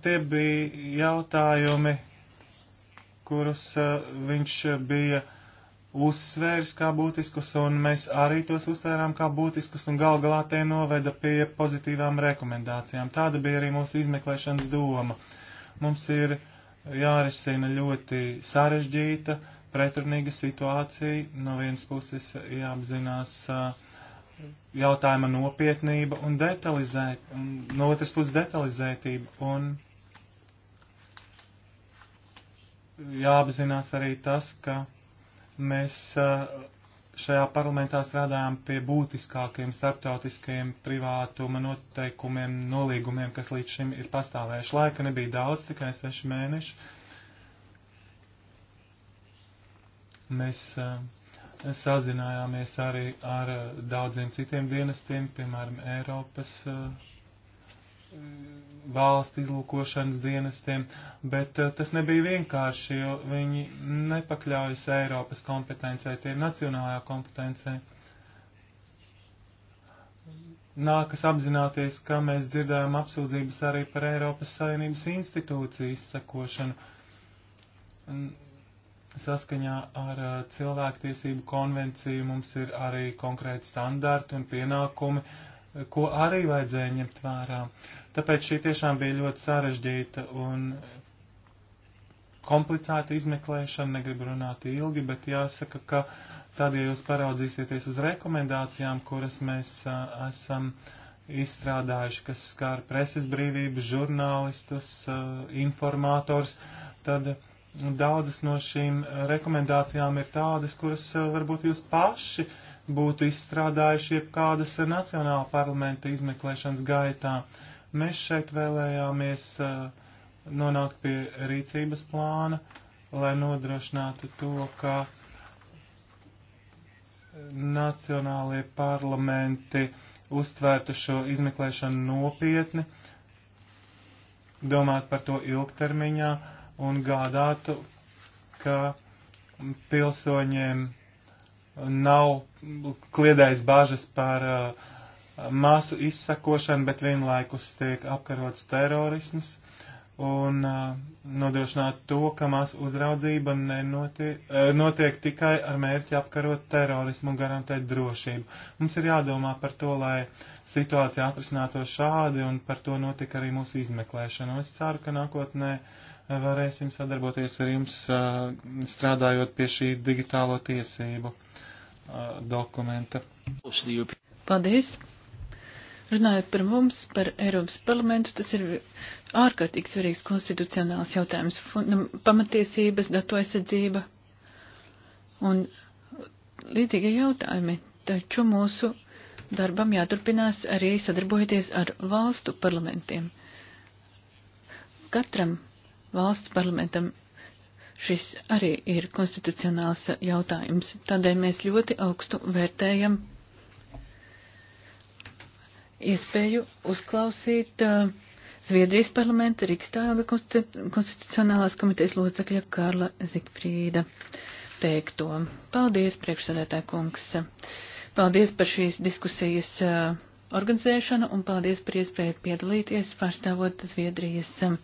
Tie bija jautājumi, kurus eh, viņš bija uzsvērs kā būtiskus, un mēs arī tos uzsvērām kā būtiskus, un gal galā tie noveda pie pozitīvām rekomendācijām. Tāda bija arī mūsu izmeklēšanas doma. Mums ir jārisina ļoti sarežģīta uh, pretrunīga situācija. No vienas puses jāapzinās jautājuma nopietnība un detalizēt, un no otras puses detalizētība. Un jāapzinās arī tas, ka mēs šajā parlamentā strādājām pie būtiskākiem starptautiskajiem privātuma noteikumiem, nolīgumiem, kas līdz šim ir pastāvējuši. Laika nebija daudz, tikai seši mēneši. Uh, Mēs uh, sazinājāmies arī ar uh, daudziem citiem dienestiem, piemēram, Eiropas uh, valsts izlūkošanas dienestiem, bet tas nebija vienkārši, jo viņi nepakļaujas Eiropas kompetencē, tie ir nacionālajā kompetencē. Nākas apzināties, ka mēs dzirdējām apsūdzības arī par Eiropas Savienības institūcijas sekošanu. Saskaņā ar uh, cilvēktiesību konvenciju mums ir arī konkrēti standarti un pienākumi, ko arī vajadzēja ņemt vērā. Tāpēc šī tiešām bija ļoti sarežģīta un komplicēta izmeklēšana, negribu runāt ilgi, bet jāsaka, ka tad, ja jūs paraudzīsieties uz rekomendācijām, kuras mēs a, uh, esam izstrādājuši, kas skar preses brīvību, žurnālistus, a, uh, informātors, tad. A, Daudzas no šīm rekomendācijām ir tādas, kuras eh, varbūt jūs paši būtu izstrādājuši jebkādas nacionāla parlamenta izmeklēšanas gaitā. Mēs šeit vēlējāmies eh, nonākt pie rīcības plāna, lai nodrošinātu to, ka nacionālie parlamenti uztvērtu šo izmeklēšanu nopietni, domāt par to ilgtermiņā un gādātu, ka pilsoņiem nav kliedējis bažas par uh, masu izsakošanu, bet vienlaikus tiek apkarots terorisms un uh, nodrošināt to, ka masu uzraudzība nenotiek, uh, notiek tikai ar mērķi apkarot terorismu un garantēt drošību. Mums ir jādomā par to, lai situācija atrisinātos šādi, un par to notika arī mūsu izmeklēšana. Es ceru, ka nākotnē uh, varēsim sadarboties ar jums, strādājot pie šī digitālo tiesību dokumenta. Paldies! Runājot par mums, par Eiropas parlamentu, tas ir ārkārtīgi svarīgs konstitucionāls jautājums. Pamatiesības, datu aizsardzība un līdzīgie jautājumi. Taču mūsu darbam jāturpinās arī sadarbojoties ar valstu parlamentiem. Katram valsts parlamentam šis arī ir konstitucionāls jautājums. Tādēļ mēs ļoti augstu vērtējam iespēju uzklausīt uh, Zviedrijas parlamenta Rikstāga konstitucionālās komitejas locekļa Karla Zikfrīda teikto. Paldies, priekšsēdētāj kungs. Paldies par šīs diskusijas uh, organizēšanu un paldies par iespēju piedalīties pārstāvot Zviedrijas um,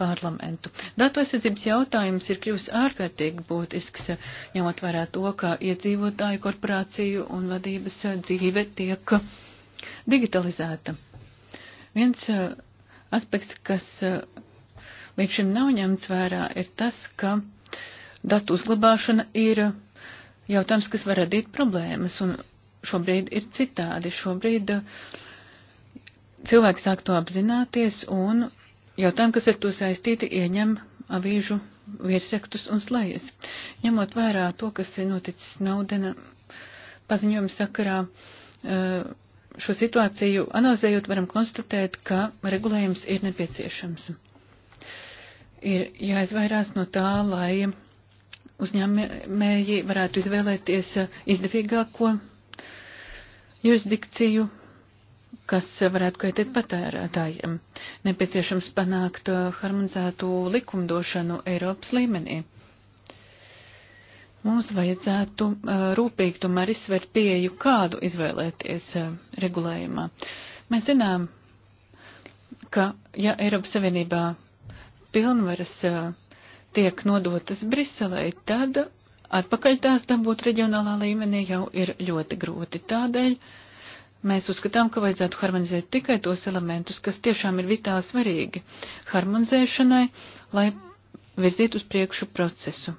parlamentu. Datu aizsardzības jautājums ir kļuvis ārkārtīgi būtisks, ņemot vērā to, ka iedzīvotāju korporāciju un vadības dzīve tiek digitalizēta. Viens uh, aspekts, kas uh, līdz šim nav ņemts vērā, ir tas, ka datu uzglabāšana ir jautājums, kas var radīt problēmas, un šobrīd ir citādi. Šobrīd uh, cilvēki sāk to apzināties, un jautājumi, kas ar to saistīti, ieņem avīžu virsrakstus un slējas. Ņemot vērā to, kas ir noticis Naudena paziņojuma sakarā, eh, šo situāciju analizējot, varam konstatēt, ka regulējums ir nepieciešams. Ir jāizvairās no tā, lai uzņēmēji varētu izvēlēties izdevīgāko jurisdikciju kas varētu kaitēt patērētājiem. Nepieciešams panākt uh, harmonizētu likumdošanu Eiropas līmenī. Mums vajadzētu uh, rūpīgi tomēr izsvērt pieeju, kādu izvēlēties uh, regulējumā. Mēs zinām, ka ja Eiropas Savienībā pilnvaras tiek nodotas Briselē, tad atpakaļ tās dabūt reģionālā līmenī jau ir ļoti grūti. Tādēļ uh, Mēs uzskatām, ka vajadzētu harmonizēt tikai tos elementus, kas tiešām ir vitāli svarīgi harmonizēšanai, lai virzītu uz priekšu procesu.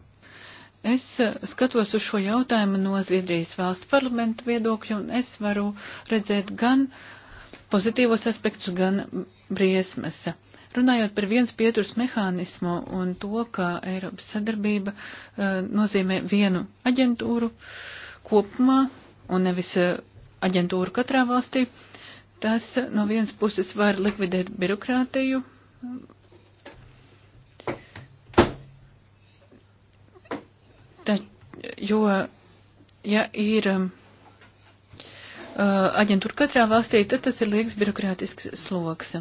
Es eh, skatos uz šo jautājumu no Zviedrijas valsts parlamenta viedokļa, un es varu redzēt gan pozitīvos aspektus, gan briesmas. Runājot par viens pieturs mehānismu un to, ka Eiropas sadarbība uh, nozīmē vienu aģentūru kopumā un nevis uh, aģentūru katrā valstī. Tas no vienas puses var likvidēt birokrātiju. Ta, jo, ja ir um, uh, aģentūra katrā valstī, tad tas ir liekas birokrātisks sloks.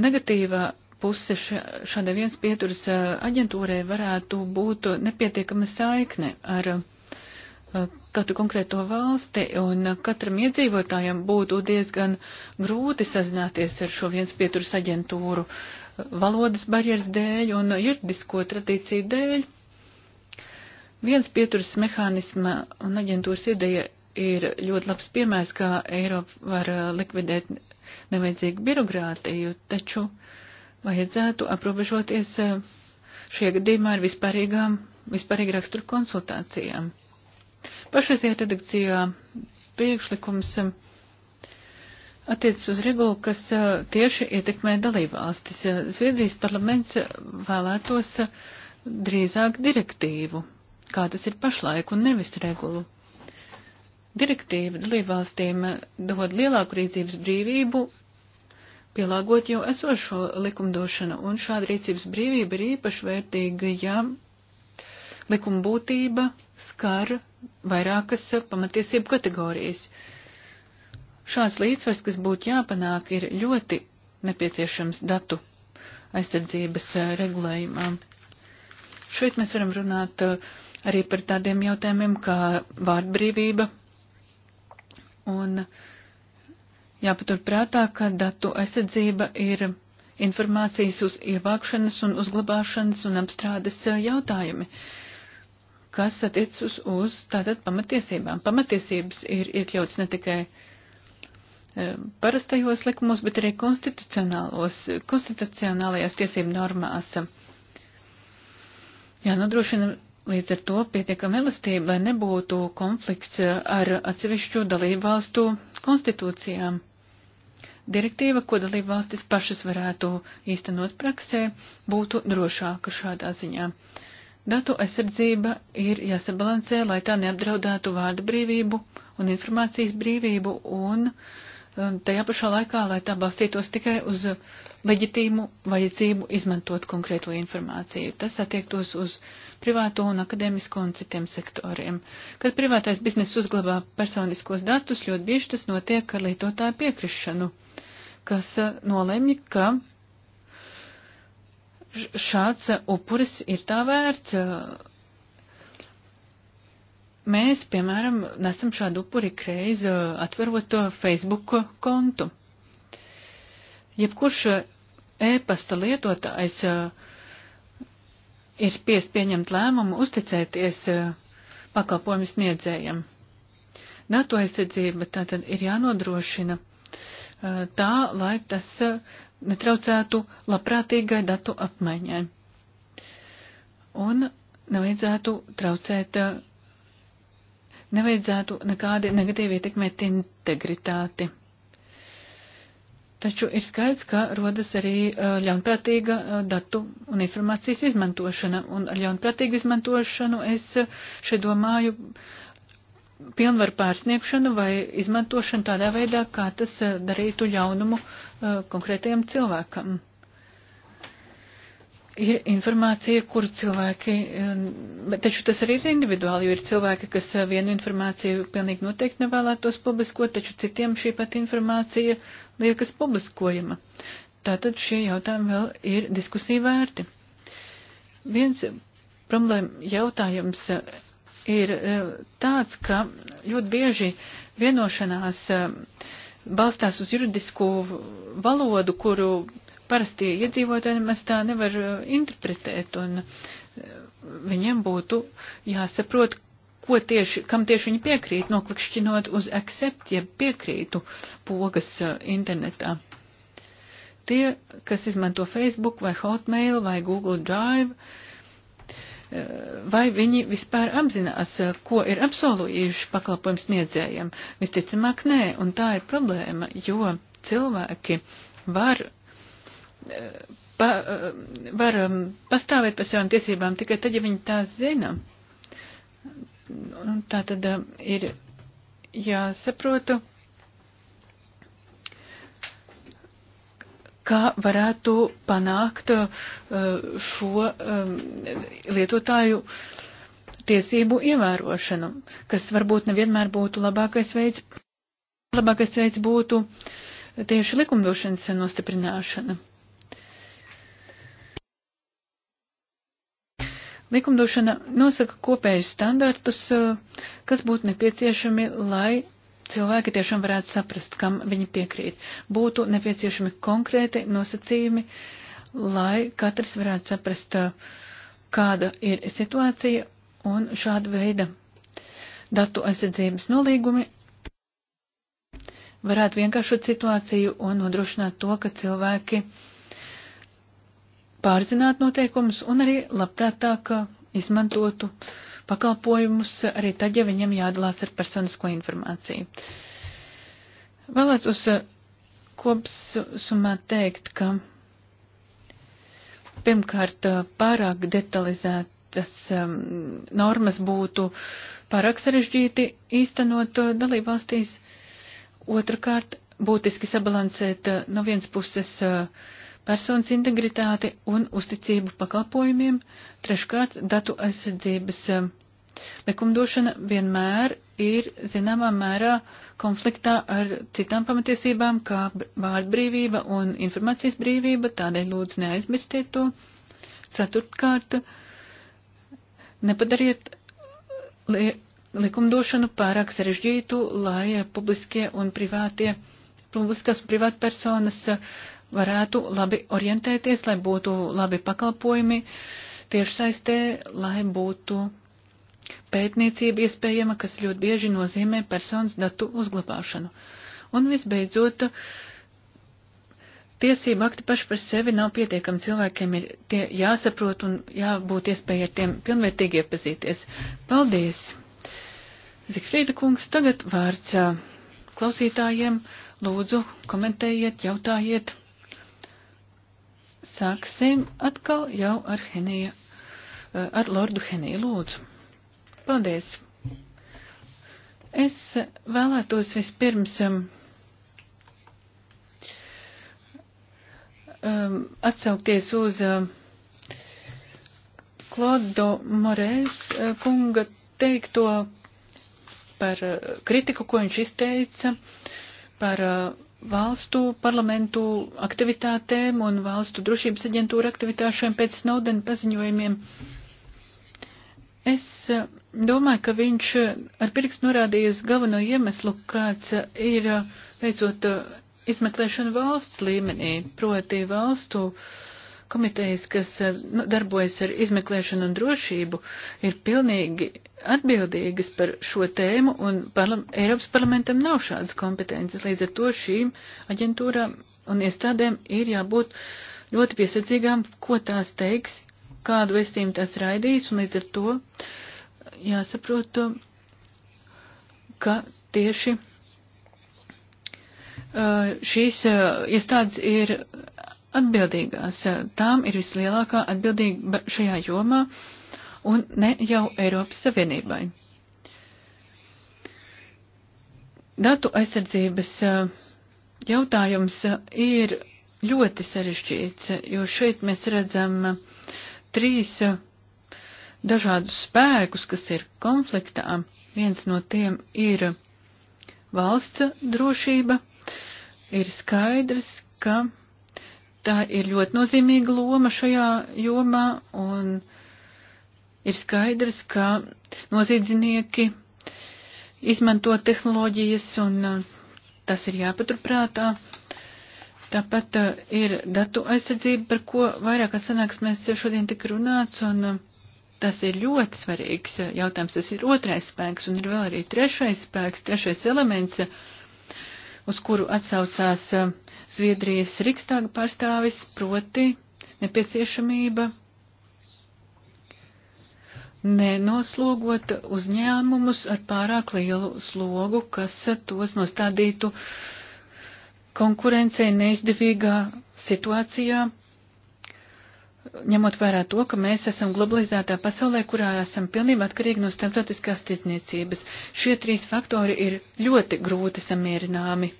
Negatīvā puse šādai viens pieturas uh, aģentūrai varētu būt nepietiekama saikne ar uh, katru konkrēto valsti, un katram iedzīvotājam būtu diezgan grūti sazināties ar šo viens pieturas aģentūru valodas barjeras dēļ un juridisko tradīciju dēļ. Viens pieturas mehānisma un aģentūras ideja ir ļoti labs piemērs, kā Eiropa var likvidēt nevajadzīgu birokrātiju, taču vajadzētu aprobežoties eh, šie gadījumā ar vispārīgām, vispārīgi raksturu konsultācijām. Pašreizajā redakcijā priekšlikums um, attiecas uz regulu, kas uh, tieši ietekmē dalībvalstis. Uh, Zviedrijas parlaments uh, vēlētos drīzāk direktīvu, kā tas ir pašlaik, un nevis regulu. Direktīva dalībvalstīm dod lielāku rīcības brīvību, pielāgot jau esošo likumdošanu, un šāda rīcības brīvība ir īpaši vērtīga, ja likuma būtība skar vairākas pamatiesību kategorijas. Šāds līdzsvars, kas būtu jāpanāk, ir ļoti nepieciešams datu aizsardzības eh, regulējumam. Šeit mēs varam runāt eh, arī par tādiem jautājumiem kā vārdbrīvība un jāpaturprātā, ka datu aizsardzība ir informācijas uz ievākšanas un uzglabāšanas un apstrādes eh, jautājumi. Uh, kas attiec uz, uz tātad pamatiesībām. Pamatiesības ir iekļauts ne tikai e, parastajos likumos, bet arī konstitucionālos, konstitucionālajās tiesību normās. Jā, nodrošina līdz ar to pietiekama elastība, lai nebūtu konflikts ar atsevišķu dalību valstu konstitūcijām. Direktīva, ko dalību valstis pašas varētu īstenot praksē, būtu drošāka šādā ziņā. Uh, Datu aizsardzība ir jāsabalansē, lai tā neapdraudētu vārdu brīvību un informācijas brīvību un um, tajā pašā laikā, lai tā balstītos tikai uz leģitīmu vajadzību izmantot konkrēto informāciju. Tas attiektos uz privāto un akadēmisko un citiem sektoriem. Kad privātais biznes uzglabā personiskos datus, ļoti bieži tas notiek ar lietotāju piekrišanu, kas uh, nolemj, ka šāds upuris ir tā vērts. Mēs, piemēram, nesam šādu upuri kreiz atverot to Facebook kontu. Jebkurš e-pasta lietotājs ir spiest pieņemt lēmumu uzticēties pakalpojumu sniedzējiem. Datu aizsardzība tātad ir jānodrošina tā, lai tas netraucētu labprātīgai datu apmaiņai. Un nevajadzētu traucēt, nevajadzētu nekādi negatīvi ietekmēt integritāti. Taču ir skaidrs, ka rodas arī ļaunprātīga datu un informācijas izmantošana, un ar ļaunprātīgu izmantošanu es šeit domāju pilnvaru pārsniegšanu vai izmantošanu tādā veidā, kā tas eh, darītu ļaunumu eh, konkrētajam cilvēkam. Ir informācija, kuru cilvēki, eh, taču tas arī ir individuāli, jo ir cilvēki, kas vienu informāciju pilnīgi noteikti nevēlētos publiskot, taču citiem šī pat informācija liekas publiskojama. Tātad šie jautājumi vēl ir diskusija vērti. Viens problēma jautājums ir e, tāds, ka ļoti bieži vienošanās e, balstās uz juridisku valodu, kuru parastie iedzīvotāji nemaz tā nevar e, interpretēt, un viņiem būtu jāsaprot, ko tieši, kam tieši viņi piekrīt, noklikšķinot uz accept, ja piekrītu pogas internetā. Tie, kas izmanto Facebook vai Hotmail vai Google Drive, uh, vai viņi vispār apzinās, eh, ko ir apsolījuši pakalpojums sniedzējiem. Visticamāk, nē, un tā ir problēma, jo cilvēki var eh, pa, eh, var um, pastāvēt par savām tiesībām tikai tad, ja viņi tās zina. Un tā tad ir jāsaprotu, kā varētu panākt uh, šo um, lietotāju tiesību ievērošanu, kas varbūt nevienmēr būtu labākais veids. Labākais veids būtu tieši likumdošanas nostiprināšana. Likumdošana nosaka kopējus standartus, uh, kas būtu nepieciešami, lai cilvēki tiešām varētu saprast, kam viņi piekrīt. Būtu nepieciešami konkrēti nosacījumi, lai katrs varētu saprast, kāda ir situācija un šāda veida datu aizsardzības nolīgumi varētu vienkāršot situāciju un nodrošināt to, ka cilvēki pārzināt noteikumus un arī labprātāk izmantotu uh, pakalpojumus arī tad, ja viņiem jādalās ar personisko informāciju. Vēlētos uh, kopsumā teikt, ka pirmkārt uh, pārāk detalizētas um, normas būtu pārāk sarežģīti īstenot uh, dalībvalstīs. Otrakārt, būtiski sabalansēt no vienas puses uh, personas integritāti un uzticību pakalpojumiem. Treškārt, datu aizsardzības eh, likumdošana vienmēr ir zināmā mērā konfliktā ar citām pamatiesībām, kā vārdbrīvība un informācijas brīvība, tādēļ lūdzu neaizmirstiet to. Ceturtkārt, nepadariet li likumdošanu pārāk sarežģītu, lai publiskie un privātie, publiskās un privātpersonas personas eh, varētu labi orientēties, lai būtu labi pakalpojumi tiešsaistē, lai būtu pētniecība iespējama, kas ļoti bieži nozīmē personas datu uzglabāšanu. Un visbeidzot, tiesība akti paši par sevi nav pietiekami cilvēkiem, ir tie jāsaprot un jābūt iespēja ar tiem pilnvērtīgi iepazīties. Paldies! Zikfrīda kungs, tagad vārds klausītājiem. Lūdzu, komentējiet, jautājiet. Sāksim atkal jau ar Henija, eh, ar Lordu Heniju lūdzu. Paldies! Es vēlētos vispirms um, atsaukties uz uh, Klodo Morēs uh, eh, kunga teikto par uh, kritiku, ko viņš izteica par uh, valstu parlamentu aktivitātēm un valstu drošības aģentūra aktivitāšiem pēc Snowden paziņojumiem. Es eh, domāju, ka viņš eh, ar pirkstu norādījis galveno iemeslu, kāds eh, ir veicot izmeklēšanu valsts līmenī, proti valstu uh, komitejas, kas eh, nu, darbojas ar izmeklēšanu un drošību, ir pilnīgi atbildīgas par šo tēmu, un parlam Eiropas parlamentam nav šādas kompetences. Līdz ar to šīm aģentūrām un iestādēm ir jābūt ļoti piesardzīgām, ko tās teiks, kādu vēstījumu tās raidīs, un līdz ar to jāsaprot, to, ka tieši eh, šīs eh, iestādes ir atbildīgās. Tām ir vislielākā atbildība šajā jomā un ne jau Eiropas Savienībai. Datu aizsardzības eh, jautājums eh, ir ļoti sarežģīts, jo šeit mēs redzam eh, trīs dažādus spēkus, kas ir konfliktā. Viens no tiem ir valsts drošība. Ir skaidrs, ka tā ir ļoti nozīmīga loma šajā jomā, un ir skaidrs, ka noziedznieki izmanto tehnoloģijas, un uh, tas ir jāpaturprātā. Tāpat uh, ir datu aizsardzība, par ko vairākās sanāksmēs šodien tik runāts, un uh, tas ir ļoti svarīgs jautājums. Tas ir otrais spēks, un ir vēl arī trešais spēks, trešais elements uz kuru atsaucās eh, Zviedrijas Rikstāga pārstāvis, proti nepieciešamība nenoslogot uzņēmumus ar pārāk lielu slogu, kas tos nostādītu konkurencei neizdevīgā situācijā ņemot vērā to, ka mēs esam globalizētā pasaulē, kurā esam pilnībā atkarīgi no starptautiskās tirdzniecības. Šie trīs faktori ir ļoti grūti samierināmi,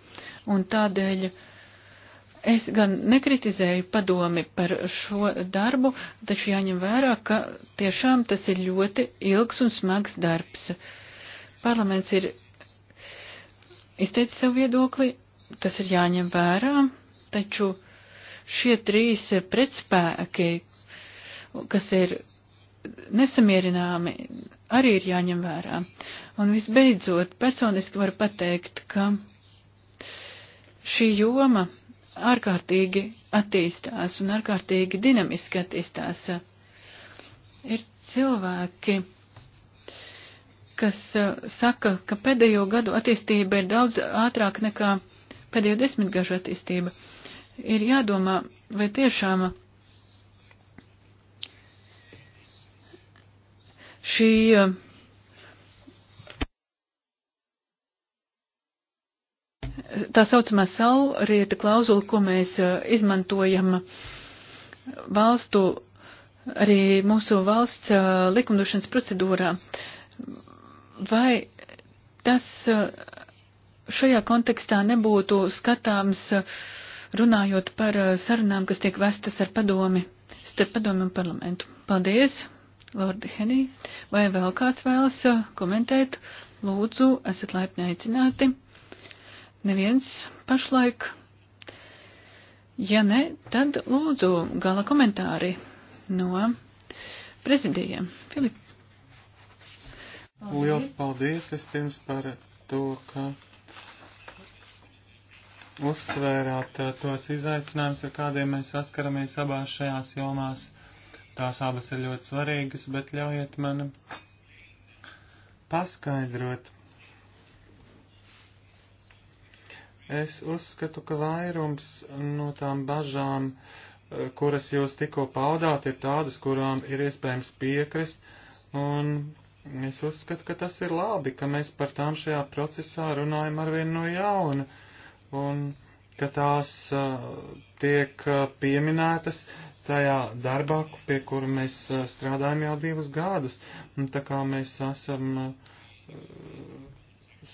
un tādēļ es gan nekritizēju padomi par šo darbu, taču jāņem vērā, ka tiešām tas ir ļoti ilgs un smags darbs. Parlaments ir izteicis savu viedokli, tas ir jāņem vērā, taču šie trīs pretspēki, kas ir nesamierināmi, arī ir jāņem vērā. Un visbeidzot, personiski varu pateikt, ka šī joma ārkārtīgi attīstās un ārkārtīgi dinamiski attīstās. Ir cilvēki, kas uh, saka, ka pēdējo gadu attīstība ir daudz ātrāk nekā pēdējo desmitgažu attīstība ir jādomā, vai tiešām šī tā saucamā saulrieta klauzula, ko mēs eh, izmantojam valstu, arī mūsu valsts eh, likumdošanas procedūrā, vai tas eh, šajā kontekstā nebūtu skatāms uh, runājot par eh, sarunām, kas tiek vestas ar padomi, starp padomi un parlamentu. Paldies, Lordi Henī. Vai vēl kāds vēlas eh, komentēt? Lūdzu, esat laipni aicināti. Neviens pašlaik. Ja ne, tad lūdzu gala komentāri no prezidijiem. Filip. Liels paldies vispirms par to, ka uzsvērāt eh, tos izaicinājumus, ar kādiem mēs saskaramies abās šajās jomās. Tās abas ir ļoti svarīgas, bet ļaujiet man paskaidrot. Es uzskatu, ka vairums no tām bažām, eh, kuras jūs tikko paudāt, ir tādas, kurām ir iespējams piekrist, un es uzskatu, ka tas ir labi, ka mēs par tām šajā procesā runājam arvien no jauna. Uh, un ka tās tiek pieminētas tajā darbā, pie kura mēs strādājam jau divus gadus. Un tā kā mēs esam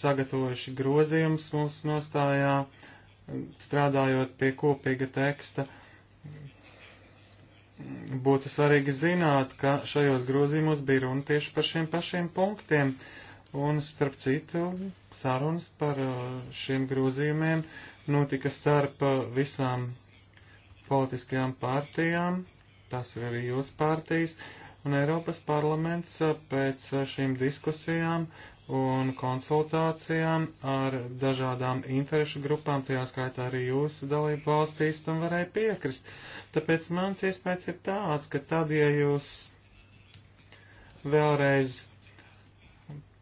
sagatavojuši grozījumus mūsu nostājā, strādājot pie kopīga teksta, būtu svarīgi zināt, ka šajos grozījumos bija runa tieši par šiem pašiem punktiem. Uh, Un, starp citu, sarunas par uh, šiem grozījumiem notika starp uh, visām politiskajām partijām, tas ir arī jūsu partijas, un Eiropas parlaments uh, pēc šīm diskusijām un konsultācijām ar dažādām interešu grupām, tajā skaitā arī jūsu dalību valstīs, tam varēja piekrist. Tāpēc mans iespējas ir tāds, ka tad, ja jūs vēlreiz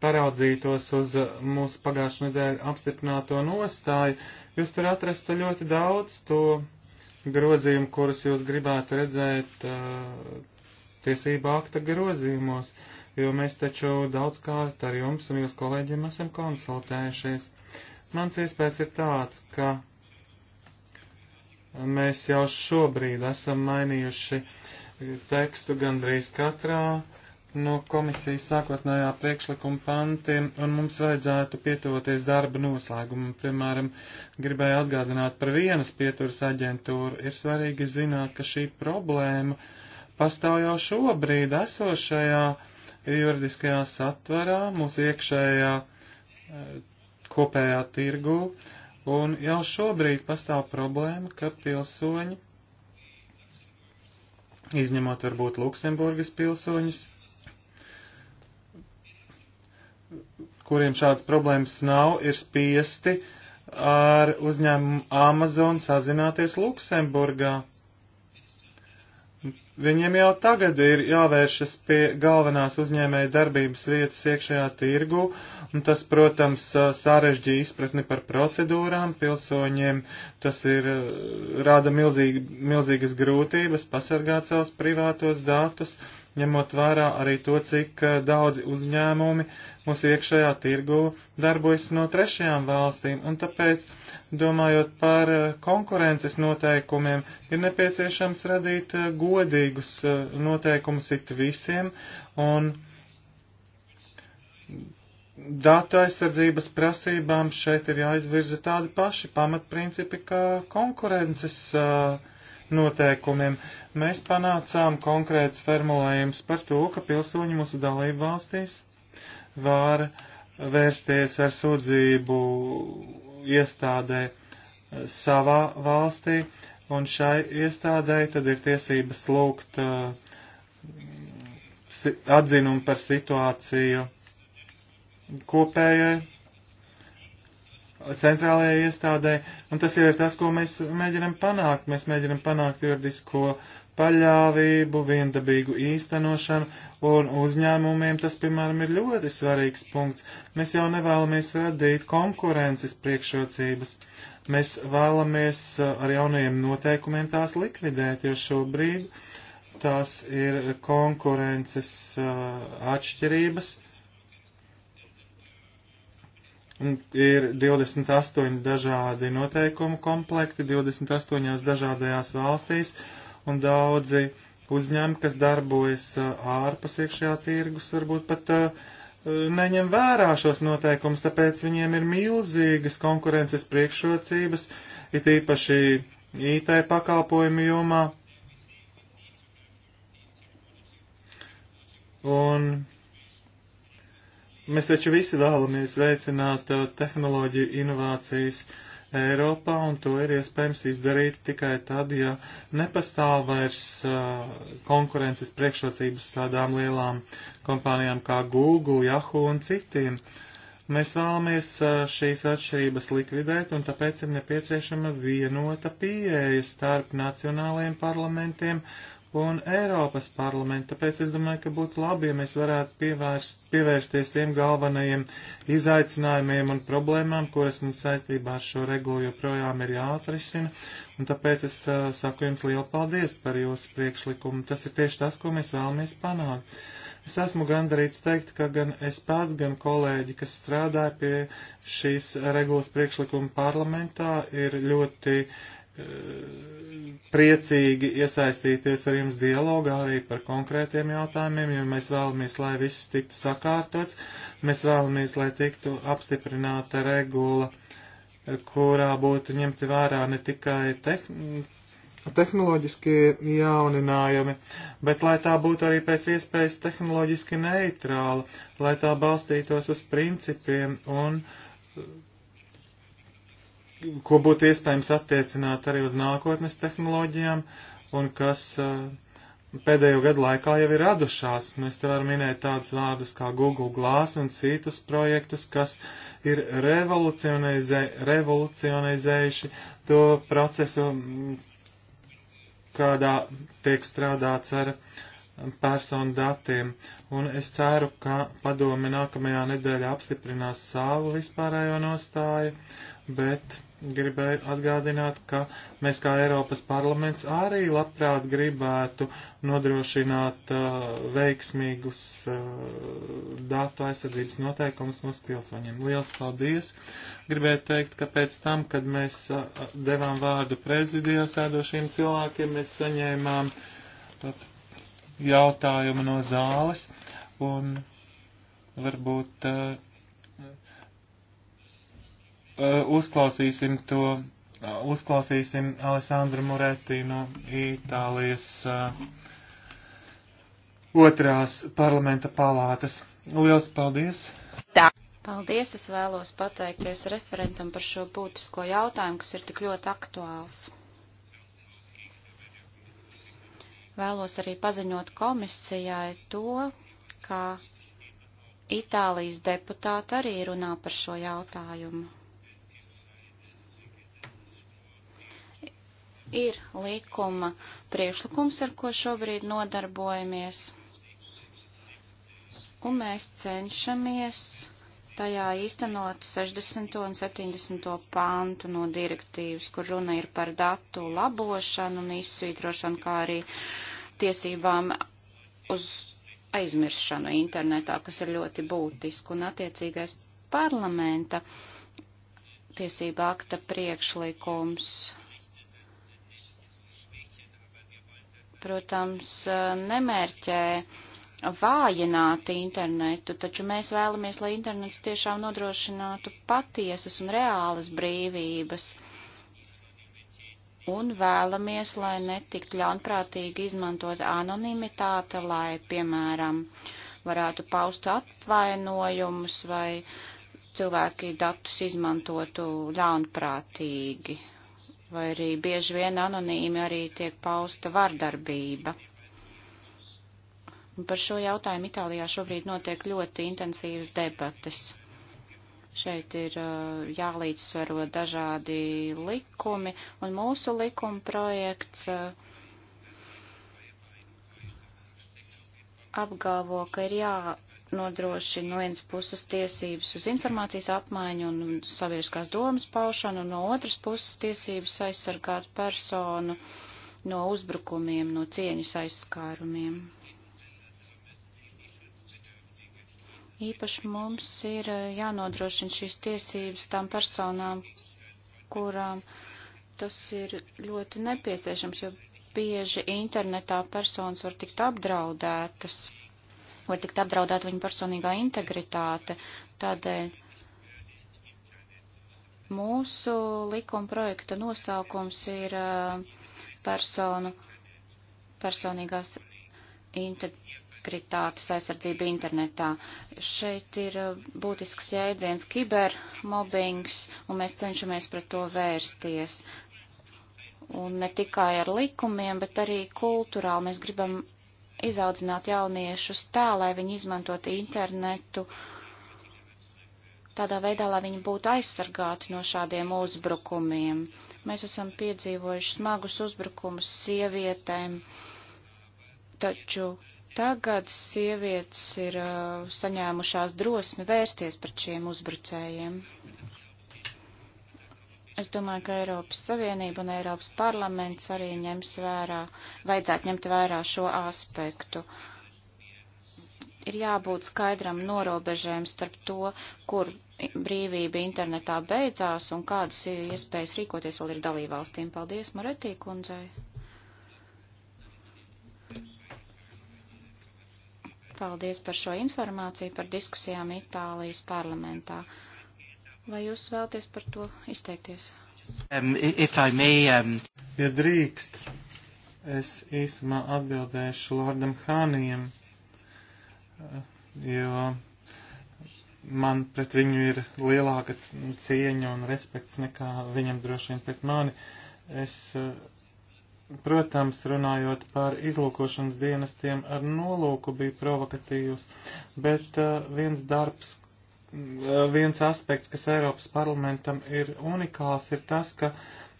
paraudzītos uz mūsu pagājušā nedēļa apstiprināto nostāju, jūs tur atrastu ļoti daudz to grozījumu, kurus jūs gribētu redzēt uh, tiesību akta grozījumos, jo mēs taču daudzkārt ar jums un jūs kolēģiem esam konsultējušies. Mans iespējas ir tāds, ka mēs jau šobrīd esam mainījuši tekstu gandrīz katrā uh, no komisijas sākotnējā priekšlikuma pantiem, un mums vajadzētu pietuvoties darba noslēgumam. Piemēram, gribēju atgādināt par vienas pieturas aģentūru. Ir svarīgi zināt, ka šī problēma pastāv jau šobrīd esošajā juridiskajā satverā, mūsu iekšējā eh, kopējā tirgū, un jau šobrīd pastāv problēma, ka pilsoņi, izņemot varbūt Luksemburgas pilsoņus, kuriem šādas problēmas nav, ir spiesti ar uzņēmumu Amazon sazināties Luksemburgā. Viņiem jau tagad ir jāvēršas pie galvenās uzņēmēja darbības vietas iekšējā tirgu, un tas, protams, sarežģīja izpratni par procedūrām pilsoņiem, tas ir, rāda milzīgi, milzīgas grūtības pasargāt savus privātos datus, ņemot vērā arī to, cik eh, daudzi uzņēmumi mūsu iekšējā tirgu darbojas no trešajām valstīm, un tāpēc, domājot par eh, konkurences noteikumiem, ir nepieciešams radīt eh, godīgus noteikumus it visiem, un datu aizsardzības prasībām šeit ir jāizvirza tādi paši pamatprincipi kā konkurences uh, noteikumiem. Mēs panācām konkrēts formulējums par to, ka pilsoņi mūsu dalību valstīs var vērsties ar sūdzību iestādē savā valstī, un šai iestādē tad ir tiesības lūgt uh, atzinumu par situāciju kopējai centrālajai iestādē, un tas jau ir tas, ko mēs mēģinam panākt. Mēs mēģinam panākt juridisko paļāvību, viendabīgu īstenošanu, un uzņēmumiem tas, piemēram, ir ļoti svarīgs punkts. Mēs jau nevēlamies radīt konkurences priekšrocības. Mēs vēlamies uh, ar jaunajiem noteikumiem tās likvidēt, jo šobrīd tās ir konkurences uh, atšķirības ir 28 dažādi noteikumu komplekti 28 dažādajās valstīs un daudzi uzņēmumi, kas darbojas uh, ārpus iekšējā tirgus, varbūt pat uh, uh, neņem vērā šos noteikumus, tāpēc viņiem ir milzīgas konkurences priekšrocības, it īpaši IT pakalpojumu jomā. Un Mēs taču visi vēlamies veicināt uh, tehnoloģiju inovācijas Eiropā, un to ir iespējams izdarīt tikai tad, ja nepastāv vairs uh, konkurences priekšrocības tādām lielām kompānijām kā Google, Yahoo un citiem. Mēs vēlamies uh, šīs atšķirības likvidēt, un tāpēc ir nepieciešama vienota pieeja starp nacionālajiem parlamentiem, uh, un Eiropas parlamentu. Tāpēc es domāju, ka būtu labi, ja mēs varētu pievērst, pievērsties tiem galvenajiem izaicinājumiem un problēmām, kuras mums saistībā ar šo regulu joprojām ir jāatrisina. Un tāpēc es uh, saku jums lielu paldies par jūsu priekšlikumu. Tas ir tieši tas, ko mēs vēlamies panākt. Es esmu gandarīts teikt, ka gan es pats, gan kolēģi, kas strādāja pie šīs regulas priekšlikuma parlamentā, ir ļoti uh, priecīgi iesaistīties ar jums dialogā arī par konkrētiem jautājumiem, jo mēs vēlamies, lai viss tiktu sakārtots, mēs vēlamies, lai tiktu apstiprināta regula, kurā būtu ņemti vērā ne tikai tehn tehnoloģiskie jauninājumi, bet lai tā būtu arī pēc iespējas tehnoloģiski neitrāla, lai tā balstītos uz principiem un ko būtu iespējams attiecināt arī uz nākotnes tehnoloģijām un kas eh, pēdējo gadu laikā jau ir radušās. Mēs nu, te varam minēt tādus vārdus kā Google Glass un citus projektus, kas ir revolucionizē, revolucionizējuši to procesu, kādā tiek strādāts ar personu datiem. Un es ceru, ka padome nākamajā nedēļā apstiprinās savu vispārējo nostāju, bet gribēju atgādināt, ka mēs kā Eiropas parlaments arī labprāt gribētu nodrošināt uh, veiksmīgus uh, datu aizsardzības noteikumus mūsu pilsoņiem. Lielas paldies! Gribēju teikt, ka pēc tam, kad mēs uh, devām vārdu prezidijā sēdošiem cilvēkiem, mēs saņēmām tad, uh, jautājumu no zāles un varbūt. Uh, Eh, uzklausīsim to, eh, uzklausīsim Alessandru Moretti no Itālijas eh, otrās parlamenta palātas. Liels paldies! Tā. Paldies, es vēlos pateikties referentam par šo būtisko jautājumu, kas ir tik ļoti aktuāls. Vēlos arī paziņot komisijai to, ka Itālijas deputāti arī runā par šo jautājumu. ir likuma priekšlikums, ar ko šobrīd nodarbojamies. Un mēs cenšamies tajā īstenot 60. un 70. pantu no direktīvas, kur runa ir par datu labošanu un izsvītrošanu, kā arī tiesībām uz aizmiršanu internetā, kas ir ļoti būtiski, un attiecīgais parlamenta tiesība akta priekšlikums protams, nemērķē vājināt internetu, taču mēs vēlamies, lai internets tiešām nodrošinātu patiesas un reālas brīvības. Un vēlamies, lai netiktu ļaunprātīgi izmantot anonimitāte, lai, piemēram, varētu paust atvainojumus vai cilvēki datus izmantotu ļaunprātīgi vai arī bieži vien anonīmi arī tiek pausta vardarbība. Un par šo jautājumu Itālijā šobrīd notiek ļoti intensīvas debates. Šeit ir uh, jālīdzsvaro dažādi likumi, un mūsu likuma projekts uh, apgalvo, ka ir jā nodrošina no vienas puses tiesības uz informācijas apmaiņu un sabiedriskās domas paušanu, un no otras puses tiesības aizsargāt personu no uzbrukumiem, no cieņas aizskārumiem. Īpaši mums ir eh, jānodrošina šīs tiesības tām personām, kurām tas ir ļoti nepieciešams, jo bieži internetā personas var tikt apdraudētas var tikt apdraudēt viņa personīgā integritāte. Tādēļ Mūsu likuma projekta nosaukums ir personu, personīgās integritātes aizsardzība internetā. Šeit ir būtisks jēdziens kibermobbings, un mēs cenšamies pret to vērsties. Un ne tikai ar likumiem, bet arī kultūrāli mēs gribam izaudzināt jauniešus tā, lai viņi izmantotu internetu tādā veidā, lai viņi būtu aizsargāti no šādiem uzbrukumiem. Mēs esam piedzīvojuši smagus uzbrukumus sievietēm, taču tagad sievietes ir uh, saņēmušās drosmi vērsties pret šiem uzbrucējiem. Es domāju, ka Eiropas Savienība un Eiropas parlaments arī ņems vērā, vajadzētu ņemt vērā šo aspektu. Ir jābūt skaidram norobežēm starp to, kur brīvība internetā beidzās un kādas iespējas rīkoties vēl ir dalībvalstīm. Paldies, Maretī kundzei. Paldies par šo informāciju par diskusijām Itālijas parlamentā. Vai jūs vēlaties par to izteikties? Um, may, um... Ja drīkst, es īsumā atbildēšu Lordam Hānijam, uh, jo man pret viņu ir lielāka cieņa un respekts nekā viņam droši vien pret mani. Es, uh, protams, runājot par izlūkošanas dienestiem ar nolūku bija provokatīvs, bet uh, viens darbs, viens aspekts, kas Eiropas parlamentam ir unikāls, ir tas, ka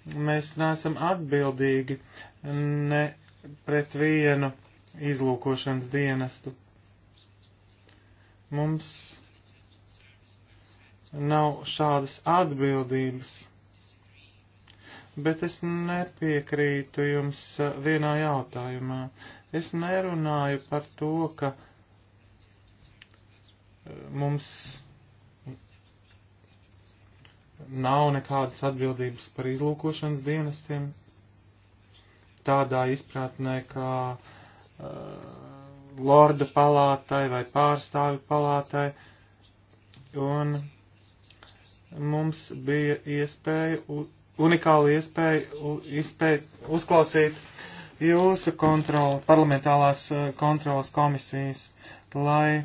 mēs neesam atbildīgi ne pret vienu izlūkošanas dienestu. Mums nav šādas atbildības. Bet es nepiekrītu jums vienā jautājumā. Es nerunāju par to, ka mums nav nekādas atbildības par izlūkošanas dienestiem tādā izpratnē, kā uh, lorda palātai vai pārstāvi palātai. Un mums bija iespēja, unikāla iespēja izpēt, uzklausīt jūsu kontroli, parlamentārās uh, kontrolas komisijas, lai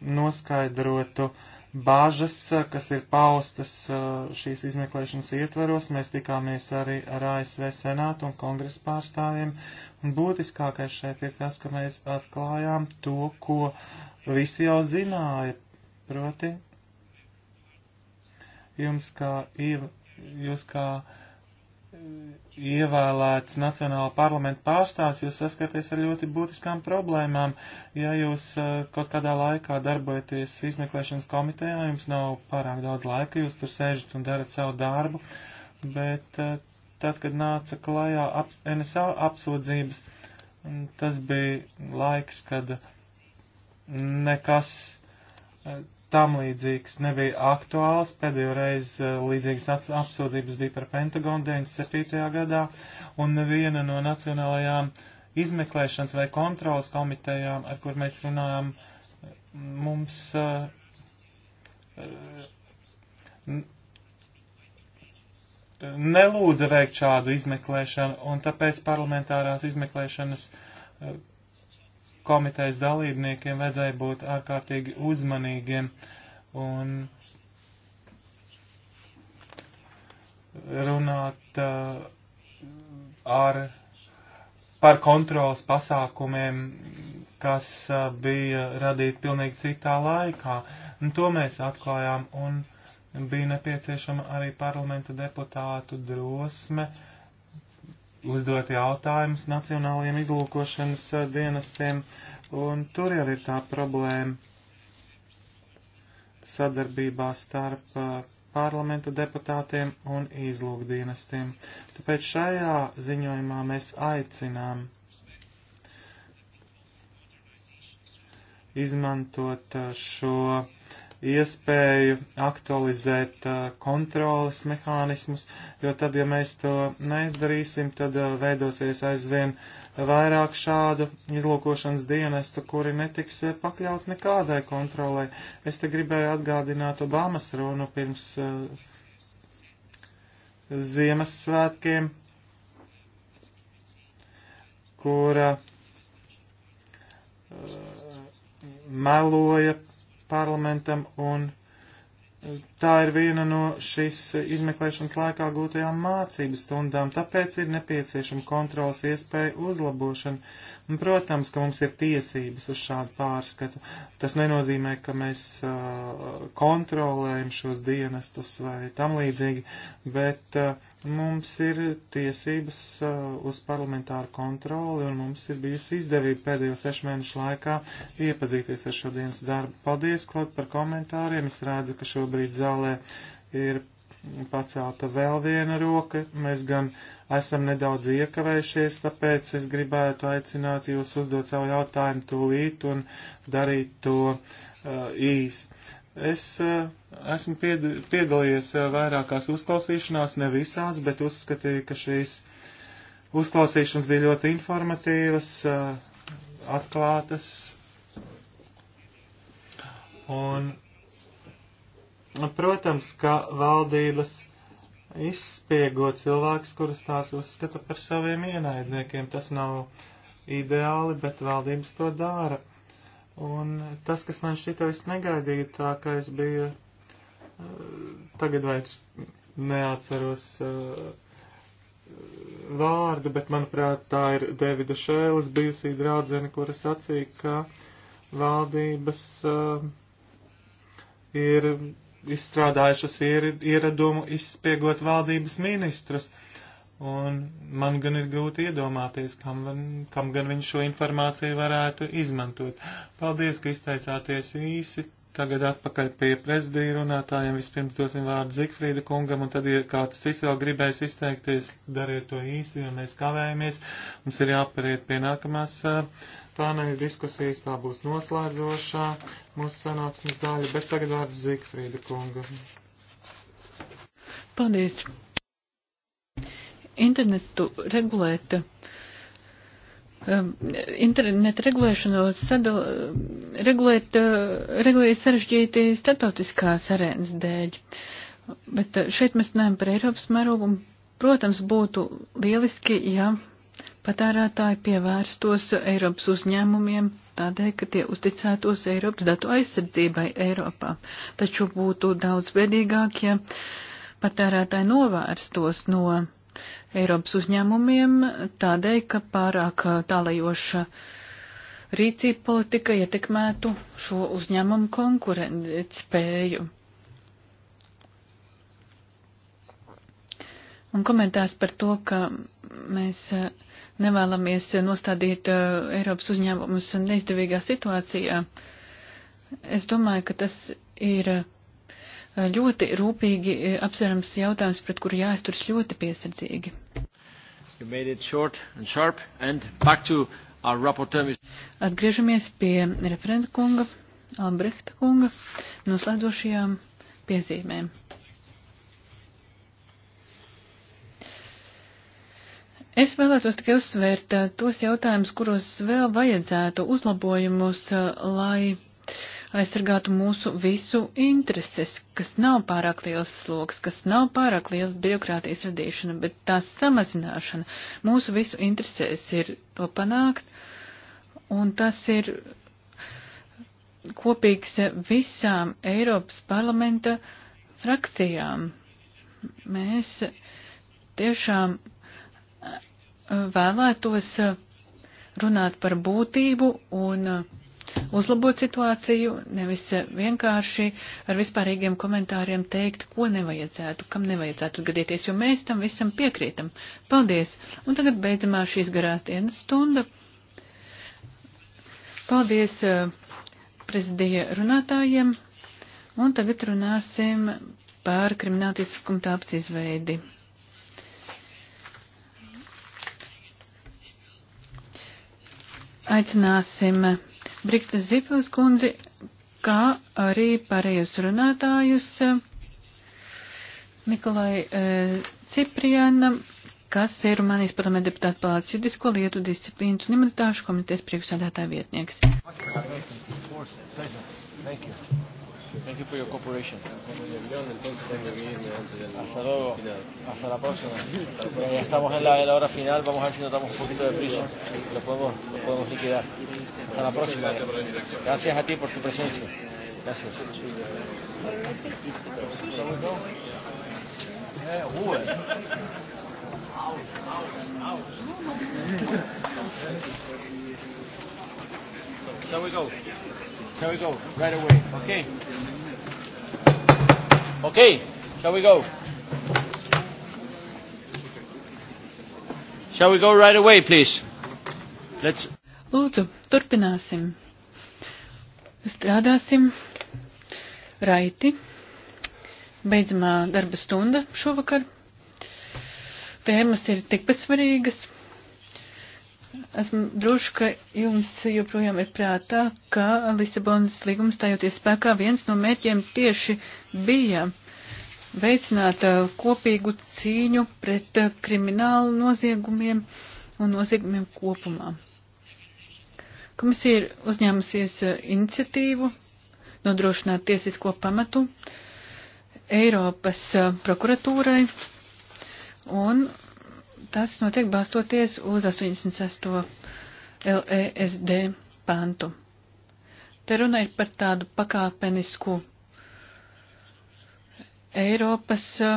noskaidrotu uh, bāžas, eh, kas ir paustas eh, šīs izmeklēšanas ietveros. Mēs tikāmies arī ar ASV senātu un kongresa pārstāvjiem. Un būtiskākais šeit ir tas, ka mēs atklājām to, ko visi jau zināja. Proti, jums kā, jūs kā uh, ievēlēts Nacionāla parlamenta pārstāvs, jūs saskaties ar ļoti būtiskām problēmām. Ja jūs eh, kaut kādā laikā darbojaties izmeklēšanas komitejā, jums nav pārāk daudz laika, jūs tur sēžat un darat savu darbu, bet eh, tad, kad nāca klajā ap, NSA apsūdzības, tas bija laiks, kad nekas eh, tam līdzīgs nebija aktuāls. Pēdējo reizi eh, līdzīgas apsūdzības bija par Pentagonu 97. gadā, un neviena no nacionālajām izmeklēšanas vai kontrolas komitejām, ar kur mēs runājam, mums uh, nelūdza veikt šādu izmeklēšanu, un tāpēc parlamentārās izmeklēšanas komitejas dalībniekiem vajadzēja būt ārkārtīgi uzmanīgiem un runāt uh, ar, par kontrols pasākumiem, kas uh, bija radīti pilnīgi citā laikā. Un to mēs atklājām un bija nepieciešama arī parlamenta deputātu drosme uh, uzdot jautājumus Nacionālajiem izlūkošanas eh, dienestiem, un tur jau ir tā problēma sadarbībā starp eh, parlamenta deputātiem un izlūkdienestiem. Tāpēc šajā ziņojumā mēs aicinām izmantot eh, šo iespēju aktualizēt uh, kontrolas mehānismus, jo tad, ja mēs to neizdarīsim, tad uh, veidosies aizvien vairāk šādu izlūkošanas dienestu, kuri netiks uh, pakļaut nekādai kontrolai. Es te gribēju atgādināt Obamas runu pirms Ziemassvētkiem, kura meloja parlamentam un Tā ir viena no šīs izmeklēšanas laikā gūtajām mācības stundām, tāpēc ir nepieciešama kontrolas iespēja uzlabošana. Un, protams, ka mums ir tiesības uz šādu pārskatu. Tas nenozīmē, ka mēs uh, kontrolējam šos dienestus vai tam līdzīgi, bet uh, mums ir tiesības uh, uz parlamentāru kontroli un mums ir bijusi izdevība pēdējo sešu mēnešu laikā iepazīties ar šo dienas darbu. Paldies, Klod, par komentāriem. Es redzu, ka šobrīd šobrīd zālē ir pacelta vēl viena roka. Mēs gan esam nedaudz iekavējušies, tāpēc es gribētu aicināt jūs uzdot savu jautājumu tūlīt un darīt to uh, īsi. Es uh, esmu pied, piedalījies uh, vairākās uzklausīšanās, ne visās, bet uzskatīju, ka šīs uzklausīšanas bija ļoti informatīvas, uh, atklātas. Un Protams, ka valdības izspiego cilvēkus, kurus tās uzskata par saviem ienaidniekiem. Tas nav ideāli, bet valdības to dara. Un tas, kas man šķita visnegaidītākais bija, eh, tagad vairs neatceros eh, vārdu, bet manuprāt tā ir Davida Šēles bijusī draudzene, kura sacīja, ka valdības eh, ir izstrādājušas ieradumu izspiegot valdības ministrus. Un man gan ir grūti iedomāties, kam, kam gan viņš šo informāciju varētu izmantot. Paldies, ka izteicāties īsi. Tagad atpakaļ pie prezidija runātājiem. Vispirms dosim vārdu Zikfrīda kungam, un tad, ja kāds cits vēl gribēs izteikties, dariet to īsi, jo mēs kavējamies. Mums ir jāpariet pie nākamās uh, Paneļa diskusijas tā būs noslēdzošā mūsu sanāksmes daļa, bet tagad vārds Zigfrīda kunga. Paldies. Internetu regulēt. Um, internetu regulēšanos sadal, regulēt, uh, regulēja sarežģīti starptautiskās arēnas dēļ. Bet uh, šeit mēs runājam par Eiropas mērogu. Protams, būtu lieliski, ja patērētāji pievērstos Eiropas uzņēmumiem tādēļ, ka tie uzticētos Eiropas datu aizsardzībai Eiropā. Taču būtu daudz bedīgāk, ja patērētāji novērstos no Eiropas uzņēmumiem tādēļ, ka pārāk tālajoša rīcība politika ietekmētu šo uzņēmumu konkurētspēju. Un komentārs par to, ka mēs uh, nevēlamies nostādīt uh, Eiropas uzņēmumus neizdevīgā situācijā. Es domāju, ka tas ir uh, ļoti rūpīgi uh, apsverams jautājums, pret kuru jāizturas ļoti piesardzīgi. And and Atgriežamies pie referenta kunga, Albrehta kunga, noslēdzošajām piezīmēm. Es vēlētos tikai uzsvērt eh, tos jautājumus, kuros vēl vajadzētu uzlabojumus, eh, lai aizsargātu mūsu visu intereses, kas nav pārāk liels sloks, kas nav pārāk liels birokrātijas radīšana, bet tās samazināšana mūsu visu interesēs ir to panākt, un tas ir kopīgs visām Eiropas parlamenta frakcijām. Mēs tiešām vēlētos eh, runāt par būtību un eh, uzlabot situāciju, nevis eh, vienkārši ar vispārīgiem komentāriem teikt, ko nevajadzētu, kam nevajadzētu gadīties, jo mēs tam visam piekrītam. Paldies! Un tagad beidzamā šīs garās dienas stunda. Paldies prezidija runātājiem, un tagad runāsim par krimināltieskumu tāps izveidi. Aicināsim Brikta Zipels kundzi, kā arī pārējos runātājus Nikolai eh, Ciprianam, kas ir Rumānijas parlamenta deputāta palātas judisko lietu disciplīnas un imunitāšu komitejas priekšsādātāja vietnieks. Thank you. Thank you for your cooperation. Hasta luego. Hasta la próxima. Ya estamos en la, en la hora final. Vamos a ver si nos damos un poquito de prisa. Lo podemos, lo podemos liquidar. Hasta la próxima. Gracias a ti por tu presencia. Gracias. Yeah, Ruhe. Aus, aus, aus. Shall we go? Shall we go? Right away. Okay. Okay. Shall we go? Shall we go right away, please? Let's. Lūdzu, turpināsim. Strādāsim raiti. Beidzamā darba stunda šovakar. Tēmas ir tikpat svarīgas Esmu droši, ka jums joprojām ir prātā, ka Lisabonas līgums stājoties spēkā viens no mērķiem tieši bija veicināt uh, kopīgu cīņu pret uh, kriminālu noziegumiem un noziegumiem kopumā. Komisija ir uzņēmusies uh, iniciatīvu nodrošināt tiesisko pamatu Eiropas prokuratūrai un tas notiek balstoties uz 86. LESD pantu. Te runa ir par tādu pakāpenisku Eiropas e,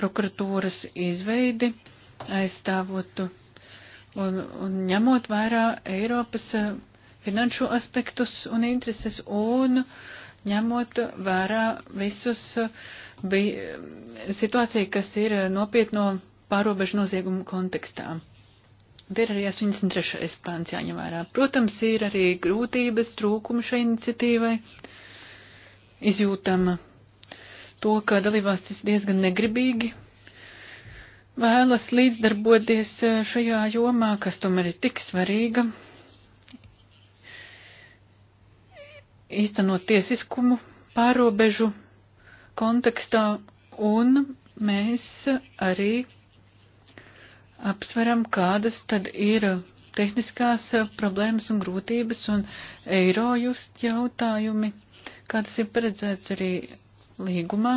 prokuratūras izveidi aizstāvotu un, un ņemot vērā Eiropas e, finanšu aspektus un intereses un ņemot vērā visus e, bija situācija, kas ir nopietno pārobežu noziegumu kontekstā. Te ir arī 83. pāns jāņem vērā. Protams, ir arī grūtības, trūkumi šai iniciatīvai. Izjūtama to, ka dalībvalstis diezgan negribīgi vēlas līdzdarboties šajā jomā, kas tomēr ir tik svarīga, īstenot tiesiskumu pārobežu kontekstā, un mēs arī apsveram, kādas tad ir tehniskās problēmas un grūtības un eiro just jautājumi, kā tas ir paredzēts arī līgumā.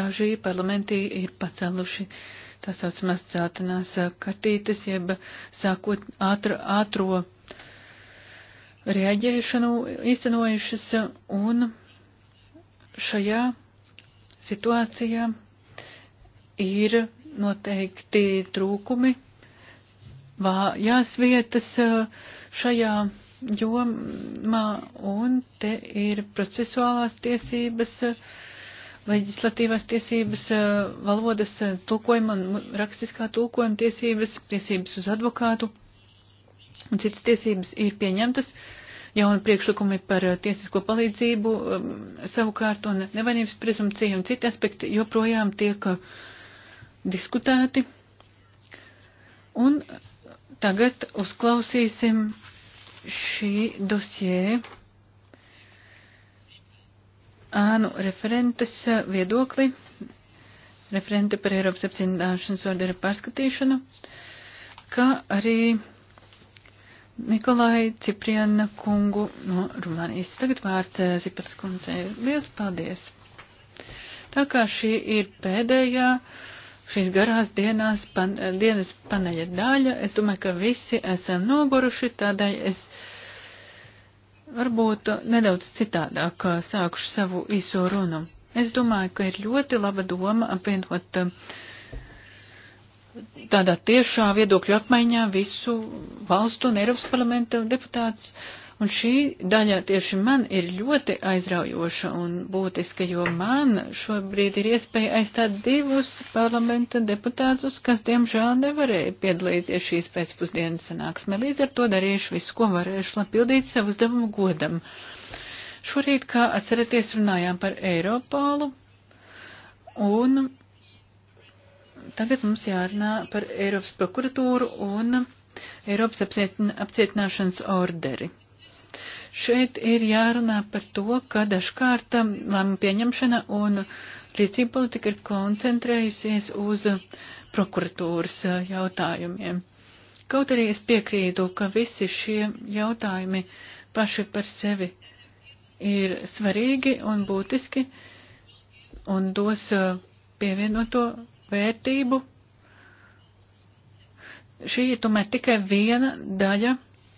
Daži parlamentī ir paceluši tā saucamās dzeltenās kartītes, jeb sākot ātro, ātro reaģēšanu īstenojušas, un šajā situācijā ir noteikti trūkumi, vājās vietas eh, šajā jomā, un te ir procesuālās tiesības, leģislatīvās tiesības, valodas tulkojuma un rakstiskā tulkojuma tiesības, tiesības uz advokātu un citas tiesības ir pieņemtas. Jauni priekšlikumi par eh, tiesisko palīdzību um, savukārt un nevainības prezumcija un citi aspekti joprojām tiek uh, diskutēti. Un tagad uzklausīsim šī dosie ānu referentes viedokli, referente par Eiropas apcienināšanas ordera pārskatīšanu, kā arī Nikolai Cipriana kungu no Rumānijas. Tagad vārds eh, Zipars kundzei. Liels paldies! Tā kā šī ir pēdējā uh, šīs garās dienās, pan, dienas paneļa daļa. Es domāju, ka visi esam noguruši, tādēļ es varbūt nedaudz citādāk uh, sākušu savu īso runu. Es domāju, ka ir ļoti laba doma apvienot uh, tādā tiešā viedokļu apmaiņā visu valstu un Eiropas parlamenta deputātus. Uh, Un šī daļa tieši man ir ļoti aizraujoša un būtiska, jo man šobrīd ir iespēja aizstāt divus parlamenta deputātus, kas diemžēl nevarēja piedalīties šīs pēcpusdienas sanāksmē. Līdz ar to darīšu visu, ko varēšu, lai pildītu savu uzdevumu godam. Šorīt, kā atceraties, runājām par Eiropālu un tagad mums jārunā par Eiropas prokuratūru un Eiropas apcietināšanas orderi. Šeit ir jārunā par to, ka dažkārt lēmuma pieņemšana un rīcība politika ir koncentrējusies uz prokuratūras jautājumiem. Kaut arī es piekrītu, ka visi šie jautājumi paši par sevi ir svarīgi un būtiski un dos pievienoto vērtību. Šī ir tomēr tikai viena daļa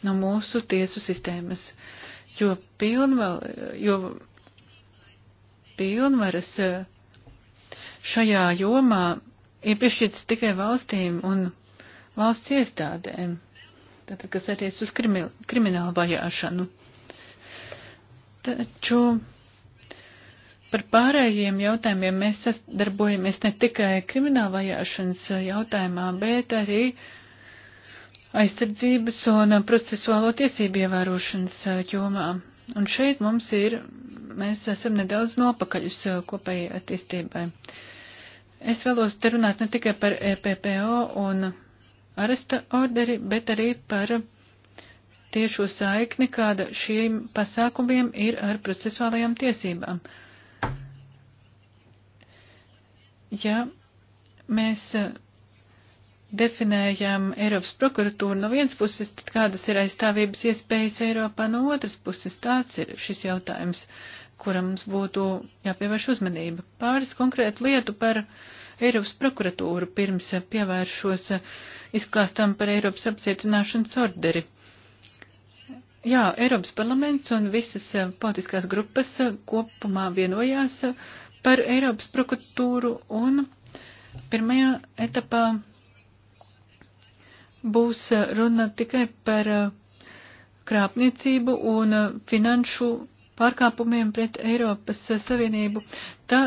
no mūsu tiesu sistēmas. Uh, jo, pilnval, jo pilnvaras eh, šajā jomā ir piešķirtas tikai valstīm un valsts iestādēm, tātad, kas attiec uz krimi, kriminālu vajāšanu. Taču par pārējiem jautājumiem mēs sadarbojamies ne tikai kriminālu vajāšanas jautājumā, bet arī uh, aizsardzības un procesuālo tiesību ievērošanas jomā. Un šeit mums ir, mēs esam nedaudz nopakaļ uz kopējai attīstībai. Es vēlos te runāt ne tikai par EPPO un aresta orderi, bet arī par tiešo saikni, kāda šiem pasākumiem ir ar procesuālajām tiesībām. Ja mēs definējam Eiropas prokuratūru no vienas puses, tad kādas ir aizstāvības iespējas Eiropā no otras puses? Tāds ir šis jautājums, kuram mums būtu jāpievērš uzmanība. Pāris konkrētu lietu par Eiropas prokuratūru pirms pievēršos izklāstam par Eiropas apcietināšanas orderi. Jā, Eiropas parlaments un visas politiskās grupas kopumā vienojās par Eiropas prokuratūru un pirmajā etapā būs eh, runa tikai par eh, krāpniecību un eh, finanšu pārkāpumiem pret Eiropas Savienību. Tā,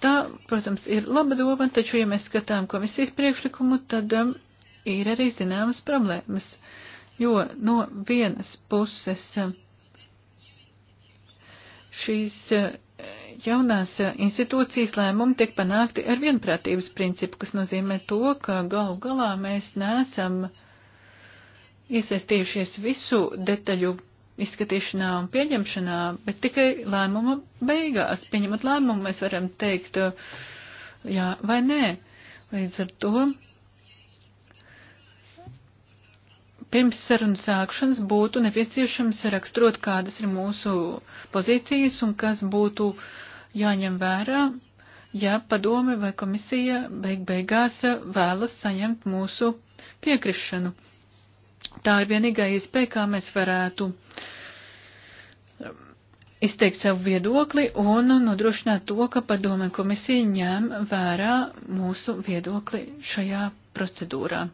tā, protams, ir laba doma, taču, ja mēs skatām komisijas priekšlikumu, tad um, ir arī zināmas problēmas, jo no vienas puses šīs jaunās eh, institūcijas lēmumi tiek panākti ar vienprātības principu, kas nozīmē to, ka galu galā mēs neesam iesaistījušies visu detaļu izskatīšanā un pieņemšanā, bet tikai lēmuma beigās. Pieņemot lēmumu, mēs varam teikt eh, jā vai nē. Līdz ar to pirms sarunas sākšanas būtu nepieciešams raksturot, kādas ir mūsu pozīcijas un kas būtu jāņem vērā, ja padome vai komisija beig beigās vēlas saņemt mūsu piekrišanu. Tā ir vienīgā iespēja, kā mēs varētu um, izteikt savu viedokli un nodrošināt to, ka padome komisija ņem vērā mūsu viedokli šajā procedūrā.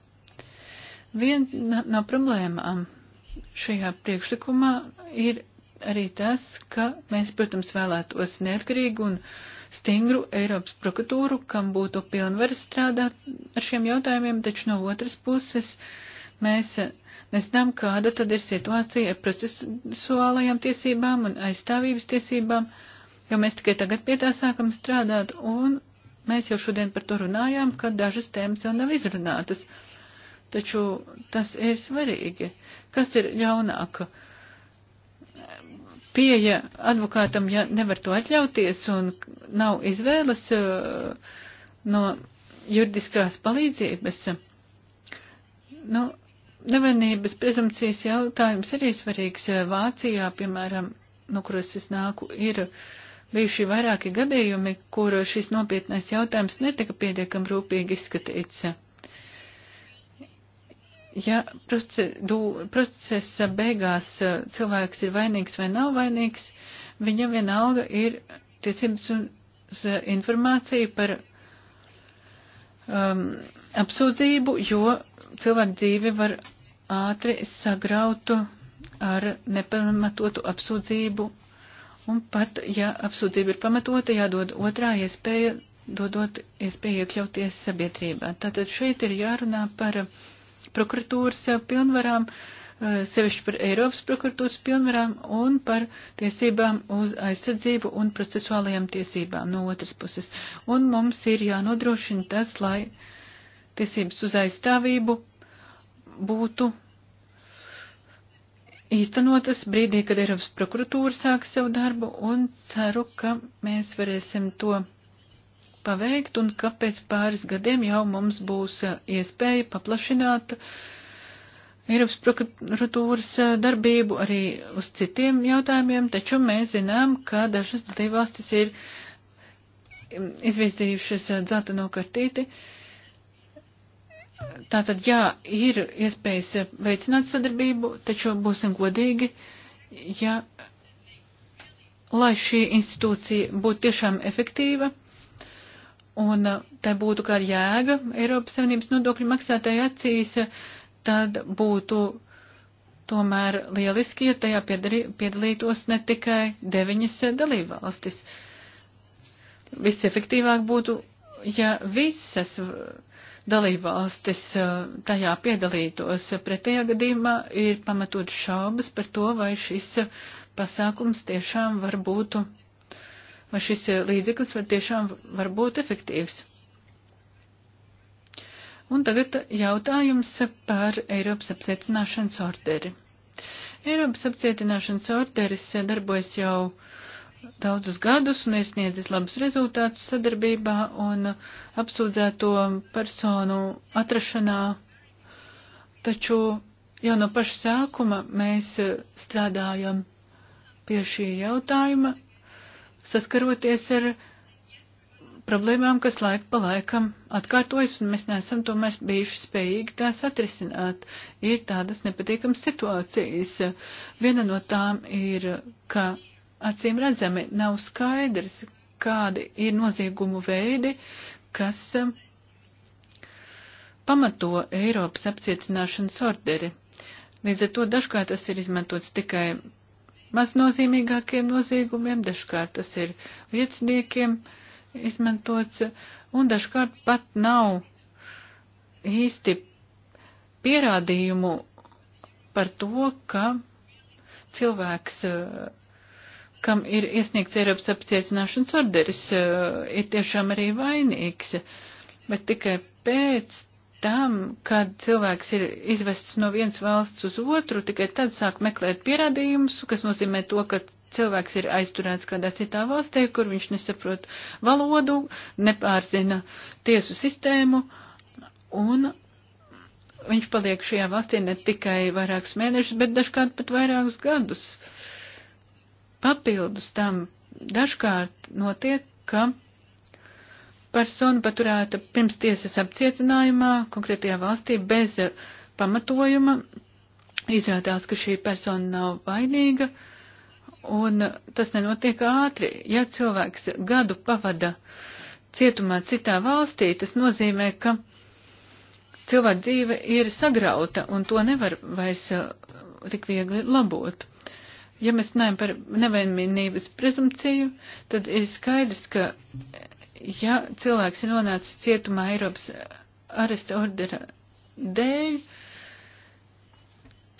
Viena no problēmām šajā priekšlikumā ir arī tas, ka mēs, protams, vēlētos neatkarīgu un stingru Eiropas prokuratūru, kam būtu pilnvaras strādāt ar šiem jautājumiem, taču no otras puses mēs nezinām, kāda tad ir situācija ar procesuālajām tiesībām un aizstāvības tiesībām, jo mēs tikai tagad pie tā sākam strādāt, un mēs jau šodien par to runājām, ka dažas tēmas jau nav izrunātas. Taču tas ir svarīgi. Kas ir ļaunāka? pieeja advokātam, ja nevar to atļauties un nav izvēles uh, no juridiskās palīdzības. Nu, nevainības prezumcijas jautājums arī svarīgs. Uh, Vācijā, piemēram, no kuras es nāku, ir bijuši vairāki gadījumi, kur šis nopietnais jautājums netika pietiekam rūpīgi izskatīts ja procedu, procesa beigās eh, cilvēks ir vainīgs vai nav vainīgs, viņam vienalga ir tiesības uz eh, informāciju par um, apsūdzību, jo cilvēku dzīvi var ātri sagrautu ar nepamatotu apsūdzību. Un pat, ja apsūdzība ir pamatota, jādod otrā iespēja, dodot iespēju iekļauties sabiedrībā. Tātad šeit ir jārunā par uh, prokuratūras eh, pilnvarām, eh, sevišķi par Eiropas prokuratūras pilnvarām un par tiesībām uz aizsardzību un procesuālajām tiesībām no otras puses. Un mums ir jānodrošina tas, lai tiesības uz aizstāvību būtu īstenotas brīdī, kad Eiropas prokuratūra sāk savu darbu un ceru, ka mēs varēsim to paveikt un ka pēc pāris gadiem jau mums būs eh, iespēja paplašināt Eiropas prokuratūras eh, darbību arī uz citiem jautājumiem, taču mēs zinām, ka dažas dalībvalstis ir mm, izvirzījušas eh, dzelta nokartīti. Tātad, jā, ir iespējas veicināt sadarbību, taču būsim godīgi, ja, lai šī institūcija būtu tiešām efektīva un uh, tai būtu kā jēga Eiropas Savienības nodokļu maksātāju acīs, tad būtu tomēr lieliski, ja tajā piedalītos ne tikai deviņas uh, dalībvalstis. Visefektīvāk būtu, ja visas uh, dalībvalstis tajā piedalītos. Pretējā gadījumā ir pamatot šaubas par to, vai šis pasākums tiešām var būtu vai šis līdzeklis var tiešām var būt efektīvs. Un tagad jautājums par Eiropas apcietināšanas orderi. Eiropas apcietināšanas orderis darbojas jau daudzus gadus un ir sniedzis labus rezultātus sadarbībā un apsūdzēto personu atrašanā, taču jau no paša sākuma mēs strādājam pie šī jautājuma saskaroties ar problēmām, kas laiku pa laikam atkārtojas, un mēs neesam tomēr bijuši spējīgi tās atrisināt. Ir tādas nepatīkamas situācijas. Viena no tām ir, ka acīm redzami nav skaidrs, kādi ir noziegumu veidi, kas um, pamato Eiropas apcietināšanas orderi. Līdz ar to dažkārt tas ir izmantots tikai maznozīmīgākiem noziegumiem, dažkārt tas ir lieciniekiem izmantots, un dažkārt pat nav īsti pierādījumu par to, ka cilvēks, eh, kam ir iesniegts Eiropas apcietināšanas orderis, eh, ir tiešām arī vainīgs, bet tikai pēc tam, kad cilvēks ir izvests no vienas valsts uz otru, tikai tad sāk meklēt pierādījumus, kas nozīmē to, ka cilvēks ir aizturēts kādā citā valstī, kur viņš nesaprot valodu, nepārzina tiesu sistēmu, un viņš paliek šajā valstī ne tikai vairākus mēnešus, bet dažkārt pat vairākus gadus. Papildus tam dažkārt notiek, ka persona paturēta pirms tiesas apcietinājumā konkrētajā valstī bez pamatojuma. Izrādās, ka šī persona nav vainīga, un tas nenotiek ātri. Ja cilvēks gadu pavada cietumā citā valstī, tas nozīmē, ka cilvēka dzīve ir sagrauta, un to nevar vairs uh, tik viegli labot ja mēs runājam par nevainības prezumciju, tad ir skaidrs, ka ja cilvēks ir nonācis cietumā Eiropas aresta ordera dēļ,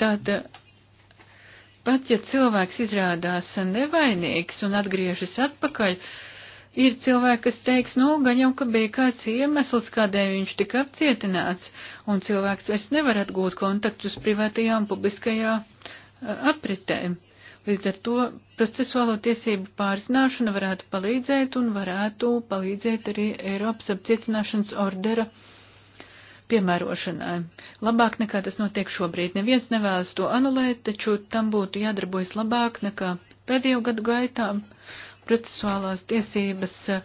tad pat ja cilvēks izrādās nevainīgs un atgriežas atpakaļ, ir cilvēki, kas teiks, nu, gan jau, ka bija kāds iemesls, kādēļ viņš tika apcietināts, un cilvēks vairs nevar atgūt kontaktus privātajā un publiskajā apritē. Uh, Līdz ar to procesuālo tiesību pārzināšana varētu palīdzēt un varētu palīdzēt arī Eiropas apcietināšanas ordera piemērošanai. Labāk nekā tas notiek šobrīd. Neviens nevēlas to anulēt, taču tam būtu jādarbojas labāk nekā pēdējo gadu gaitā. Procesuālās tiesības eh,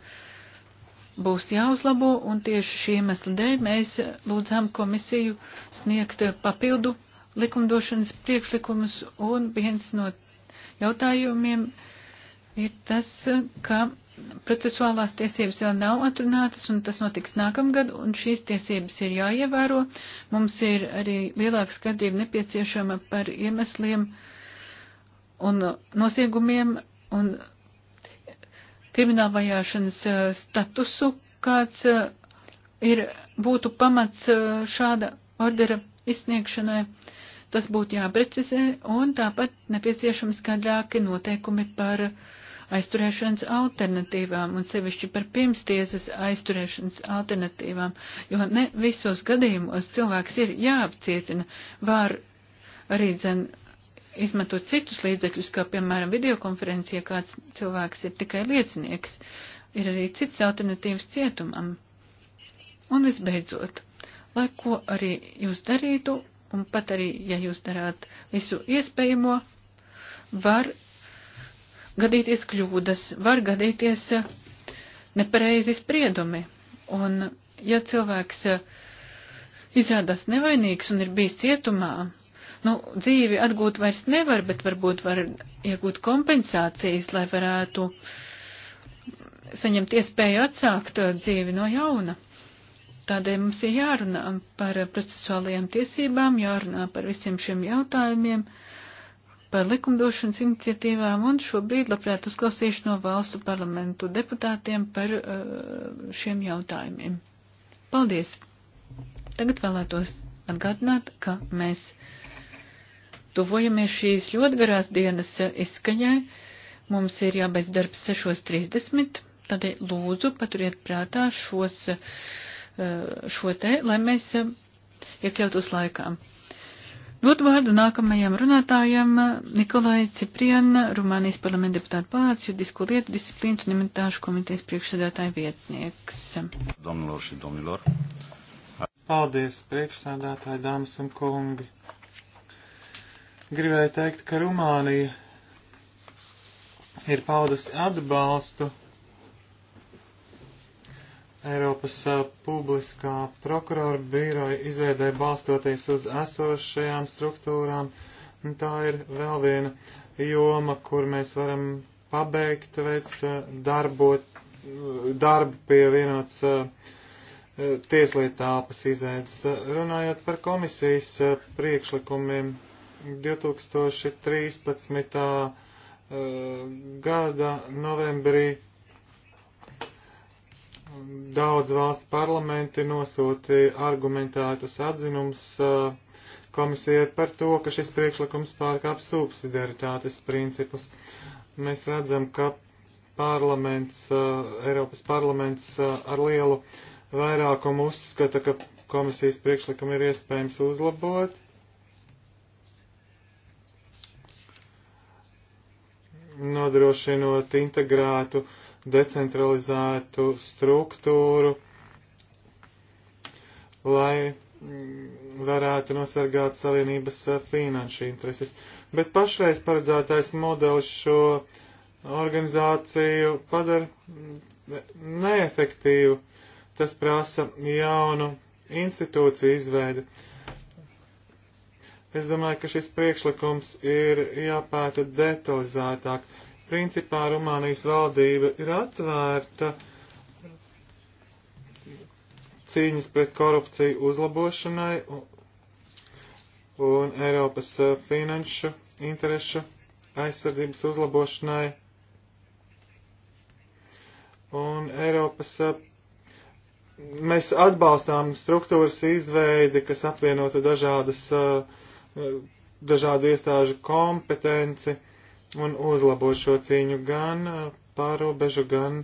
būs jāuzlabo, un tieši šī iemesla dēļ mēs lūdzām komisiju sniegt papildu likumdošanas priekšlikumus, un viens no jautājumiem ir tas, ka procesuālās tiesības vēl nav atrunātas, un tas notiks nākamgad, un šīs tiesības ir jāievēro. Mums ir arī lielāka skaidrība nepieciešama par iemesliem un noziegumiem un kriminālvajāšanas statusu, kāds ir, būtu pamats šāda ordera izsniegšanai. Uh, Tas būtu jāprecizē un tāpat nepieciešami skaidrāki noteikumi par aizturēšanas alternatīvām un sevišķi par pirmstiesas aizturēšanas alternatīvām, jo ne visos gadījumos cilvēks ir jāapcietina, var arī dzen izmantot citus līdzekļus, kā piemēram videokonferences, ja kāds cilvēks ir tikai liecinieks, ir arī cits alternatīvas cietumam. Un visbeidzot, lai ko arī jūs darītu, un pat arī, ja jūs darāt visu iespējamo, var gadīties kļūdas, var gadīties eh, nepareizi spriedumi. Un, ja cilvēks eh, izrādās nevainīgs un ir bijis cietumā, nu, dzīvi atgūt vairs nevar, bet varbūt var iegūt kompensācijas, lai varētu saņemt iespēju atsākt eh, dzīvi no jauna. Tādēļ mums ir jārunā par procesuālajām tiesībām, jārunā par visiem šiem jautājumiem, par likumdošanas iniciatīvām, un šobrīd labprāt uzklausīšu no valstu parlamentu deputātiem par uh, šiem jautājumiem. Paldies! Tagad vēlētos atgādināt, ka mēs tuvojamies šīs ļoti garās dienas izskaņai. Mums ir jābeidz darbs 6.30, tādēļ lūdzu paturiet prātā šos uh, Eh, šo te, lai mēs eh, iekļautos laikā. Dot vārdu nākamajam runātājam eh, Nikolai Cipriena, Rumānijas parlamenta deputāta palāca, judisko lietu disciplīnu un imitāšu komitejas priekšsēdētāja vietnieks. Domnilor și domnilor. Paldies, priekšsēdētāji, dāmas un kungi. Gribēju teikt, ka Rumānija ir paudusi atbalstu Eiropas publiskā prokurora biroja izveidē balstoties uz esošajām struktūrām. Tā ir vēl viena joma, kur mēs varam pabeigt veids darbot, darbu pie vienots tieslietu tālpas izveids. Runājot par komisijas priekšlikumiem 2013. gada novembrī daudz valstu parlamenti nosūtīja argumentētus atzinums komisijai par to, ka šis priekšlikums pārkāp subsidiaritātes principus. Mēs redzam, ka parlaments, Eiropas parlaments ar lielu vairākumu uzskata, ka komisijas priekšlikumu ir iespējams uzlabot. nodrošinot integrētu uh, decentralizētu struktūru, lai mm, varētu nosargāt savienības eh, finanšu intereses. Bet pašreiz paredzētais modelis šo organizāciju padara mm, neefektīvu. Tas prasa jaunu institūciju izveidi. Es domāju, ka šis priekšlikums ir jāpēta detalizētāk. Principā Rumānijas valdība ir atvērta cīņas pret korupciju uzlabošanai un Eiropas eh, finanšu interešu aizsardzības uzlabošanai un Eiropas eh, mēs atbalstām struktūras izveidi, kas apvienota dažādas, eh, dažādu iestāžu kompetenci un uzlabot šo cīņu gan uh, pārobežu, gan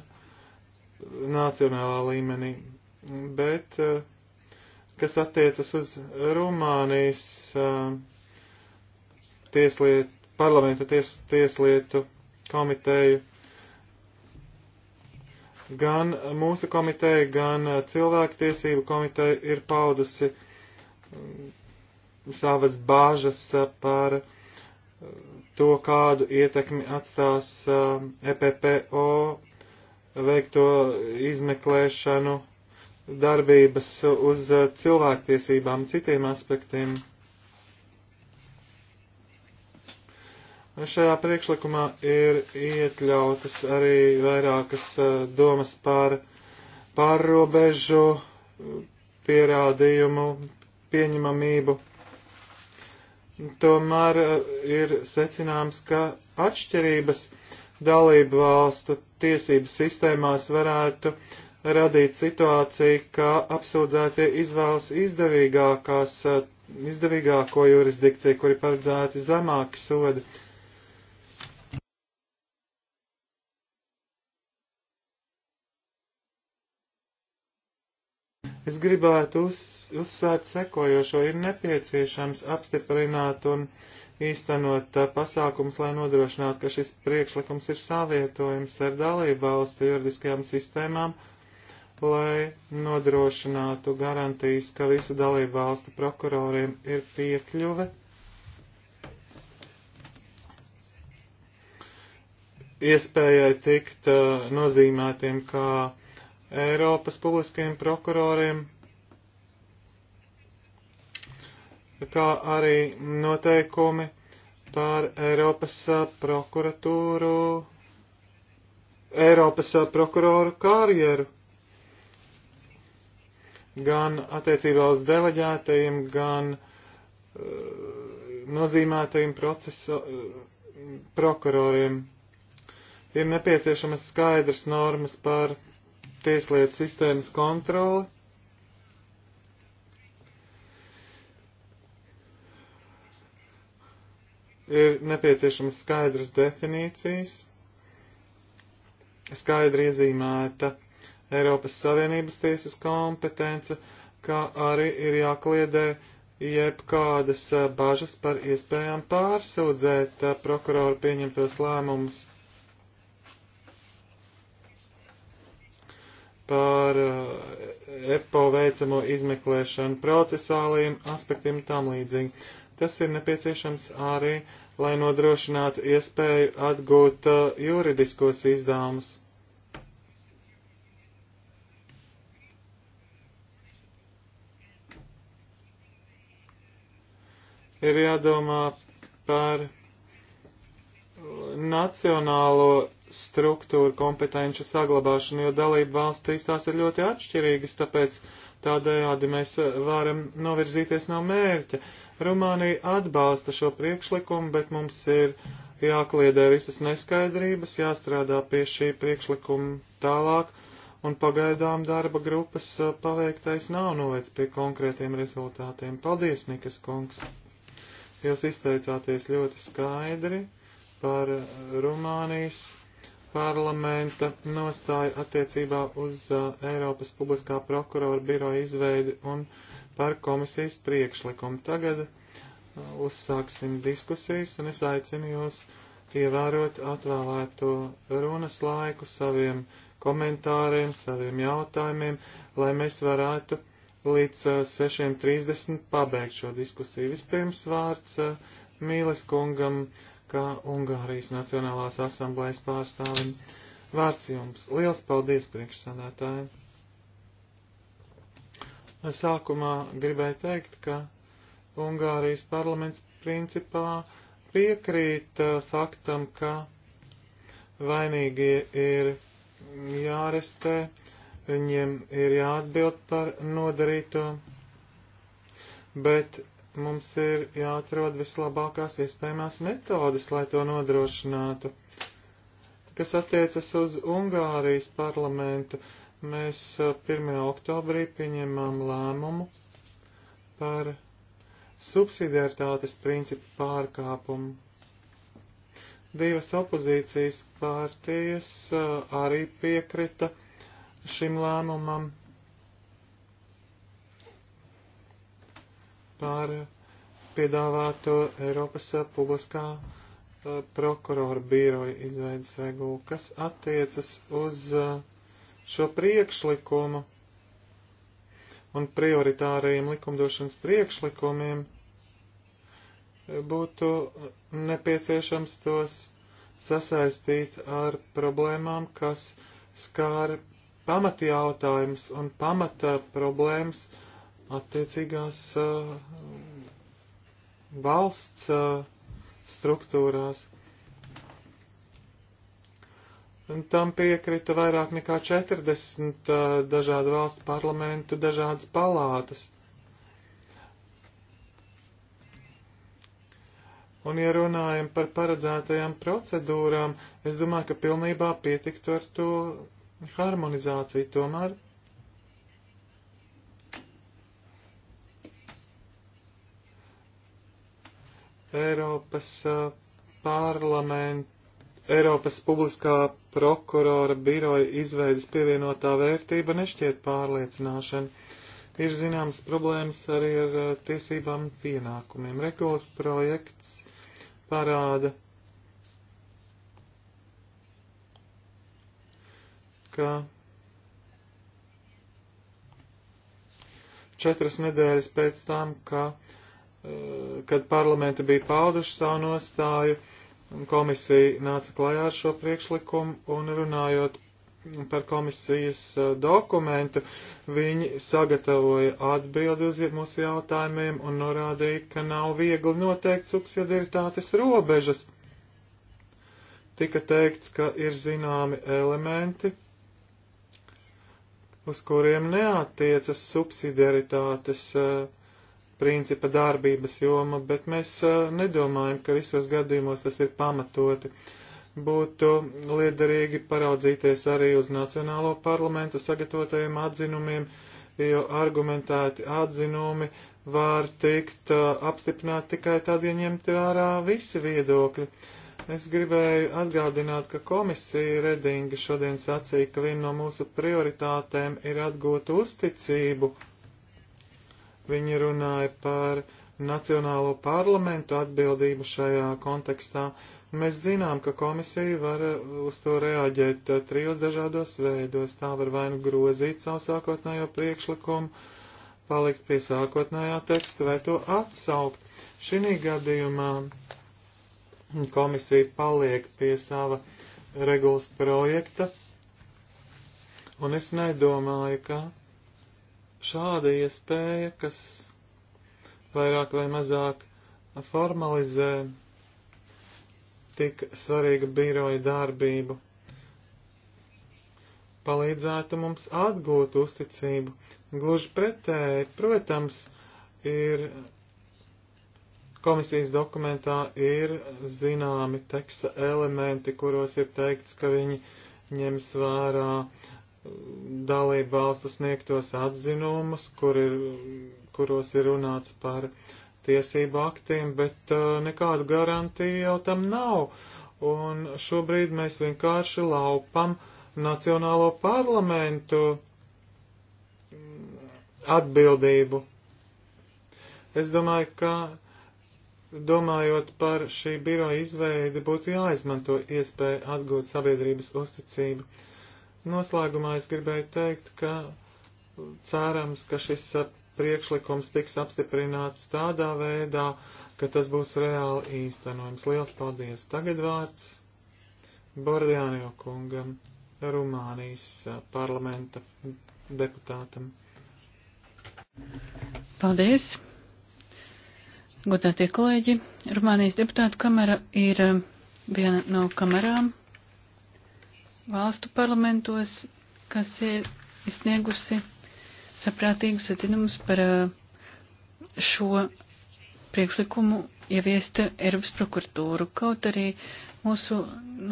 nacionālā līmenī. Bet, uh, kas attiecas uz Rumānijas uh, tiesliet, parlamenta ties, tieslietu komiteju, gan mūsu komiteja, gan cilvēktiesību komiteja ir paudusi um, savas bāžas par to, kādu ietekmi atstās um, EPPO veikto izmeklēšanu darbības uz uh, cilvēktiesībām, citiem aspektiem. Šajā priekšlikumā ir iekļautas arī vairākas uh, domas par pārrobežu pierādījumu pieņemamību tomēr eh, ir secināms, ka atšķirības dalību valstu tiesību sistēmās varētu radīt situāciju, ka apsūdzētie izvēlas izdevīgākās, eh, izdevīgāko jurisdikciju, kuri paredzēti zemāki sodi. gribētu uz, uzsākt sekojošo. Ir nepieciešams apstiprināt un īstenot uh, pasākums, lai nodrošinātu, ka šis priekšlikums ir savietojams ar dalību valstu juridiskajām sistēmām, lai nodrošinātu garantijas, ka visu dalību valstu prokuroriem ir piekļuve iespējai tikt uh, nozīmētiem kā Eiropas publiskajiem prokuroriem, kā arī noteikumi par Eiropas uh, prokuratūru, Eiropas uh, prokuroru karjeru, gan attiecībā uz deleģētajiem, gan uh, nozīmētajiem procesa uh, prokuroriem. Ir nepieciešamas skaidras normas par tieslietu sistēmas kontroli, ir nepieciešamas skaidras definīcijas, skaidri iezīmēta Eiropas Savienības tiesas kompetence, kā arī ir jākliedē jebkādas bažas par iespējām pārsūdzēt prokuroru pieņemtos lēmumus par EPO veicamo izmeklēšanu procesālajiem aspektiem tam līdzīgi. Tas ir nepieciešams arī, lai nodrošinātu iespēju atgūt uh, juridiskos izdevumus. Ir jādomā par nacionālo struktūru kompetenci saglabāšanu, jo dalību valstīs tās ir ļoti atšķirīgas, tāpēc uh, Tādējādi mēs eh, varam novirzīties no mērķa. Rumānija atbalsta šo priekšlikumu, bet mums ir jākliedē visas neskaidrības, jāstrādā pie šī priekšlikuma tālāk, un pagaidām darba grupas eh, paveiktais nav novēc pie konkrētiem rezultātiem. Paldies, Nikas kungs! Jūs izteicāties ļoti skaidri par eh, Rumānijas parlamenta nostāja attiecībā uz uh, Eiropas publiskā prokurora biroja izveidi un par komisijas priekšlikumu. Tagad uh, uzsāksim diskusijas un es aicinu jūs ievērot atvēlēto runas laiku saviem komentāriem, saviem jautājumiem, lai mēs varētu līdz uh, 6.30 pabeigt šo diskusiju. Vispirms vārds Mīles kungam. Uh, kā Ungārijas Nacionālās asamblējas pārstāvim. Vārds jums. Liels paldies priekšsādātājiem. Sākumā gribēju teikt, ka Ungārijas parlaments principā piekrīt uh, faktam, ka vainīgie ir jārestē, viņiem ir jāatbild par nodarīto, bet mums ir jāatrod vislabākās iespējamās metodes, lai to nodrošinātu. Kas attiecas uz Ungārijas parlamentu, mēs 1. Eh, oktobrī pieņemām lēmumu par subsidiaritātes principu pārkāpumu. Divas opozīcijas pārties eh, arī piekrita šim lēmumam par piedāvāto Eiropas publiskā eh, prokurora biroja izveidas regulu, kas attiecas uz eh, šo priekšlikumu un prioritārajiem likumdošanas priekšlikumiem, eh, būtu nepieciešams tos sasaistīt ar problēmām, kas skār pamatjautājumus un pamata problēmas, uh, attiecīgās uh, valsts uh, struktūrās. Un tam piekrita vairāk nekā 40 uh, dažādu valstu parlamentu, dažādas palātas. Un, ja runājam par paredzētajām procedūrām, es domāju, ka pilnībā pietiktu ar to harmonizāciju. Tomēr Eiropas parlamenta, Eiropas publiskā prokurora biroja izveidas pievienotā vērtība nešķiet pārliecināšana. Ir zināmas problēmas arī ar tiesībām pienākumiem. Regulas projekts parāda, ka četras nedēļas pēc tam, ka Eh, kad parlamenti bija pauduši savu nostāju, komisija nāca klajā ar šo priekšlikumu un runājot par komisijas eh, dokumentu, viņi sagatavoja atbildi uz mūsu jautājumiem un norādīja, ka nav viegli noteikt subsidiaritātes robežas. Tika teikts, ka ir zināmi elementi, uz kuriem neatiecas subsidiaritātes uh, principa darbības joma, bet mēs nedomājam, ka visos gadījumos tas ir pamatoti. Būtu liederīgi paraudzīties arī uz Nacionālo parlamentu sagatavotajiem atzinumiem, jo argumentēti atzinumi var tikt apstiprināti tikai tad, ja ņemt vērā visi viedokļi. Es gribēju atgādināt, ka komisija Redinga šodien sacīja, ka viena no mūsu prioritātēm ir atgūt uzticību Viņi runāja par Nacionālo parlamentu atbildību šajā kontekstā. Mēs zinām, ka komisija var uz to reaģēt eh, trijos dažādos veidos. Tā var vai nu grozīt savu sākotnējo priekšlikumu, palikt pie sākotnējā teksta vai to atsaukt. Šī gadījumā komisija paliek pie sava regulas projekta, un es nedomāju, ka šāda iespēja, kas vairāk vai mazāk formalizē tik svarīga biroja darbību, palīdzētu mums atgūt uzticību. Gluži pretēji, protams, ir komisijas dokumentā ir zināmi teksta elementi, kuros ir teikts, ka viņi ņems vērā dalību valstu sniegtos atzinumus, kur ir, kuros ir runāts par tiesību aktiem, bet uh, nekādu garantiju jau tam nav. Un šobrīd mēs vienkārši laupam Nacionālo parlamentu atbildību. Es domāju, ka domājot par šī biroja izveidi, būtu jāizmanto iespēja atgūt sabiedrības uzticību. Uh, Noslēgumā es gribēju teikt, ka cerams, ka šis priekšlikums tiks apstiprināts tādā veidā, ka tas būs reāli īstenojams. Liels paldies! Tagad vārds Borjānio kungam, Rumānijas parlamenta deputātam. Paldies! Godātie kolēģi, Rumānijas deputātu kamera ir viena no kamerām valstu parlamentos, kas ir izsniegusi saprātīgus atzinumus par uh, šo priekšlikumu ieviest Eiropas prokuratūru. Kaut arī mūsu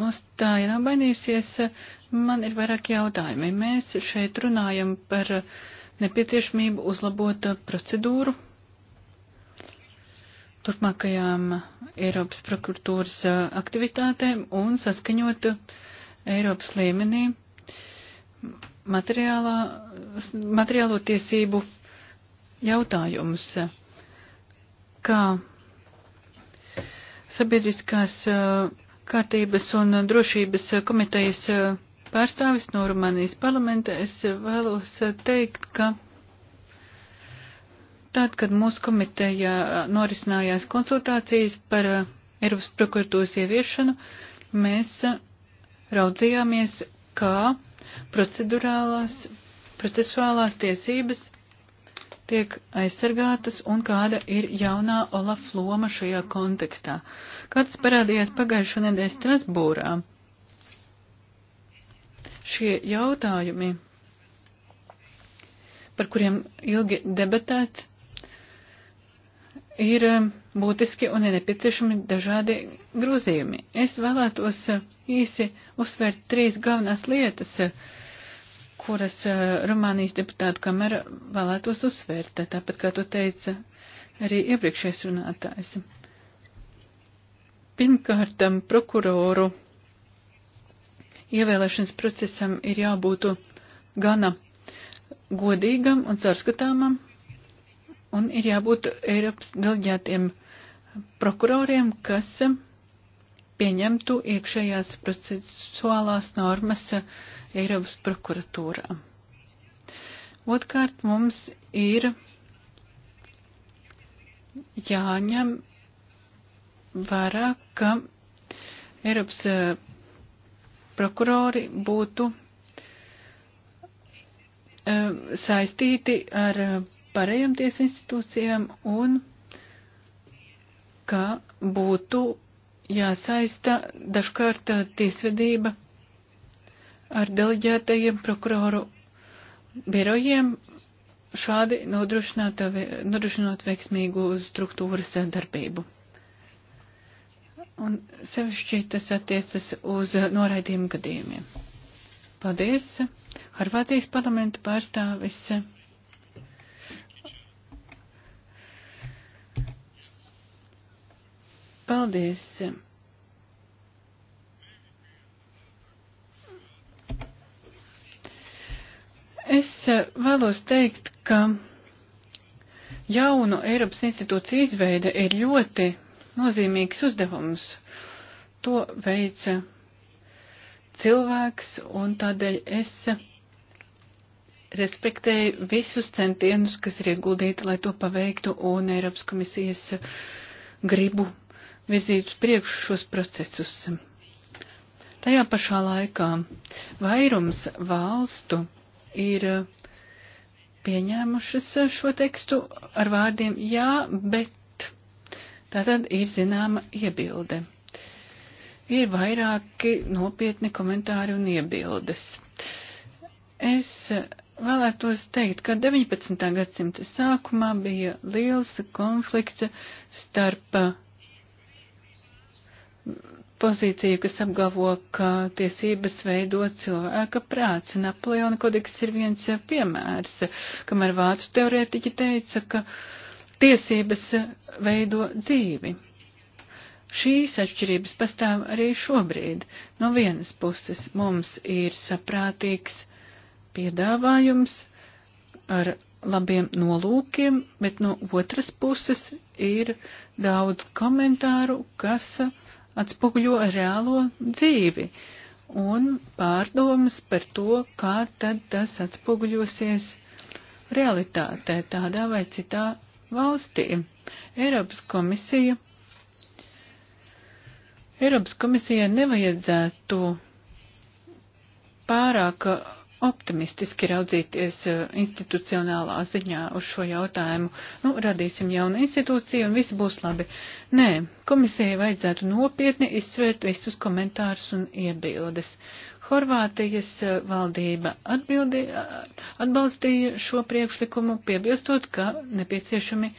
nostāja nav mainījusies, man ir vairāk jautājumi. Mēs šeit runājam par nepieciešamību uzlabot procedūru turpmākajām Eiropas prokuratūras uh, aktivitātēm un saskaņot uh, Eiropas līmenī materiālo tiesību jautājumus, kā sabiedriskās kārtības un drošības komitejas pārstāvis no Rumānijas parlamenta, es vēlos teikt, ka tad, kad mūsu komiteja norisinājās konsultācijas par Eiropas prokuratūras ieviešanu, mēs raudzījāmies, kā procedurālās, procesuālās tiesības tiek aizsargātas un kāda ir jaunā Olaf loma šajā kontekstā. Kā tas parādījās pagājušo nedēļu Strasbūrā? Šie jautājumi, par kuriem ilgi debatēts, ir um, būtiski un ir nepieciešami dažādi grozījumi. Es vēlētos uh, īsi uzsvērt trīs galvenās lietas, uh, kuras uh, Rumānijas deputāta kamera vēlētos uzsvērt, tāpat kā to teica arī iepriekšējais runātājs. Pirmkārt, um, prokuroru ievēlēšanas procesam ir jābūt gana godīgam un caurskatāmam Un ir jābūt Eiropas deleģētiem prokuroriem, kas pieņemtu iekšējās procesuālās normas Eiropas prokuratūrā. Otkārt mums ir jāņem vērā, ka Eiropas eh, prokurori būtu eh, saistīti ar eh, pārējām tiesu institūcijām un ka būtu jāsaista dažkārt uh, tiesvedība ar deleģētajiem prokuroru birojiem, šādi uh, nodrošinot veiksmīgu struktūras uh, darbību. Un sevišķi tas attiecas uz noraidījumu gadījumiem. Paldies! Horvātijas parlamenta pārstāvis Paldies! Es eh, vēlos teikt, ka jaunu Eiropas institūciju izveide ir ļoti nozīmīgs uzdevums. To veica cilvēks, un tādēļ es respektēju visus centienus, kas ir ieguldīti, lai to paveiktu, un Eiropas komisijas gribu virzīt uz priekšu šos procesus. Tajā pašā laikā vairums valstu ir pieņēmušas šo tekstu ar vārdiem jā, bet tātad ir zināma iebilde. Ir vairāki nopietni komentāri un iebildes. Es vēlētos teikt, ka 19. gadsimta sākumā bija liels konflikts starp pozīciju, kas apgalvo, ka tiesības veido cilvēka prāts. Napoleona kodeks ir viens piemērs, kamēr vācu teorētiķi teica, ka tiesības veido dzīvi. Šīs atšķirības pastāv arī šobrīd. No vienas puses mums ir saprātīgs piedāvājums ar labiem nolūkiem, bet no otras puses ir daudz komentāru, kas uh, atspoguļo reālo dzīvi un pārdomas par to, kā tad tas atspoguļosies realitātē tādā vai citā valstī. Eiropas komisija. Eiropas komisijai nevajadzētu pārāk optimistiski raudzīties eh, institucionālā ziņā uz šo jautājumu. Nu, radīsim jaunu institūciju un viss būs labi. Nē, komisijai vajadzētu nopietni izsvērt visus komentārus un iebildes. Horvātijas eh, valdība atbildi, eh, atbalstīja šo priekšlikumu, piebilstot, ka nepieciešami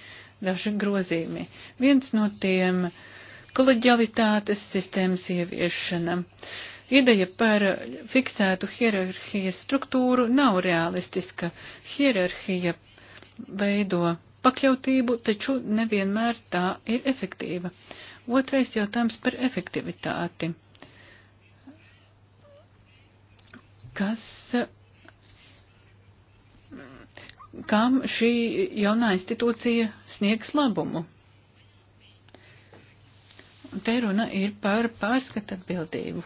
daži grozījumi. Viens no tiem - koleģialitātes sistēmas ieviešana. Uh, Ideja par fiksētu hierarhijas struktūru nav realistiska. Hierarhija veido pakļautību, taču nevienmēr tā ir efektīva. Otrais jautājums par efektivitāti. Kas, kam šī jaunā institūcija sniegs labumu? Te runa ir par pārskatu atbildību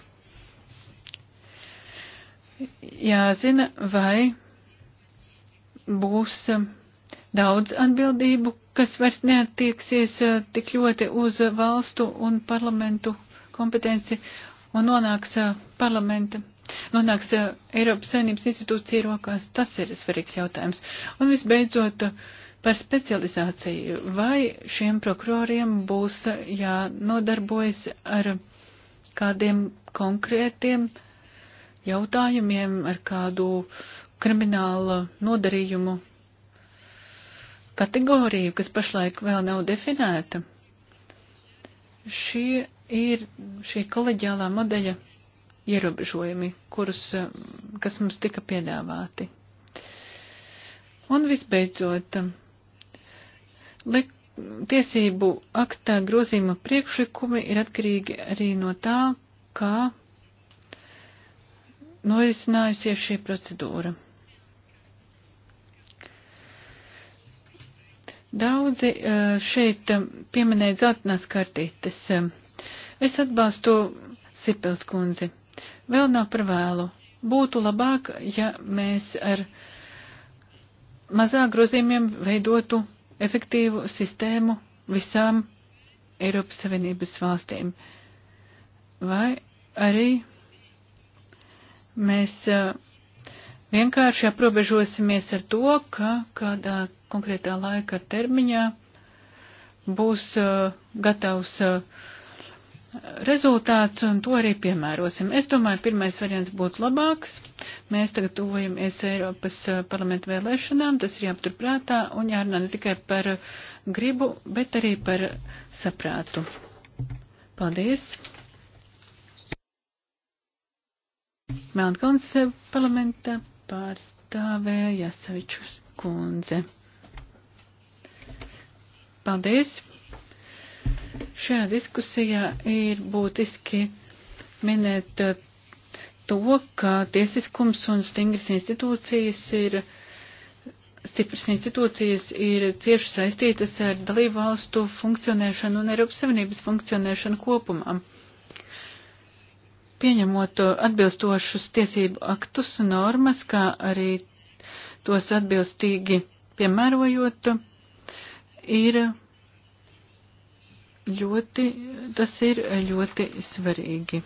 jāzina, vai būs um, daudz atbildību, kas vairs neattieksies uh, tik ļoti uz valstu un parlamentu kompetenci un nonāks uh, parlamenta, nonāks uh, Eiropas Savienības institūcija rokās. Tas ir svarīgs jautājums. Un visbeidzot, par specializāciju. Vai šiem prokuroriem būs jānodarbojas ar kādiem konkrētiem jautājumiem ar kādu kriminālu nodarījumu kategoriju, kas pašlaik vēl nav definēta. Šie ir šī koleģiālā modeļa ierobežojumi, kurus, kas mums tika piedāvāti. Un visbeidzot, lik, tiesību aktā grozījuma priekšlikumi ir atkarīgi arī no tā, kā norisinājusies šī procedūra. Daudzi eh, šeit eh, pieminēja dzeltenās kartītes. Es atbalstu Sipils kundzi. Vēl nav par vēlu. Būtu labāk, ja mēs ar mazā grozījumiem veidotu efektīvu sistēmu visām Eiropas Savienības valstīm. Vai arī Mēs vienkārši aprobežosimies ar to, ka kādā konkrētā laika termiņā būs gatavs rezultāts un to arī piemērosim. Es domāju, pirmais variants būtu labāks. Mēs tagad tuvojamies Eiropas parlamentu vēlēšanām, tas ir jāpaturprātā un jārunā ne tikai par gribu, bet arī par saprātu. Paldies! Melnkalns parlamenta pārstāvē Jasavičus kundze. Paldies! Šajā diskusijā ir būtiski minēt eh, to, ka tiesiskums un stingras institūcijas ir, stipras institūcijas ir cieši saistītas ar dalību valstu funkcionēšanu un Eiropas Savienības funkcionēšanu kopumam pieņemot atbilstošus tiesību aktus un normas, kā arī tos atbilstīgi piemērojot, ir ļoti, tas ir ļoti svarīgi.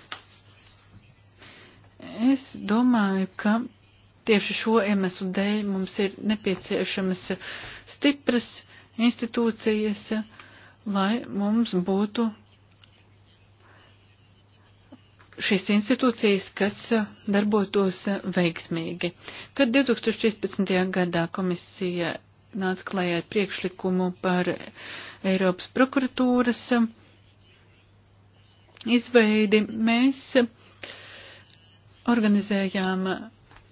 Es domāju, ka tieši šo iemeslu dēļ mums ir nepieciešamas stipras institūcijas, lai mums būtu šīs institūcijas, kas darbotos veiksmīgi. Kad 2013. gadā komisija nāca klajā ar priekšlikumu par Eiropas prokuratūras izveidi, mēs organizējām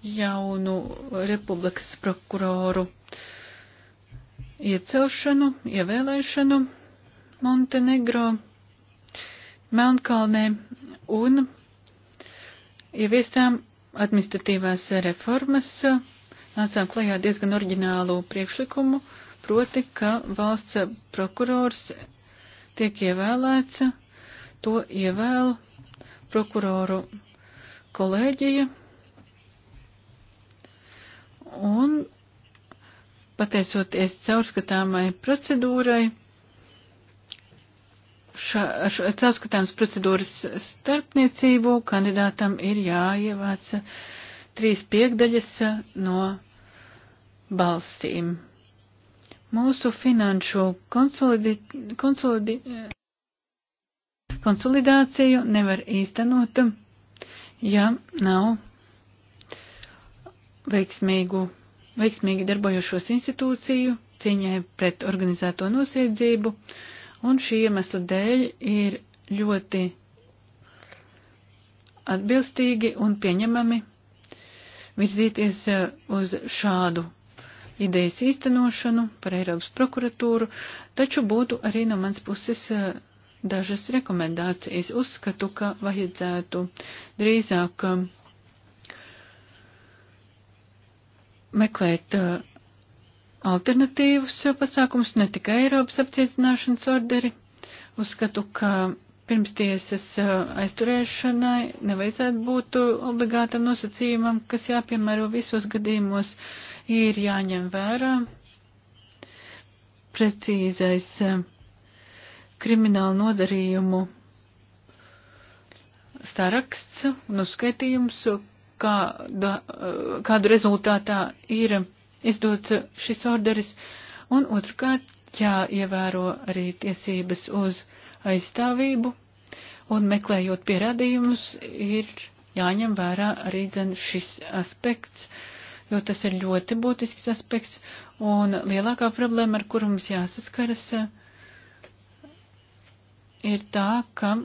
jaunu republikas prokuroru iecelšanu, ievēlēšanu Montenegro, Melnkalnē un ieviestām administratīvās reformas, nācām klajā diezgan oriģinālu priekšlikumu, proti, ka valsts prokurors tiek ievēlēts, to ievēl prokuroru kolēģija, un pateicoties caurskatāmai procedūrai, caurskatāms procedūras starpniecību kandidātam ir jāievāc trīs piekdaļas no balsīm. Mūsu finanšu konsolidi, konsolidi, konsolidāciju nevar īstenot, ja nav veiksmīgu, veiksmīgi darbojošos institūciju cīņai pret organizēto nosiedzību, uh, Un šī iemesla dēļ ir ļoti atbilstīgi un pieņemami virzīties eh, uz šādu idejas īstenošanu par Eiropas prokuratūru, taču būtu arī no mans puses eh, dažas rekomendācijas. Uzskatu, ka vajadzētu drīzāk eh, meklēt uh, alternatīvus pasākumus, ne tikai Eiropas apcietināšanas orderi. Uzskatu, ka pirmstiesas uh, aizturēšanai nevajadzētu būt obligātam nosacījumam, kas jāpiemēro visos gadījumos, ir jāņem vērā precīzais uh, kriminālu nodarījumu saraksts un uzskaitījums, kāda, uh, kādu rezultātā ir izdots šis orderis, un otrkārt jāievēro arī tiesības uz aizstāvību, un meklējot pierādījumus ir jāņem vērā arī dzen šis aspekts, jo tas ir ļoti būtisks aspekts, un lielākā problēma, ar kuru mums jāsaskaras, ir tā, ka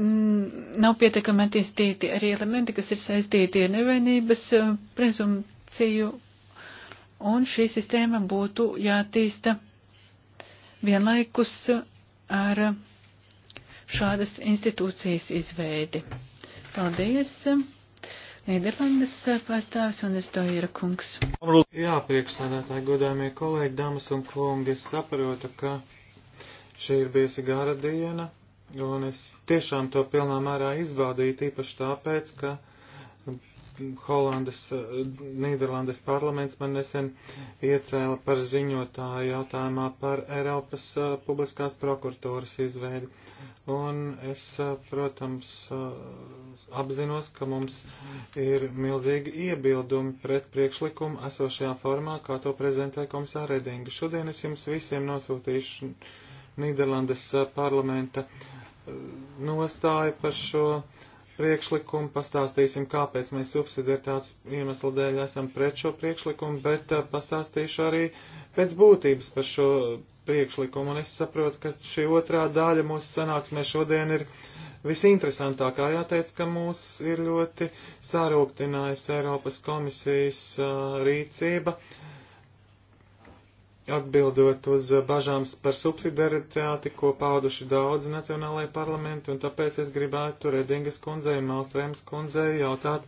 Mm, nav pietiekami attīstīti arī elementi, kas ir saistīti ar nevainības eh, prezumciju, un šī sistēma būtu jātīsta vienlaikus ar šādas institūcijas izveidi. Paldies! Nīderlandes pārstāvis un es to ir kungs. Jā, priekšsēdētāji, godāmie kolēģi, dāmas un kungi, es saprotu, ka šī ir bijusi gara diena un es tiešām to pilnā mērā izbaudīju, tīpaši tāpēc, ka Holandes, Nīderlandes parlaments man nesen iecēla par ziņotāju jautājumā par Eiropas uh, publiskās prokuratūras izveidi. Un es, uh, protams, uh, apzinos, ka mums ir milzīgi iebildumi pret priekšlikumu esošajā formā, kā to prezentē komisāra Redinga. Šodien es jums visiem nosūtīšu Nīderlandes eh, parlamenta eh, nostāju par šo priekšlikumu, pastāstīsim, kāpēc mēs subsidiaritātes iemeslu dēļ esam pret šo priekšlikumu, bet eh, pastāstīšu arī pēc būtības par šo priekšlikumu. Un es saprotu, ka šī otrā daļa mūsu sanāksmē šodien ir visinteresantākā. Jāteic, ka mūs ir ļoti sarūktinājusi Eiropas komisijas rīcība. Uh, atbildot uz bažām par subsidiaritāti, ko pauduši daudzi nacionālajie parlamenti, un tāpēc es gribētu Redingas kundzei, Malstrēmas kundzei jautāt,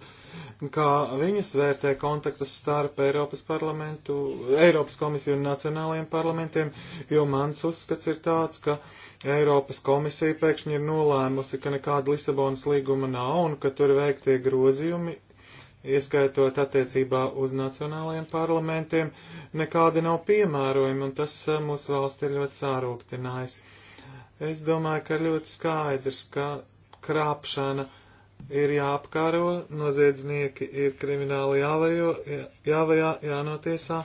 kā viņas vērtē kontaktus starp Eiropas parlamentu, Eiropas komisiju un nacionālajiem parlamentiem, jo mans uzskats ir tāds, ka Eiropas komisija pēkšņi ir nolēmusi, ka nekāda Lisabonas līguma nav un ka tur veiktie grozījumi ieskaitot attiecībā uz nacionālajiem parlamentiem, nekādi nav piemērojami, un tas eh, mūsu valsti ir ļoti sārūktinājis. Es domāju, ka ļoti skaidrs, ka krāpšana ir jāapkaro, noziedznieki ir krimināli jāvajo, jāvajā, jānotiesā,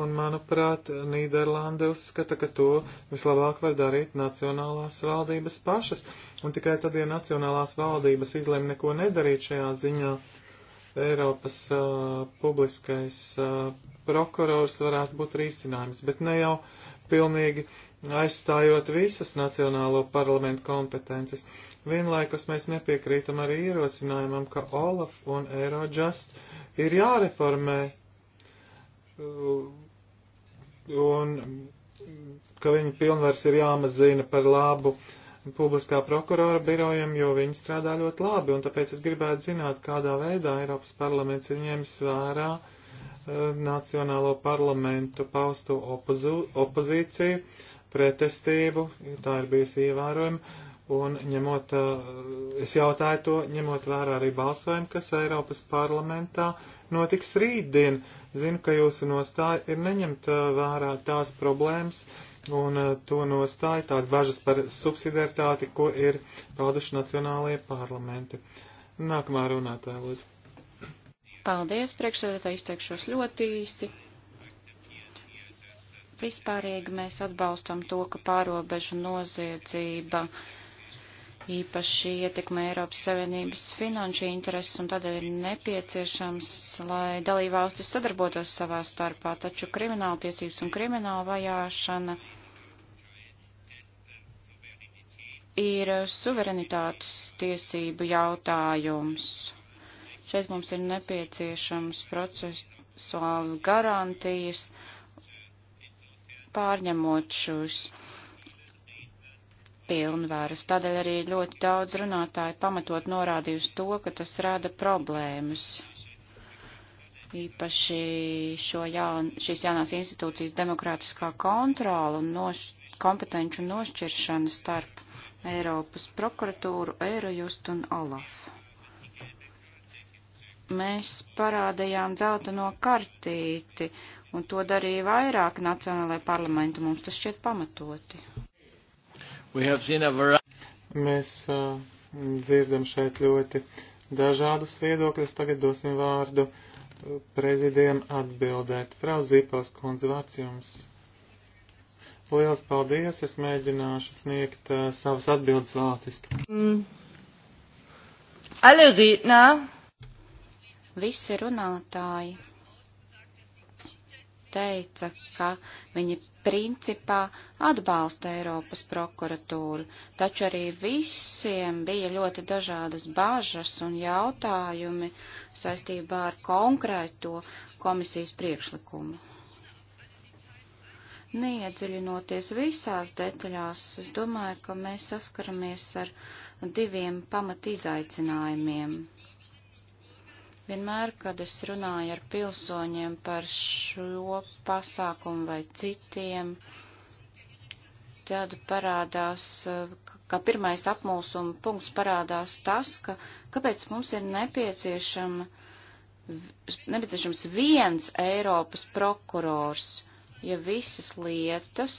un, manuprāt, Nīderlanda uzskata, ka to vislabāk var darīt nacionālās valdības pašas, un tikai tad, ja nacionālās valdības izlem neko nedarīt šajā ziņā, uh, Eiropas uh, publiskais uh, prokurors varētu būt risinājums, bet ne jau pilnīgi aizstājot visas nacionālo parlamentu kompetences. Vienlaikus mēs nepiekrītam arī ierosinājumam, ka Olaf un Eurojust ir jāreformē un ka viņu pilnvars ir jāmazina par labu uh, publiskā prokurora birojam, jo viņi strādā ļoti labi, un tāpēc es gribētu zināt, kādā veidā Eiropas parlaments ir ņēmis vērā eh, Nacionālo parlamentu paustu opozu, opozīciju, pretestību, tā ir bijusi ievērojama, un ņemot, eh, es jautāju to, ņemot vērā arī balsojumu, kas Eiropas parlamentā notiks rītdien. Zinu, ka jūsu nostāja ir neņemt eh, vērā tās problēmas, uh, un eh, to nostāja tās bažas par subsidiaritāti, ko ir pauduši nacionālajie parlamenti. Nākamā runātāja, lūdzu. Paldies, priekšsēdētāji, izteikšos ļoti īsi. Vispārīgi mēs atbalstam to, ka pārobežu noziedzība uh, īpaši ietekmē Eiropas Savienības finanšu intereses, un tādēļ ir nepieciešams, lai dalībvalstis sadarbotos savā starpā, taču krimināltiesības un krimināla vajāšana ir suverenitātes tiesību jautājums. Šeit mums ir nepieciešams procesuāls garantijas pārņemot šos pilnvaras. Tādēļ arī ļoti daudz runātāji pamatot norādījusi to, ka tas rada problēmas. Īpaši šo jaun, šīs jaunās institūcijas demokrātiskā kontrola un noš, kompetenču nošķiršana starp Eiropas prokuratūru, Eirojust un Olafu mēs parādījām dzelteno kartīti, un to darīja vairāk nacionālajai parlamentu. Mums tas šķiet pamatoti. Mēs uh, dzirdam šeit ļoti dažādus viedokļus. Tagad dosim vārdu uh, prezidiem atbildēt. Frau Zīpels, kundze, vārds jums. Liels paldies, es mēģināšu sniegt uh, savas atbildes vāciski. Mm. Aludīt, nā? Visi runātāji teica, ka viņi principā atbalsta Eiropas prokuratūru, taču arī visiem bija ļoti dažādas bažas un jautājumi saistībā ar konkrēto komisijas priekšlikumu. Neiedziļinoties visās detaļās, es domāju, ka mēs saskaramies ar diviem pamat izaicinājumiem Vienmēr, kad es runāju ar pilsoņiem par šo pasākumu vai citiem, tad parādās, kā pirmais apmulsuma punkts parādās tas, ka kāpēc mums ir nepieciešama, nepieciešams viens Eiropas prokurors, ja visas lietas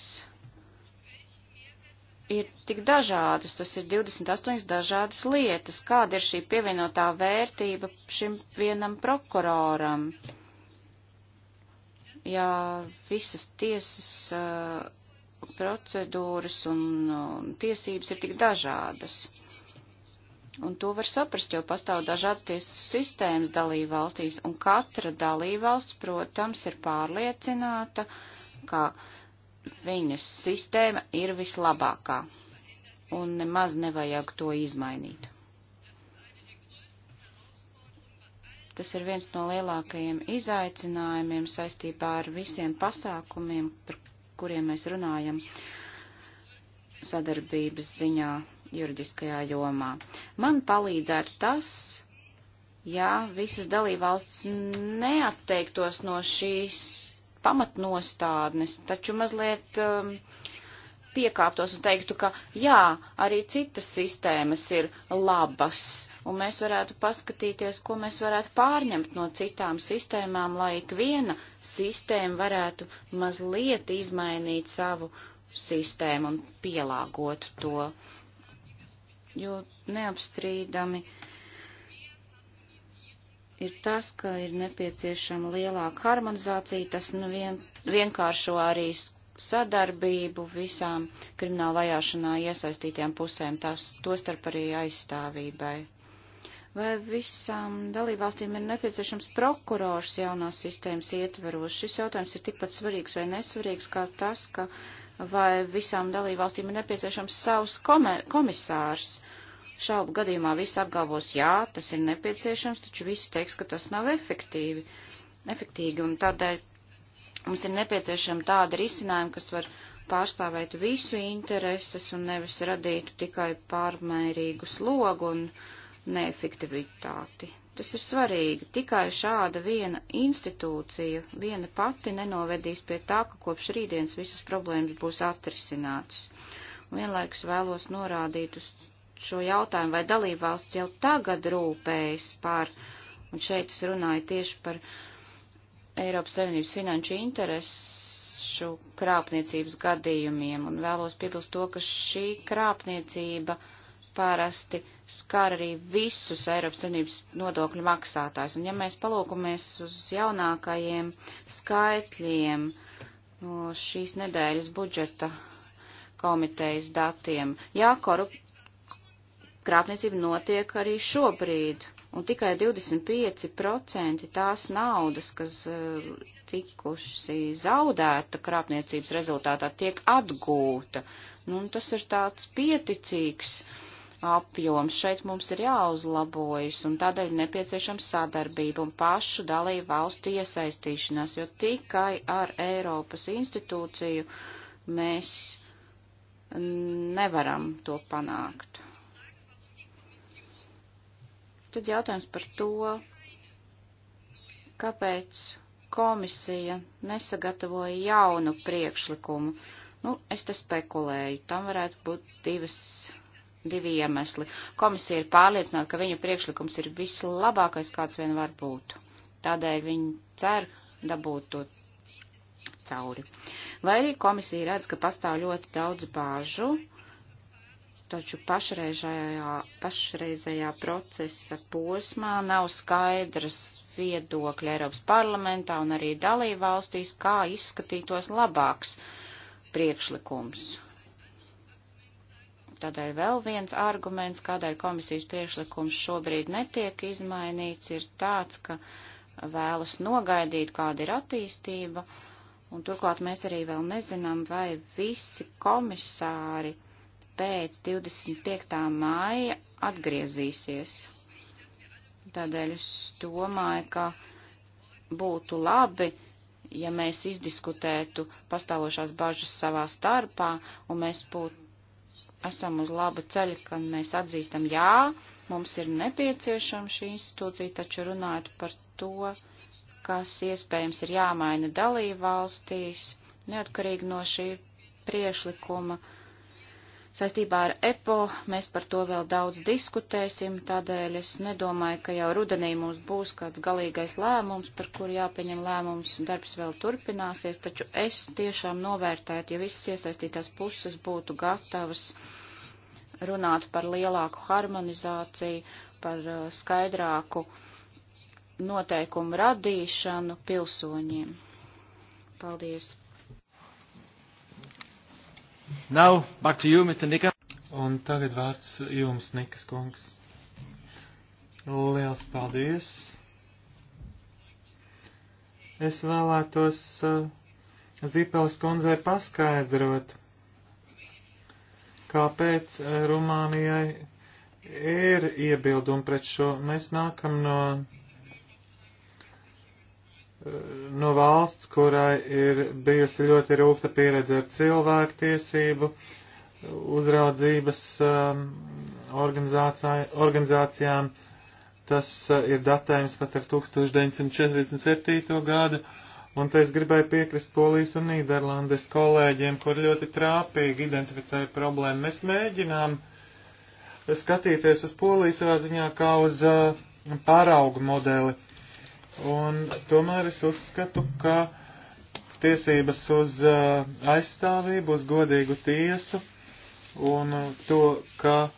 ir tik dažādas, tas ir 28 dažādas lietas, kāda ir šī pievienotā vērtība šim vienam prokuroram. Ja visas tiesas uh, procedūras un uh, tiesības ir tik dažādas. Un to var saprast, jo pastāv dažādas tiesu sistēmas dalību valstīs, un katra dalību valsts, protams, ir pārliecināta, ka uh, viņu sistēma ir vislabākā, un nemaz nevajag to izmainīt. Tas ir viens no lielākajiem izaicinājumiem saistībā ar visiem pasākumiem, par kuriem mēs runājam sadarbības ziņā juridiskajā jomā. Man palīdzētu tas, ja visas dalībvalsts neatteiktos no šīs pamatnostādnes, taču mazliet um, piekāptos un teiktu, ka jā, arī citas sistēmas ir labas, un mēs varētu paskatīties, ko mēs varētu pārņemt no citām sistēmām, lai ik viena sistēma varētu mazliet izmainīt savu sistēmu un pielāgot to, jo neapstrīdami uh, ir tas, ka ir nepieciešama lielāka harmonizācija, tas nu vien, vienkāršo arī sadarbību visām krimināla vajāšanā iesaistītām pusēm, tās tostarp arī aizstāvībai. Vai visām dalībvalstīm ir nepieciešams prokurors jaunās sistēmas ietveros? Šis jautājums ir tikpat svarīgs vai nesvarīgs kā tas, ka vai visām dalībvalstīm ir nepieciešams savs komisārs. Uh, Šaubu gadījumā visi apgalvos, jā, tas ir nepieciešams, taču visi teiks, ka tas nav efektīvi, efektīgi, un tādēļ mums ir nepieciešama tāda risinājuma, kas var pārstāvēt visu intereses un nevis radītu tikai pārmērīgu slogu un neefektivitāti. Tas ir svarīgi. Tikai šāda viena institūcija, viena pati nenovedīs pie tā, ka kopš rītdienas visas problēmas būs atrisinātas. Un vienlaikus vēlos norādīt uz šo jautājumu, vai dalībvalsts jau tagad rūpējas par, un šeit es runāju tieši par Eiropas Savienības finanšu interesu krāpniecības gadījumiem, un vēlos piebilst to, ka šī krāpniecība parasti skar arī visus Eiropas Savienības nodokļu maksātājus. Un ja mēs palūkamies uz jaunākajiem skaitļiem no šīs nedēļas budžeta komitejas datiem, jā, korup krāpniecība notiek arī šobrīd, un tikai 25% tās naudas, kas eh, tikusi zaudēta krāpniecības rezultātā, tiek atgūta. Nu, tas ir tāds pieticīgs apjoms. Šeit mums ir jāuzlabojas, un tādēļ nepieciešama sadarbība un pašu dalību valstu iesaistīšanās, jo tikai ar Eiropas institūciju mēs nevaram to panākt. Tad jautājums par to, kāpēc komisija nesagatavoja jaunu priekšlikumu. Nu, es te spekulēju, tam varētu būt divas, divi iemesli. Komisija ir pārliecināta, ka viņa priekšlikums ir vislabākais, kāds vien var būt. Tādēļ viņi cer dabūt to cauri. Vai arī komisija redz, ka pastāv ļoti daudz bāžu taču pašreizējā, pašreizējā procesa posmā nav skaidrs viedokļa Eiropas parlamentā un arī dalībvalstīs, kā izskatītos labāks priekšlikums. Tādēļ vēl viens arguments, kādēļ komisijas priekšlikums šobrīd netiek izmainīts, ir tāds, ka vēlas nogaidīt, kāda ir attīstība, un turklāt mēs arī vēl nezinām, vai visi komisāri pēc 25. māja atgriezīsies. Tādēļ es domāju, ka būtu labi, ja mēs izdiskutētu pastāvošās bažas savā starpā un mēs būtu esam uz laba ceļa, kad mēs atzīstam, jā, mums ir nepieciešama šī institūcija, taču runājot par to, kas iespējams ir jāmaina dalību valstīs, neatkarīgi no šī priešlikuma. Uh, Saistībā ar EPO mēs par to vēl daudz diskutēsim, tādēļ es nedomāju, ka jau rudenī mums būs kāds galīgais lēmums, par kur jāpieņem lēmums, darbs vēl turpināsies, taču es tiešām novērtētu, ja visas iesaistītās puses būtu gatavas runāt par lielāku harmonizāciju, par uh, skaidrāku noteikumu radīšanu pilsoņiem. Paldies! Now, back to you, Mr. Nika. Un tagad vārds jums, Nikas kungs. Liels paldies. Es vēlētos uh, eh, Zipeles kundzei paskaidrot, kāpēc eh, Rumānijai ir iebildumi pret šo. Mēs nākam no no valsts, kurai ir bijusi ļoti rūkta pieredze ar cilvēktiesību uzraudzības um, organizācijām. Tas uh, ir datējums pat ar 1947. gadu. Un te es gribēju piekrist Polijas un Nīderlandes kolēģiem, kur ļoti trāpīgi identificēja problēmu. Mēs mēģinām skatīties uz Poliju savā ziņā kā uz uh, paraugu modeli un tomēr es uzskatu, ka tiesības uz eh, aizstāvību, uz godīgu tiesu un to, ka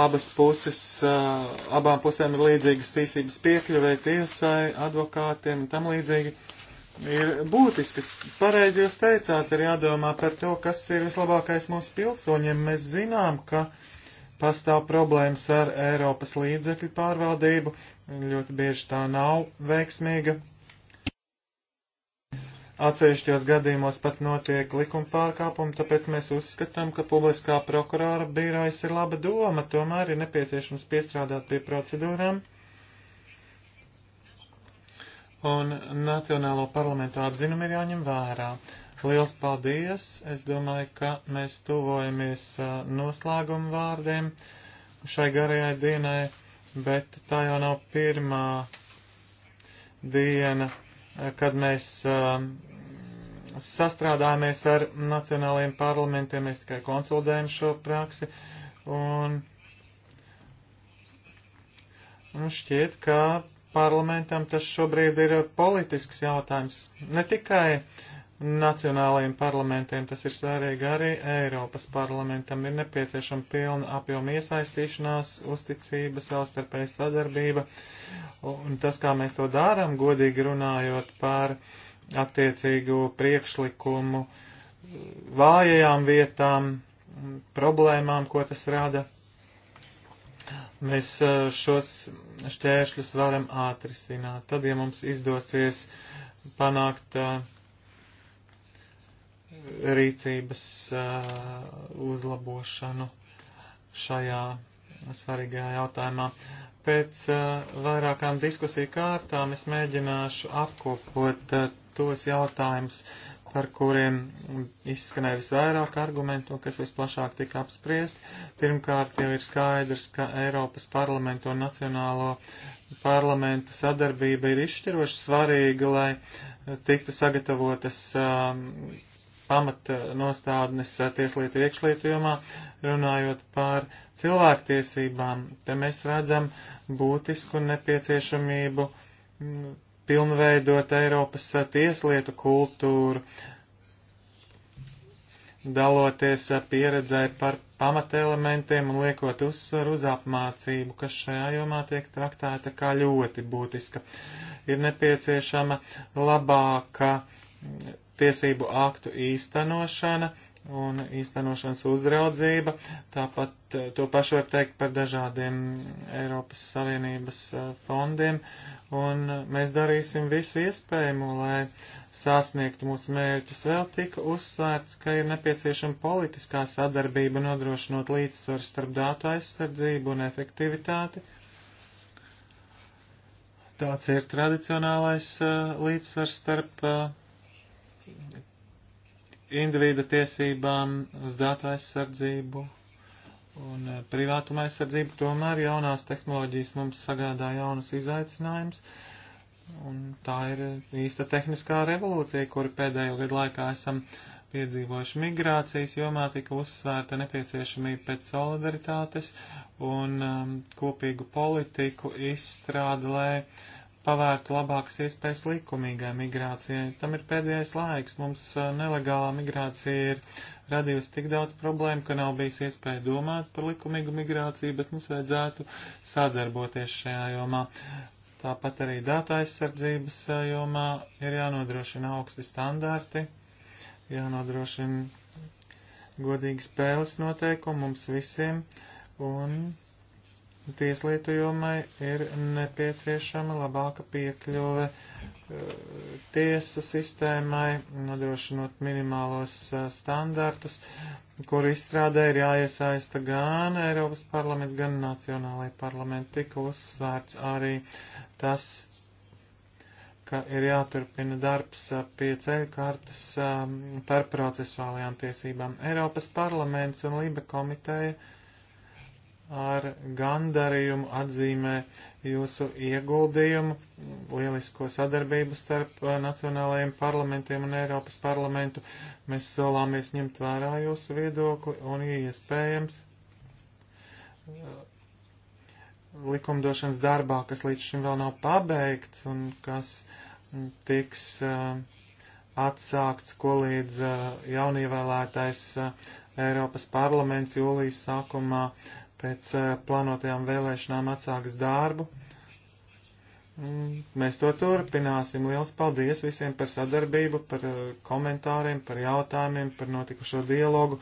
abas puses, eh, abām pusēm ir līdzīgas tiesības piekļuvē tiesai, advokātiem un tam līdzīgi, ir būtiskas. Pareizi jūs teicāt, ir jādomā par to, kas ir vislabākais mūsu pilsoņiem. Mēs zinām, ka pastāv problēmas ar Eiropas līdzekļu pārvaldību, Ļoti bieži tā nav veiksmīga. Atsevišķos gadījumos pat notiek likuma pārkāpumi, tāpēc mēs uzskatām, ka publiskā prokurora birojas ir laba doma, tomēr ir nepieciešams piestrādāt pie procedūrām. Un Nacionālo parlamentu atzinumu ir jāņem vērā. Liels paldies! Es domāju, ka mēs tuvojamies noslēguma vārdiem šai garajai dienai bet tā jau nav pirmā diena, kad mēs um, sastrādājamies ar nacionālajiem parlamentiem, mēs tikai konsultējam šo praksi, un mums šķiet, ka parlamentam tas šobrīd ir politisks jautājums, ne tikai uh, Nacionālajiem parlamentiem tas ir svarīgi arī Eiropas parlamentam. Ir nepieciešama pilna apjoma iesaistīšanās, uzticība, savstarpēja sadarbība. Un tas, kā mēs to dārām, godīgi runājot par attiecīgo priekšlikumu, vājajām vietām, problēmām, ko tas rada. Mēs eh, šos šķēršļus varam ātrisināt. Tad, ja mums izdosies panākt uh, rīcības uh, uzlabošanu šajā svarīgajā jautājumā. Pēc uh, vairākām diskusiju kārtām es mēģināšu apkopot uh, tos jautājumus, par kuriem izskanēja visvairāk argumentu un kas visplašāk tika apspriest. Pirmkārt, jau ir skaidrs, ka Eiropas parlamentu un Nacionālo parlamentu sadarbība ir izšķiroši svarīga, lai tiktu sagatavotas um, pamatnostādnes tieslietu iekšlietu jomā, runājot par cilvēktiesībām, te mēs redzam būtisku nepieciešamību mm, pilnveidot Eiropas tieslietu kultūru, daloties pieredzē par pamatelementiem un liekot uzsvaru uz apmācību, kas šajā jomā tiek traktēta kā ļoti būtiska. Ir nepieciešama labāka tiesību aktu īstenošana un īstenošanas uzraudzība. Tāpat eh, to pašu var teikt par dažādiem Eiropas Savienības eh, fondiem. Un mēs darīsim visu iespējamo, lai sasniegtu mūsu mērķus. Vēl tika uzsvērts, ka ir nepieciešama politiskā sadarbība nodrošinot līdzsvaru starp datu aizsardzību un efektivitāti. Tāds ir tradicionālais eh, līdzsvars starp individu tiesībām uz datu aizsardzību un eh, privātuma aizsardzību, tomēr jaunās tehnoloģijas mums sagādā jaunas izaicinājumus. Un tā ir eh, īsta tehniskā revolūcija, kuru pēdējo gadu laikā esam piedzīvojuši migrācijas jomā, tika uzsvērta nepieciešamība pēc solidaritātes un um, kopīgu politiku izstrāde, lai pavērt labākas iespējas likumīgai migrācijai. Tam ir pēdējais laiks. Mums uh, nelegālā migrācija ir radījusi tik daudz problēmu, ka nav bijis iespēja domāt par likumīgu migrāciju, bet mums vajadzētu sadarboties šajā jomā. Tāpat arī datu aizsardzības uh, jomā ir jānodrošina augsti standarti, jānodrošina godīgi spēles noteikumi mums visiem un tieslietu jomai ir nepieciešama labāka piekļuve e, tiesu sistēmai, nodrošinot minimālos e, standartus, kur izstrādē ir jāiesaista gan Eiropas parlaments, gan Nacionālajai parlamenti. Tika uzsvērts arī tas, ka ir jāturpina darbs e, pie ceļkārtas par procesuālajām tiesībām. Eiropas parlaments un Lība komiteja ar gandarījumu atzīmē jūsu ieguldījumu, lielisko sadarbību starp eh, nacionālajiem parlamentiem un Eiropas parlamentu. Mēs solāmies ņemt vērā jūsu viedokli un, ja iespējams, eh, likumdošanas darbā, kas līdz šim vēl nav pabeigts un kas mm, tiks eh, atsākts, ko līdz jaunievēlētais Eiropas parlaments jūlijas sākumā uh, pēc eh, plānotajām vēlēšanām atsāks darbu. Mm, mēs to turpināsim. Liels paldies visiem par sadarbību, par eh, komentāriem, par jautājumiem, par notikušo dialogu.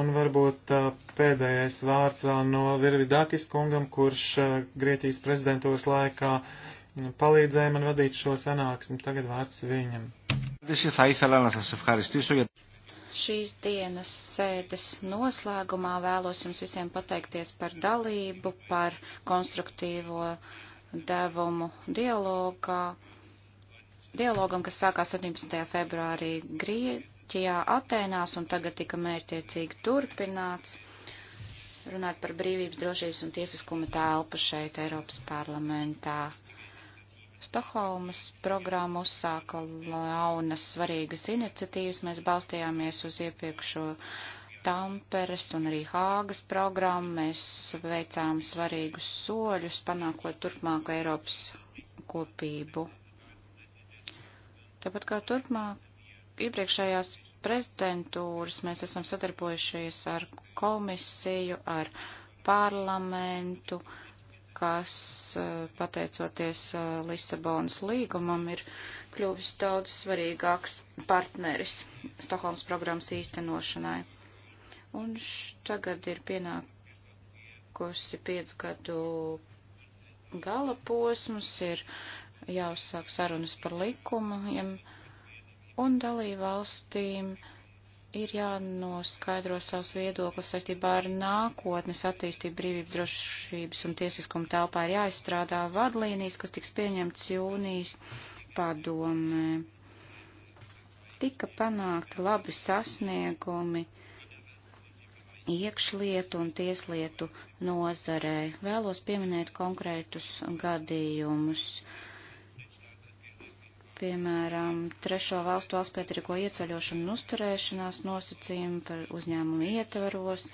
Un varbūt eh, pēdējais vārds vēl no Virvidakis kungam, kurš Grieķijas prezidentūras laikā mm, palīdzēja man vadīt šo sanāksmi. Tagad vārds viņam. Šīs dienas sēdes noslēgumā vēlos jums visiem pateikties par dalību, par konstruktīvo devumu dialogā. Dialogam, kas sākās 17. februārī Grieķijā, Atēnās un tagad tika mērķiecīgi turpināts runāt par brīvības, drošības un tiesiskuma telpu šeit Eiropas parlamentā. Stokholmas programma uzsāka launas svarīgas iniciatīvas. Mēs balstījāmies uz iepriekšo Tamperes un arī Hāgas programmu. Mēs veicām svarīgus soļus, panākot turpmāku Eiropas kopību. Tāpat kā turpmāk iepriekšējās prezidentūras mēs esam sadarbojušies ar komisiju, ar parlamentu, uh, kas, eh, pateicoties eh, Lisabonas līgumam, ir kļuvis daudz svarīgāks partneris Stokholmas programmas īstenošanai. Un tagad ir pienākusi piecu gadu gala posms, ir jāuzsāk sarunas par likumiem un dalībvalstīm valstīm ir jānoskaidro savs viedoklis saistībā ar nākotnes attīstību brīvību drošības un tiesiskuma telpā ir jāizstrādā vadlīnijas, kas tiks pieņemts jūnijas padomē. Tika panākti labi sasniegumi iekšlietu un tieslietu nozarē. Vēlos pieminēt konkrētus gadījumus. Uh, piemēram, trešo valstu valsts pietriko ieceļošanu un uzturēšanās nosacījumu par uzņēmumu ietvaros,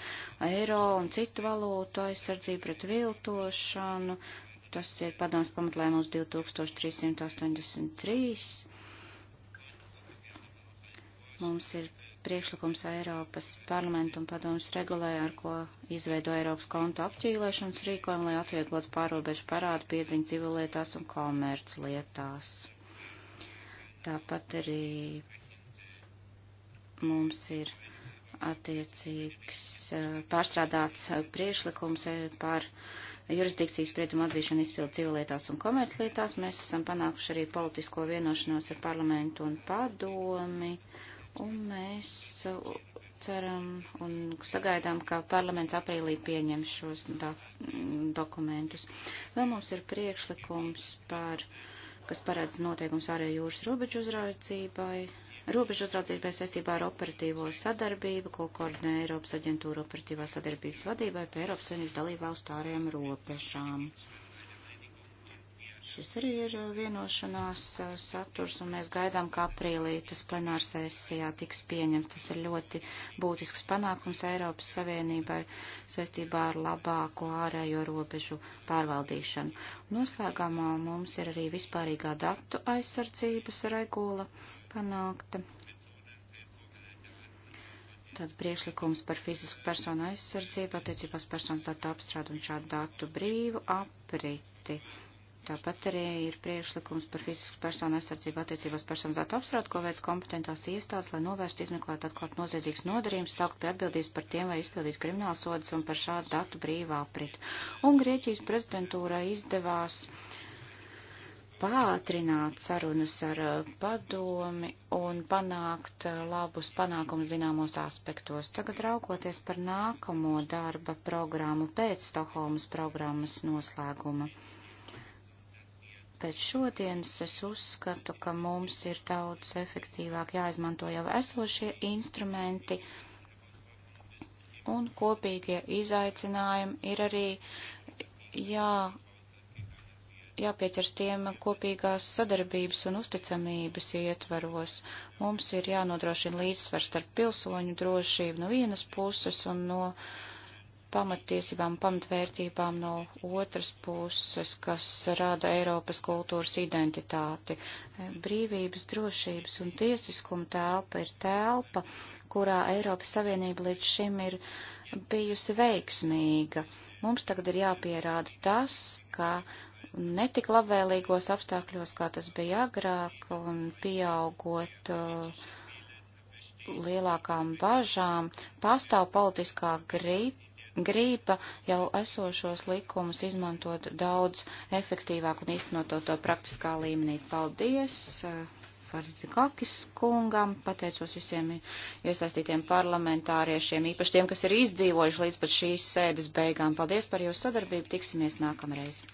eiro un citu valūtu aizsardzību pret viltošanu. Tas ir padoms pamatlēmums 2383. Mums ir priekšlikums Eiropas parlamentu un padomus regulē, ar ko izveido Eiropas kontu apķīlēšanas rīkojumu, lai atvieglotu pārobežu parādu piedziņu civillietās un komerclietās. lietās. Tāpat arī mums ir attiecīgs pārstrādāts priešlikums par jurisdikcijas spriedumu atzīšanu izpildu civillietās un komerclietās. Mēs esam panākuši arī politisko vienošanos ar parlamentu un padomi, un mēs ceram un sagaidām, ka parlaments aprīlī pieņem šos do dokumentus. Vēl mums ir priekšlikums par uh, kas paredz noteikums ārējo jūras robežu uzraudzībai, robežu uzraudzībai saistībā ar operatīvo sadarbību, ko koordinē Eiropas aģentūra operatīvā sadarbības vadībai pie Eiropas Savienības dalību valstu ārējām robežām. Šis arī ir uh, vienošanās uh, saturs, un mēs gaidām, ka aprīlī tas plenārsēsijā tiks pieņemts. Tas ir ļoti būtisks panākums Eiropas Savienībai saistībā ar labāko ārējo robežu pārvaldīšanu. Noslēgumā mums ir arī vispārīgā datu aizsardzības regula panākta. Tad priekšlikums par fizisku personu aizsardzību attiecībās personas datu apstrādu un šādu datu brīvu apriti. Tāpat arī ir priekšlikums par fizisku personu aizsardzību attiecībās personalizētu apstrādi, ko veids kompetentās iestādes, lai novērstu izmeklēt atklāt noziedzīgas nodarījumus, saukt pie atbildības par tiem, lai izpildītu kriminālas sodas un par šādu datu brīvā aprit. Un Grieķijas prezidentūra izdevās pātrināt sarunas ar eh, padomi un panākt eh, labus panākumus zināmos aspektos. Tagad raugoties par nākamo darba programmu pēc Stokholmas programmas noslēguma. Pēc šodienas es uzskatu, ka mums ir daudz efektīvāk jāizmanto jau esošie instrumenti, un kopīgie izaicinājumi ir arī jā, jāpieķers tiem kopīgās sadarbības un uzticamības ietvaros. Mums ir jānodrošina līdzsvars starp pilsoņu drošību no vienas puses un no uh, pamatiesībām, pamatvērtībām no otras puses, kas rada Eiropas kultūras identitāti. Brīvības, drošības un tiesiskuma telpa ir telpa, kurā Eiropas Savienība līdz šim ir bijusi veiksmīga. Mums tagad ir jāpierāda tas, ka netik labvēlīgos apstākļos, kā tas bija agrāk, un pieaugot uh, lielākām bažām, pastāv politiskā gripa grība jau esošos likumus izmantot daudz efektīvāk un īstenot to praktiskā līmenī. Paldies! Eh, Kakis kungam, pateicos visiem iesaistītiem parlamentāriešiem, īpaši tiem, kas ir izdzīvojuši līdz pat šīs sēdes beigām. Paldies par jūsu sadarbību, tiksimies nākamreiz.